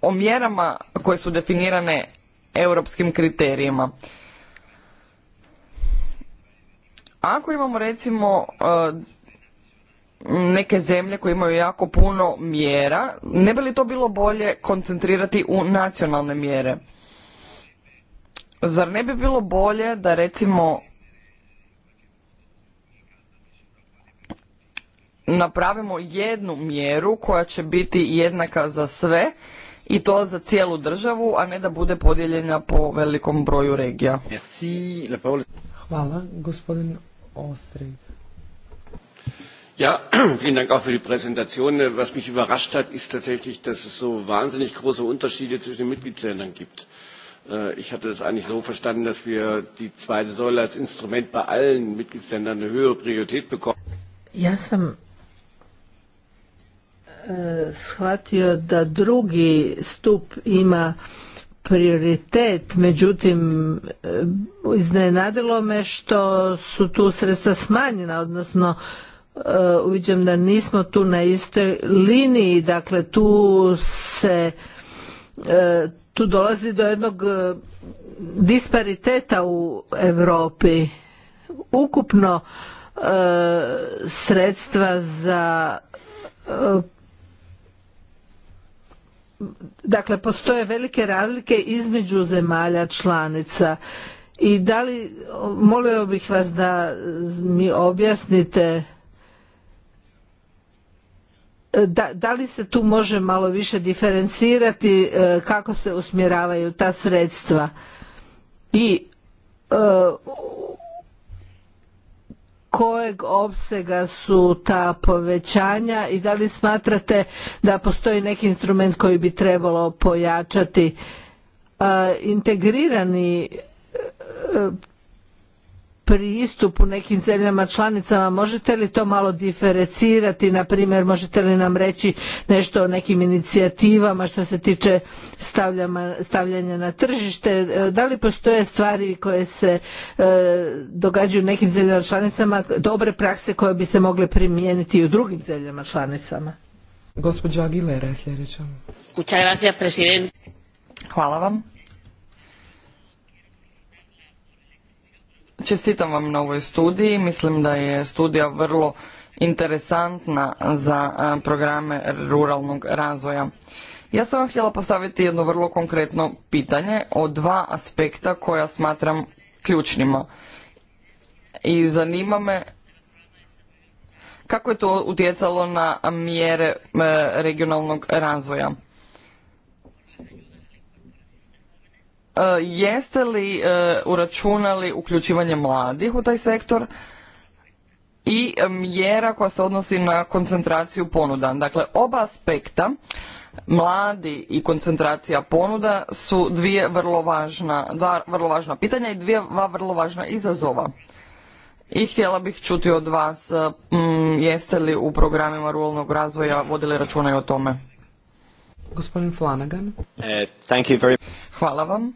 o mjerama koje su definirane europskim kriterijima, ako imamo recimo e, neke zemlje koje imaju jako puno mjera, ne bi li to bilo bolje koncentrirati u nacionalne mjere? Zar ne bi bilo bolje da recimo napravimo jednu mjeru koja će biti jednaka za sve i to za cijelu državu, a ne da bude podijeljena po velikom broju regija. Hvala, gospodin Herr Ja, vielen Dank auch für die Präsentation. Was mich überrascht hat, ist tatsächlich, dass es so wahnsinnig große Unterschiede zwischen den Mitgliedsländern gibt. Äh, ich hatte das eigentlich so verstanden, dass wir die zweite Säule als Instrument bei allen Mitgliedsländern eine höhere Priorität bekommen. Ja sam äh, shvatio da drugi stup ima prioritet, međutim e, iznenadilo me što su tu sredstva smanjena, odnosno e, uviđam da nismo tu na istoj liniji, dakle tu se e, tu dolazi do jednog dispariteta u Europi. Ukupno sredstva za dakle postoje velike razlike između zemalja članica i da li molio bih vas da mi objasnite da, da li se tu može malo više diferencirati e, kako se usmjeravaju ta sredstva i e, kojeg opsega su ta povećanja i da li smatrate da postoji neki instrument koji bi trebalo pojačati integrirani e, pristup u nekim zemljama članicama možete li to malo diferencirati na primjer možete li nam reći nešto o nekim inicijativama što se tiče stavljanja na tržište e, da li postoje stvari koje se e, događaju u nekim zemljama članicama dobre prakse koje bi se mogle primijeniti i u drugim zemljama članicama Gospođa Aguilera je sljedeća. Hvala vam. Čestitam vam na ovoj studiji. Mislim da je studija vrlo interesantna za programe ruralnog razvoja. Ja sam vam htjela postaviti jedno vrlo konkretno pitanje o dva aspekta koja smatram ključnima. I zanima me kako je to utjecalo na mjere e, regionalnog razvoja. E, jeste li e, uračunali uključivanje mladih u taj sektor i e, mjera koja se odnosi na koncentraciju ponuda. Dakle, oba aspekta, mladi i koncentracija ponuda, su dvije vrlo važna, dva vrlo važna pitanja i dvije vrlo važna izazova. I htjela bih čuti od vas, jeste li u programima ruralnog razvoja vodili računa o tome? Gospodin Flanagan. Hvala vam.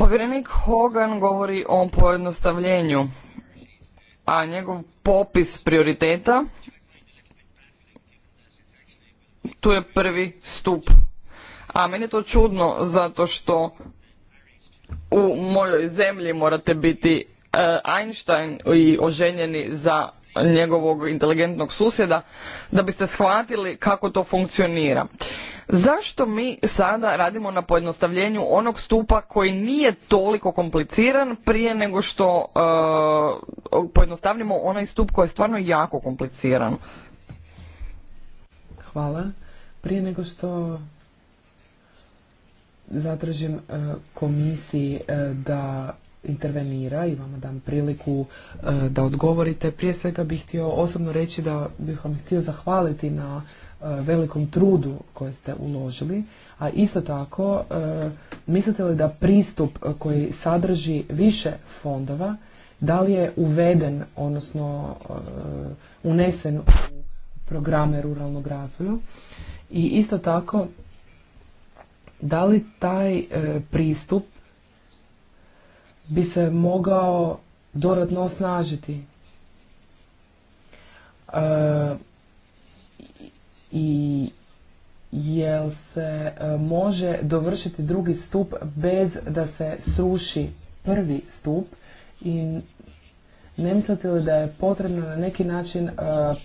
Povjerenik Hogan govori o pojednostavljenju, a njegov popis prioriteta, tu je prvi stup. A meni je to čudno zato što u mojoj zemlji morate biti e, Einstein i oženjeni za njegovog inteligentnog susjeda da biste shvatili kako to funkcionira. Zašto mi sada radimo na pojednostavljenju onog stupa koji nije toliko kompliciran prije nego što uh, pojednostavljamo onaj stup koji je stvarno jako kompliciran? Hvala. Prije nego što zatražim eh, komisiji eh, da intervenira i vama dam priliku e, da odgovorite. Prije svega bih htio osobno reći da bih vam htio zahvaliti na e, velikom trudu koje ste uložili, a isto tako e, mislite li da pristup koji sadrži više fondova, da li je uveden, odnosno unesen u programe ruralnog razvoja i isto tako da li taj pristup bi se mogao dodatno osnažiti. E, I jel se e, može dovršiti drugi stup bez da se sruši prvi stup i ne mislite li da je potrebno na neki način e,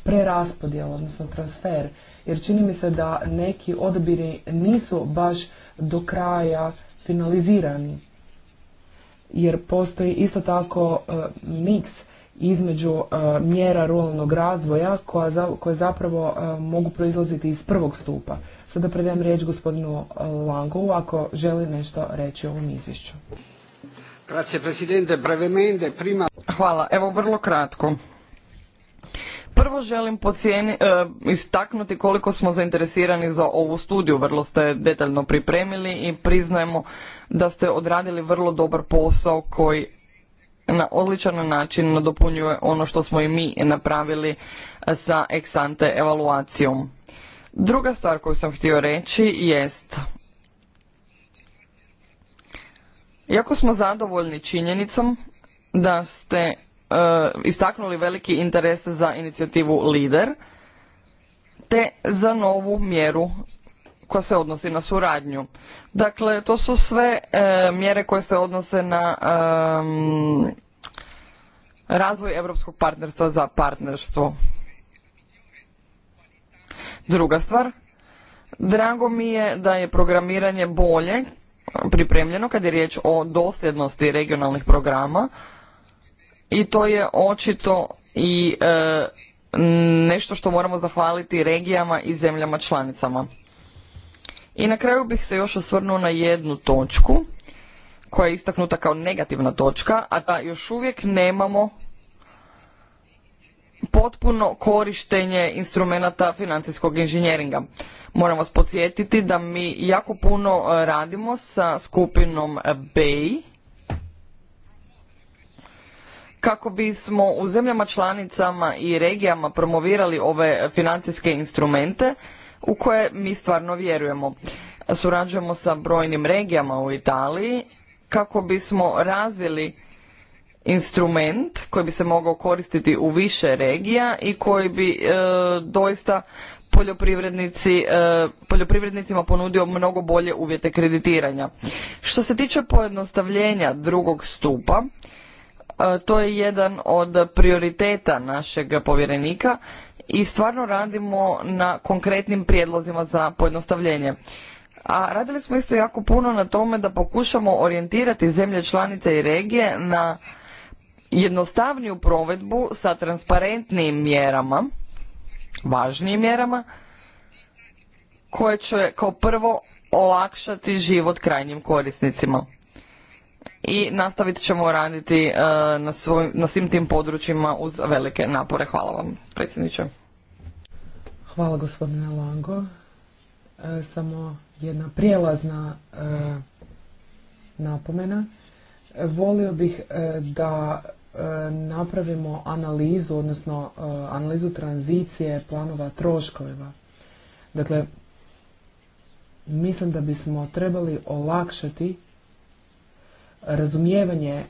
preraspodjel, odnosno transfer? Jer čini mi se da neki odabiri nisu baš do kraja finalizirani jer postoji isto tako e, miks između e, mjera ruralnog razvoja koje zapravo e, mogu proizlaziti iz prvog stupa. Sada predajem riječ gospodinu Langovu ako želi nešto reći o ovom izvješću. Hvala. Evo vrlo kratko. Prvo želim e, istaknuti koliko smo zainteresirani za ovu studiju. Vrlo ste detaljno pripremili i priznajemo da ste odradili vrlo dobar posao koji na odličan način nadopunjuje ono što smo i mi napravili e, sa ante evaluacijom. Druga stvar koju sam htio reći jest jako smo zadovoljni činjenicom da ste E, istaknuli veliki interes za inicijativu LIDER te za novu mjeru koja se odnosi na suradnju. Dakle, to su sve e, mjere koje se odnose na razvoj europskog partnerstva za partnerstvo. Druga stvar, drago mi je da je programiranje bolje pripremljeno kad je riječ o dosljednosti regionalnih programa i to je očito i e, nešto što moramo zahvaliti regijama i zemljama članicama. I na kraju bih se još osvrnuo na jednu točku koja je istaknuta kao negativna točka, a da još uvijek nemamo potpuno korištenje instrumenata financijskog inženjeringa. Moram vas podsjetiti da mi jako puno e, radimo sa skupinom BEI, kako bismo u zemljama članicama i regijama promovirali ove financijske instrumente u koje mi stvarno vjerujemo. Surađujemo sa brojnim regijama u Italiji kako bismo razvili instrument koji bi se mogao koristiti u više regija i koji bi e, doista poljoprivrednici, e, poljoprivrednicima ponudio mnogo bolje uvjete kreditiranja. Što se tiče pojednostavljenja drugog stupa, E, to je jedan od prioriteta našeg povjerenika i stvarno radimo na konkretnim prijedlozima za pojednostavljenje. A radili smo isto jako puno na tome da pokušamo orijentirati zemlje članice i regije na jednostavniju provedbu sa transparentnijim mjerama, važnijim mjerama, koje će kao prvo olakšati život krajnjim korisnicima i nastavit ćemo raditi e, na, svim tim područjima uz velike napore. Hvala vam, predsjedniče. Hvala gospodine Lango. E, samo jedna prijelazna e, napomena. volio bih da napravimo analizu, odnosno analizu tranzicije planova troškovima. Dakle, mislim da bismo trebali olakšati razumijevanje e,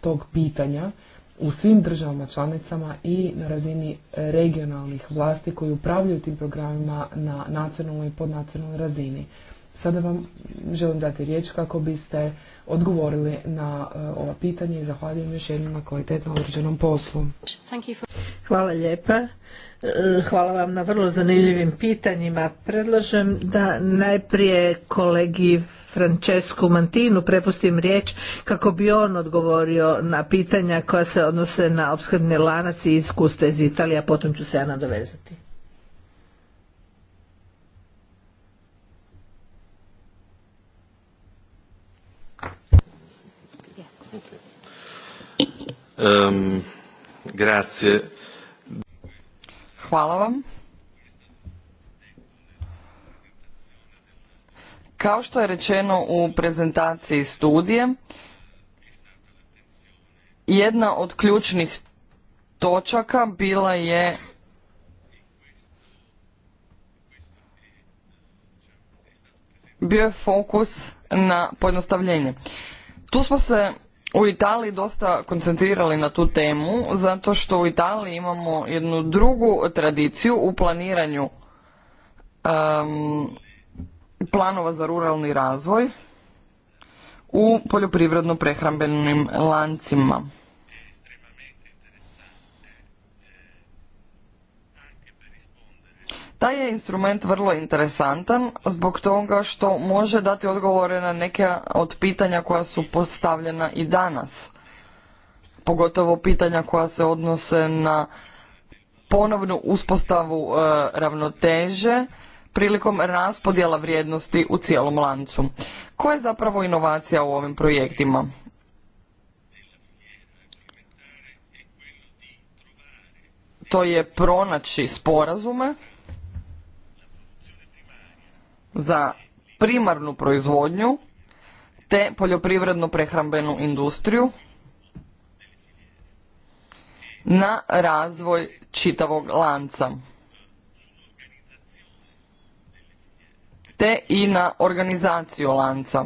tog pitanja u svim državama članicama i na razini regionalnih vlasti koji upravljaju tim programima na nacionalnoj i podnacionalnoj razini. Sada vam želim dati riječ kako biste odgovorili na e, ova pitanja i zahvaljujem još jednom na kvalitetno određenom poslu. Hvala lijepa. E, hvala vam na vrlo zanimljivim pitanjima. Predlažem da najprije kolegi Francesku Mantinu prepustim riječ kako bi on odgovorio na pitanja koja se odnose na opskrbni lanac i iskuste iz Italije, a potom ću se ja nadovezati. Ehm, grazie. Hvala vam. Kao što je rečeno u prezentaciji studije, jedna od ključnih točaka bila je bio je fokus na pojednostavljenje. Tu smo se u Italiji dosta koncentrirali na tu temu zato što u Italiji imamo jednu drugu tradiciju u planiranju planova za ruralni razvoj u poljoprivredno prehrambenim lancima. Taj je instrument vrlo interesantan zbog toga što može dati odgovore na neke od pitanja koja su postavljena i danas. Pogotovo pitanja koja se odnose na ponovnu uspostavu e, ravnoteže prilikom raspodjela vrijednosti u cijelom lancu. Koja je zapravo inovacija u ovim projektima? To je pronaći sporazume za primarnu proizvodnju te poljoprivrednu prehrambenu industriju na razvoj čitavog lanca te i na organizaciju lanca.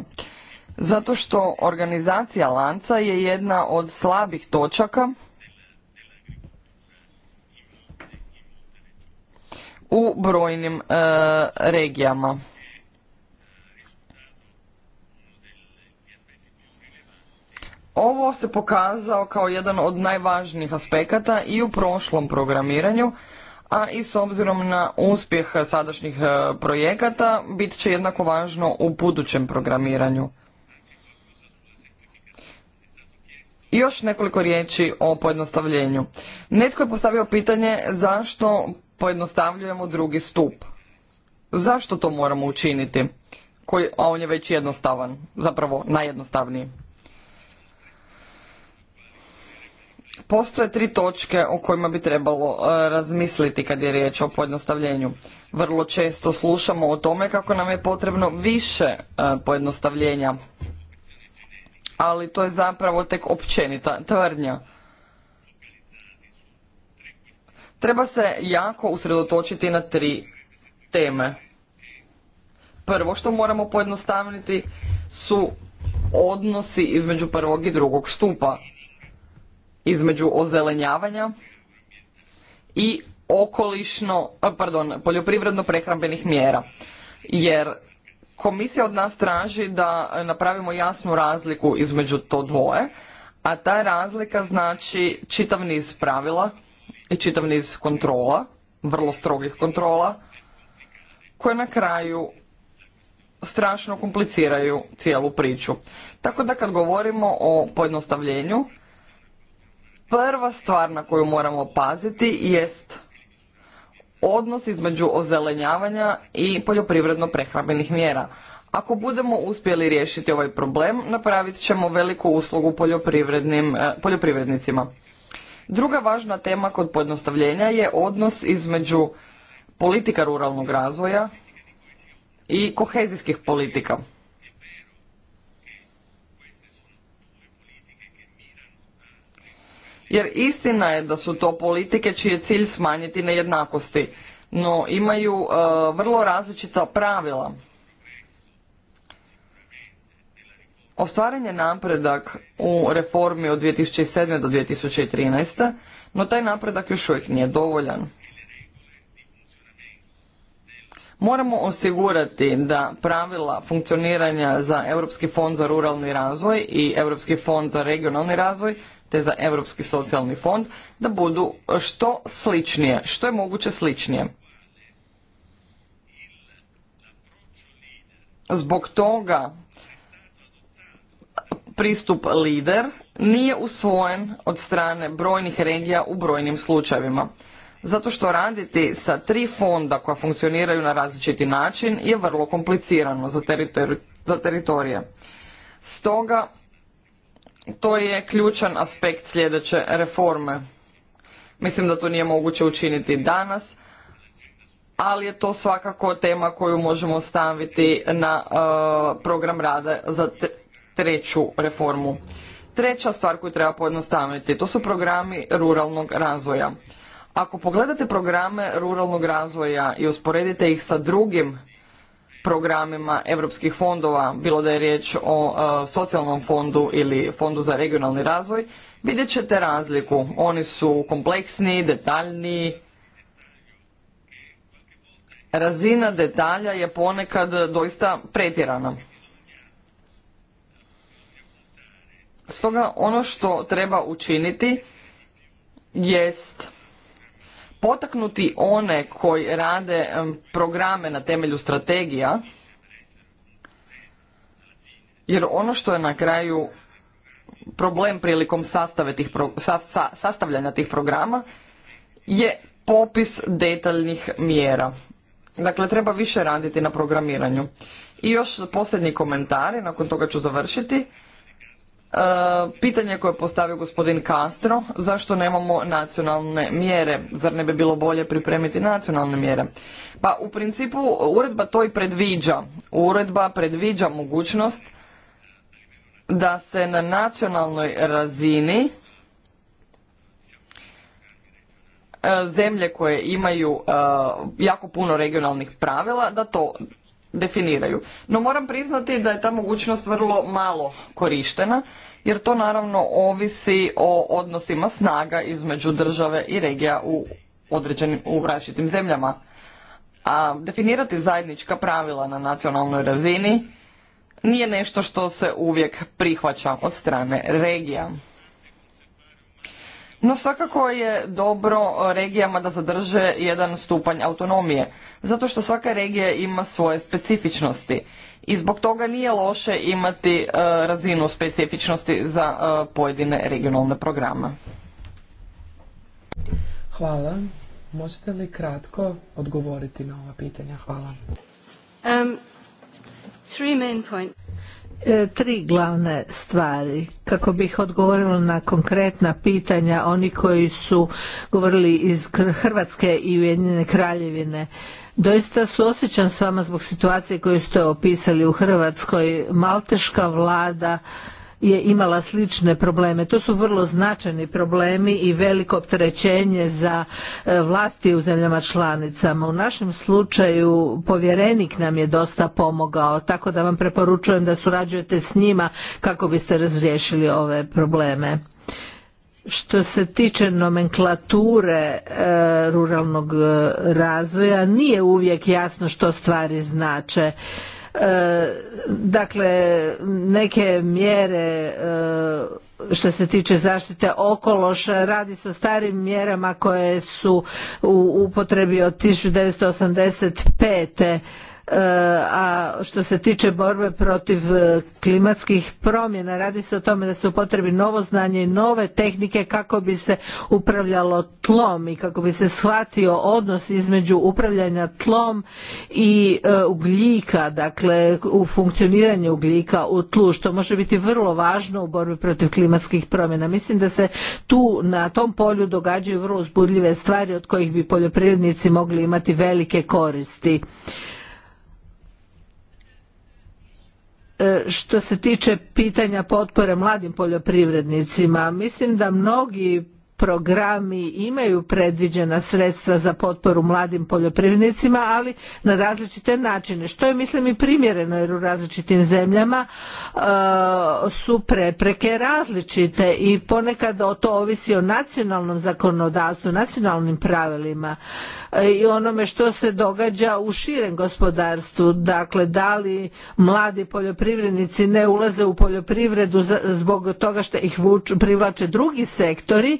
Zato što organizacija lanca je jedna od slabih točaka u brojnim e, regijama. Ovo se pokazao kao jedan od najvažnijih aspekata i u prošlom programiranju, a i s obzirom na uspjeh sadašnjih e, projekata bit će jednako važno u budućem programiranju. Još nekoliko riječi o pojednostavljenju. Netko je postavio pitanje zašto pojednostavljujemo drugi stup. Zašto to moramo učiniti? Koji, a on je već jednostavan, zapravo najjednostavniji. Postoje tri točke o kojima bi trebalo e, razmisliti kad je riječ o pojednostavljenju. Vrlo često slušamo o tome kako nam je potrebno više e, pojednostavljenja, ali to je zapravo tek općenita tvrdnja. Treba se jako usredotočiti na tri teme. Prvo što moramo pojednostaviti su odnosi između prvog i drugog stupa između ozelenjavanja i okolišno, pardon, poljoprivredno prehrambenih mjera. Jer komisija od nas traži da napravimo jasnu razliku između to dvoje, a ta razlika znači čitav niz pravila i čitav niz kontrola, vrlo strogih kontrola, koje na kraju strašno kompliciraju cijelu priču. Tako da kad govorimo o pojednostavljenju, Prva stvar na koju moramo paziti jest odnos između ozelenjavanja i poljoprivredno prehrambenih mjera. Ako budemo uspjeli riješiti ovaj problem, napravit ćemo veliku uslugu eh, poljoprivrednicima. Druga važna tema kod pojednostavljenja je odnos između politika ruralnog razvoja i kohezijskih politika. Jer istina je da su to politike čiji je cilj smanjiti nejednakosti, no imaju e, vrlo različita pravila. Ostvaren je napredak u reformi od 2007. do 2013. no taj napredak još uvijek nije dovoljan. Moramo osigurati da pravila funkcioniranja za Europski fond za ruralni razvoj i Europski fond za regionalni razvoj te za Europski socijalni fond da budu što sličnije, što je moguće sličnije. Zbog toga pristup lider nije usvojen od strane brojnih regija u brojnim slučajevima. Zato što raditi sa tri fonda koja funkcioniraju na različiti način je vrlo komplicirano za, za teritorije. Stoga to je ključan aspekt sljedeće reforme. Mislim da to nije moguće učiniti danas, ali je to svakako tema koju možemo staviti na e, program rada za treću reformu. Treća stvar koju treba pojednostaviti, to su programi ruralnog razvoja. Ako pogledate programe ruralnog razvoja i usporedite ih sa drugim programima europskih fondova, bilo da je riječ o e, socijalnom fondu ili fondu za regionalni razvoj, vidjet ćete razliku. Oni su kompleksni, detaljniji. Razina detalja je ponekad doista pretjerana. Stoga ono što treba učiniti jest potaknuti one koji rade programe na temelju strategija, jer ono što je na kraju problem prilikom tih sa, sastavljanja tih programa je popis detaljnih mjera. Dakle, treba više raditi na programiranju. I još posljednji komentari, nakon toga ću završiti. E, pitanje koje je postavio gospodin Castro, zašto nemamo nacionalne mjere? Zar ne bi bilo bolje pripremiti nacionalne mjere? Pa u principu uredba to i predviđa. Uredba predviđa mogućnost da se na nacionalnoj razini e, zemlje koje imaju e, jako puno regionalnih pravila da to definiraju. No moram priznati da je ta mogućnost vrlo malo korištena jer to naravno ovisi o odnosima snaga između države i regija u određenim u različitim zemljama. A definirati zajednička pravila na nacionalnoj razini nije nešto što se uvijek prihvaća od strane regija. No svakako je dobro regijama da zadrže jedan stupanj autonomije, zato što svaka regija ima svoje specifičnosti i zbog toga nije loše imati e, razinu specifičnosti za e, pojedine regionalne programe. Hvala. Možete li kratko odgovoriti na ova pitanja? Hvala. Um, three E, tri glavne stvari kako bih odgovorila na konkretna pitanja oni koji su govorili iz Hrvatske i Ujedinjene kraljevine. Doista suosjećam s vama zbog situacije koju ste opisali u Hrvatskoj. Malteška vlada je imala slične probleme. To su vrlo značajni problemi i veliko opterećenje za e, vlasti u zemljama članicama. U našem slučaju povjerenik nam je dosta pomogao, tako da vam preporučujem da surađujete s njima kako biste razriješili ove probleme. Što se tiče nomenklature e, ruralnog e, razvoja, nije uvijek jasno što stvari znače. E, dakle neke mjere e, što se tiče zaštite okološa radi se o starim mjerama koje su u upotrebi od 1985. E, a što se tiče borbe protiv e, klimatskih promjena radi se o tome da se upotrebi novo znanje i nove tehnike kako bi se upravljalo tlom i kako bi se shvatio odnos između upravljanja tlom i e, ugljika dakle u funkcioniranju ugljika u tlu što može biti vrlo važno u borbi protiv klimatskih promjena mislim da se tu na tom polju događaju vrlo uzbudljive stvari od kojih bi poljoprivrednici mogli imati velike koristi što se tiče pitanja potpore mladim poljoprivrednicima mislim da mnogi programi imaju predviđena sredstva za potporu mladim poljoprivrednicima, ali na različite načine. Što je, mislim, i primjereno, jer u različitim zemljama e, su prepreke različite i ponekad o to ovisi o nacionalnom zakonodavstvu, nacionalnim pravilima e, i onome što se događa u širem gospodarstvu. Dakle, da li mladi poljoprivrednici ne ulaze u poljoprivredu zbog toga što ih privlače drugi sektori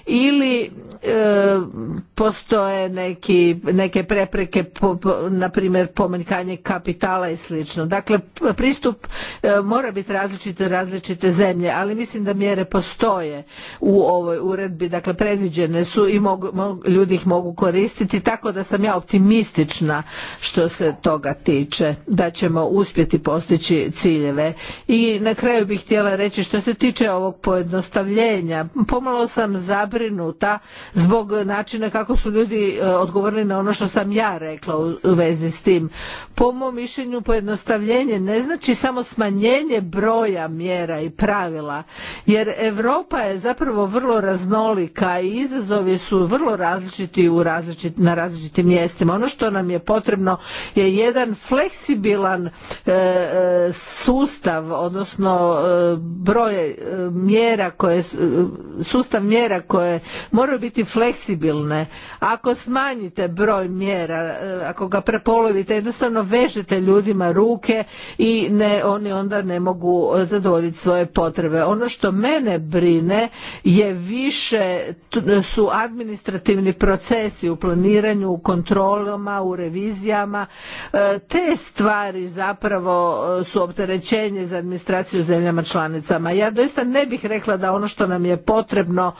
ili e, postoje neki, neke prepreke po, po, na primjer pomanjkanje kapitala i slično dakle pristup e, mora biti različit različite zemlje ali mislim da mjere postoje u ovoj uredbi dakle predviđene su i mogu, ljudi ih mogu koristiti tako da sam ja optimistična što se toga tiče da ćemo uspjeti postići ciljeve i na kraju bih htjela reći što se tiče ovog pojednostavljenja pomalo sam za zabrinuta zbog načina kako su ljudi e, odgovorili na ono što sam ja rekla u vezi s tim. Po mom mišljenju pojednostavljenje ne znači samo smanjenje broja mjera i pravila, jer Europa je zapravo vrlo raznolika i izazovi su vrlo različiti u na različitim mjestima. Ono što nam je potrebno je jedan fleksibilan e, e, sustav, odnosno broj mjera koje, sustav mjera koje koje moraju biti fleksibilne. Ako smanjite broj mjera, e, ako ga prepolovite, jednostavno vežete ljudima ruke i ne, oni onda ne mogu e, zadovoljiti svoje potrebe. Ono što mene brine je više su administrativni procesi u planiranju, u kontrolama, u revizijama. E, te stvari zapravo su opterećenje za administraciju zemljama članicama. Ja doista ne bih rekla da ono što nam je potrebno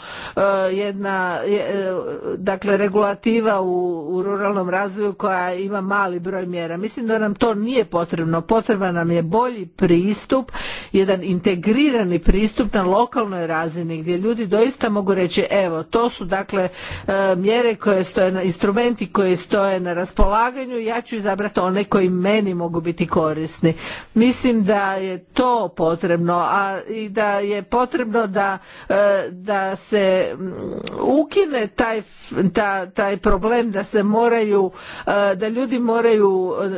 Eh, jedna eh, dakle regulativa u, ruralnom razvoju koja ima mali broj mjera mislim da nam to nije potrebno potreban nam je bolji pristup jedan integrirani pristup na lokalnoj razini gdje ljudi doista mogu reći evo to su dakle eh, mjere koje stoje na instrumenti koji stoje na raspolaganju ja ću izabrati one koji meni mogu biti korisni mislim da je to potrebno a i da je potrebno da da se ukine taj, taj problem da se moraju e, da ljudi moraju e,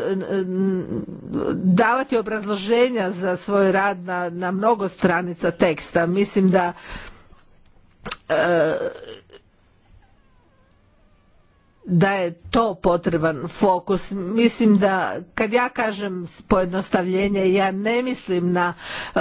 davati obrazloženja za svoj rad na, na mnogo stranica teksta mislim da e, da je to potreban fokus. Mislim da kad ja kažem pojednostavljenje, ja ne mislim na, e,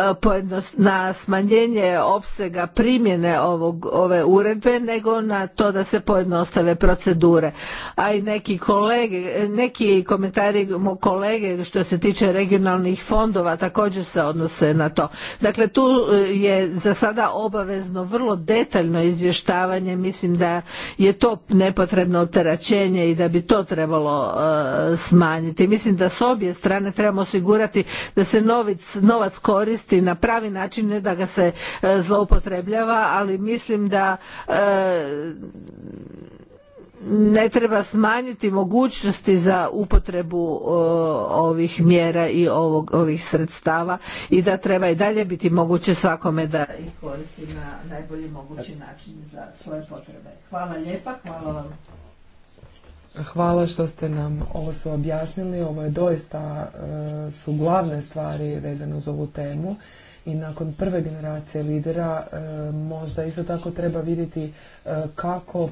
na smanjenje opsega primjene ovog, ove uredbe, nego na to da se pojednostave procedure. A i neki kolege, neki komentari kolege što se tiče regionalnih fondova također se odnose na to. Dakle, tu e, je za sada obavezno vrlo detaljno izvještavanje, mislim da je to nepotrebno prekoračenje i da bi to trebalo e, smanjiti. Mislim da s obje strane trebamo osigurati da se novac koristi na pravi način, ne da ga se e, zloupotrebljava, ali mislim da e, ne treba smanjiti mogućnosti za upotrebu ovih mjera i ovog, ovih sredstava i da treba i dalje biti moguće svakome da ih koristi na najbolji mogući način za svoje potrebe. Hvala lijepa, hvala vam. Hvala što ste nam ovo sve objasnili. Ovo je doista e, su glavne stvari vezane uz ovu temu i nakon prve generacije lidera e, možda isto tako treba vidjeti e, kako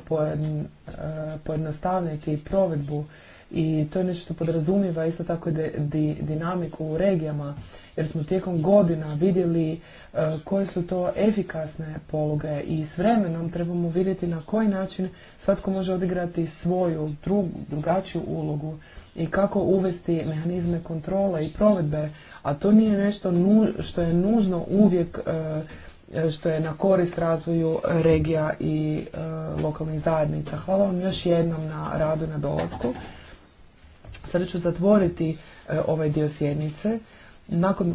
pojednostavniti provedbu i to je nešto što podrazumijeva isto tako i di, dinamiku u regijama jer smo tijekom godina vidjeli e, koje su to efikasne poluge i s vremenom trebamo vidjeti na koji način svatko može odigrati svoju drugu, drugačiju ulogu i kako uvesti mehanizme kontrole i provedbe, a to nije nešto što je nužno uvijek e, što je na korist razvoju regija i e, lokalnih zajednica. Hvala vam još jednom na radu na dolazku. Sada ću zatvoriti e, ovaj dio sjednice. Nakon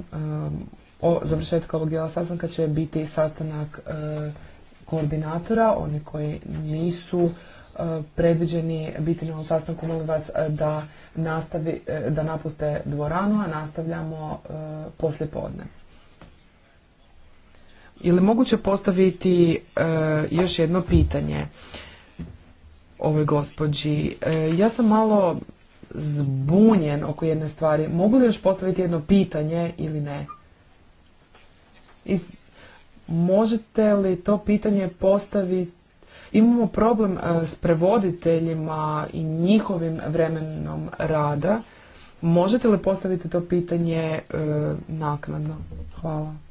e, završetka ovog dijela sastanka će biti sastanak e, koordinatora, oni koji nisu predviđeni biti na ovom sastanku, molim vas da, da napuste dvoranu, a nastavljamo poslije podne. Je li moguće postaviti još jedno pitanje ovoj gospođi? Ja sam malo zbunjen oko jedne stvari. Mogu li još postaviti jedno pitanje ili ne? Možete li to pitanje postaviti? Imamo problem e, s prevoditeljima i njihovim vremenom rada. Možete li postaviti to pitanje e, naknadno? Hvala.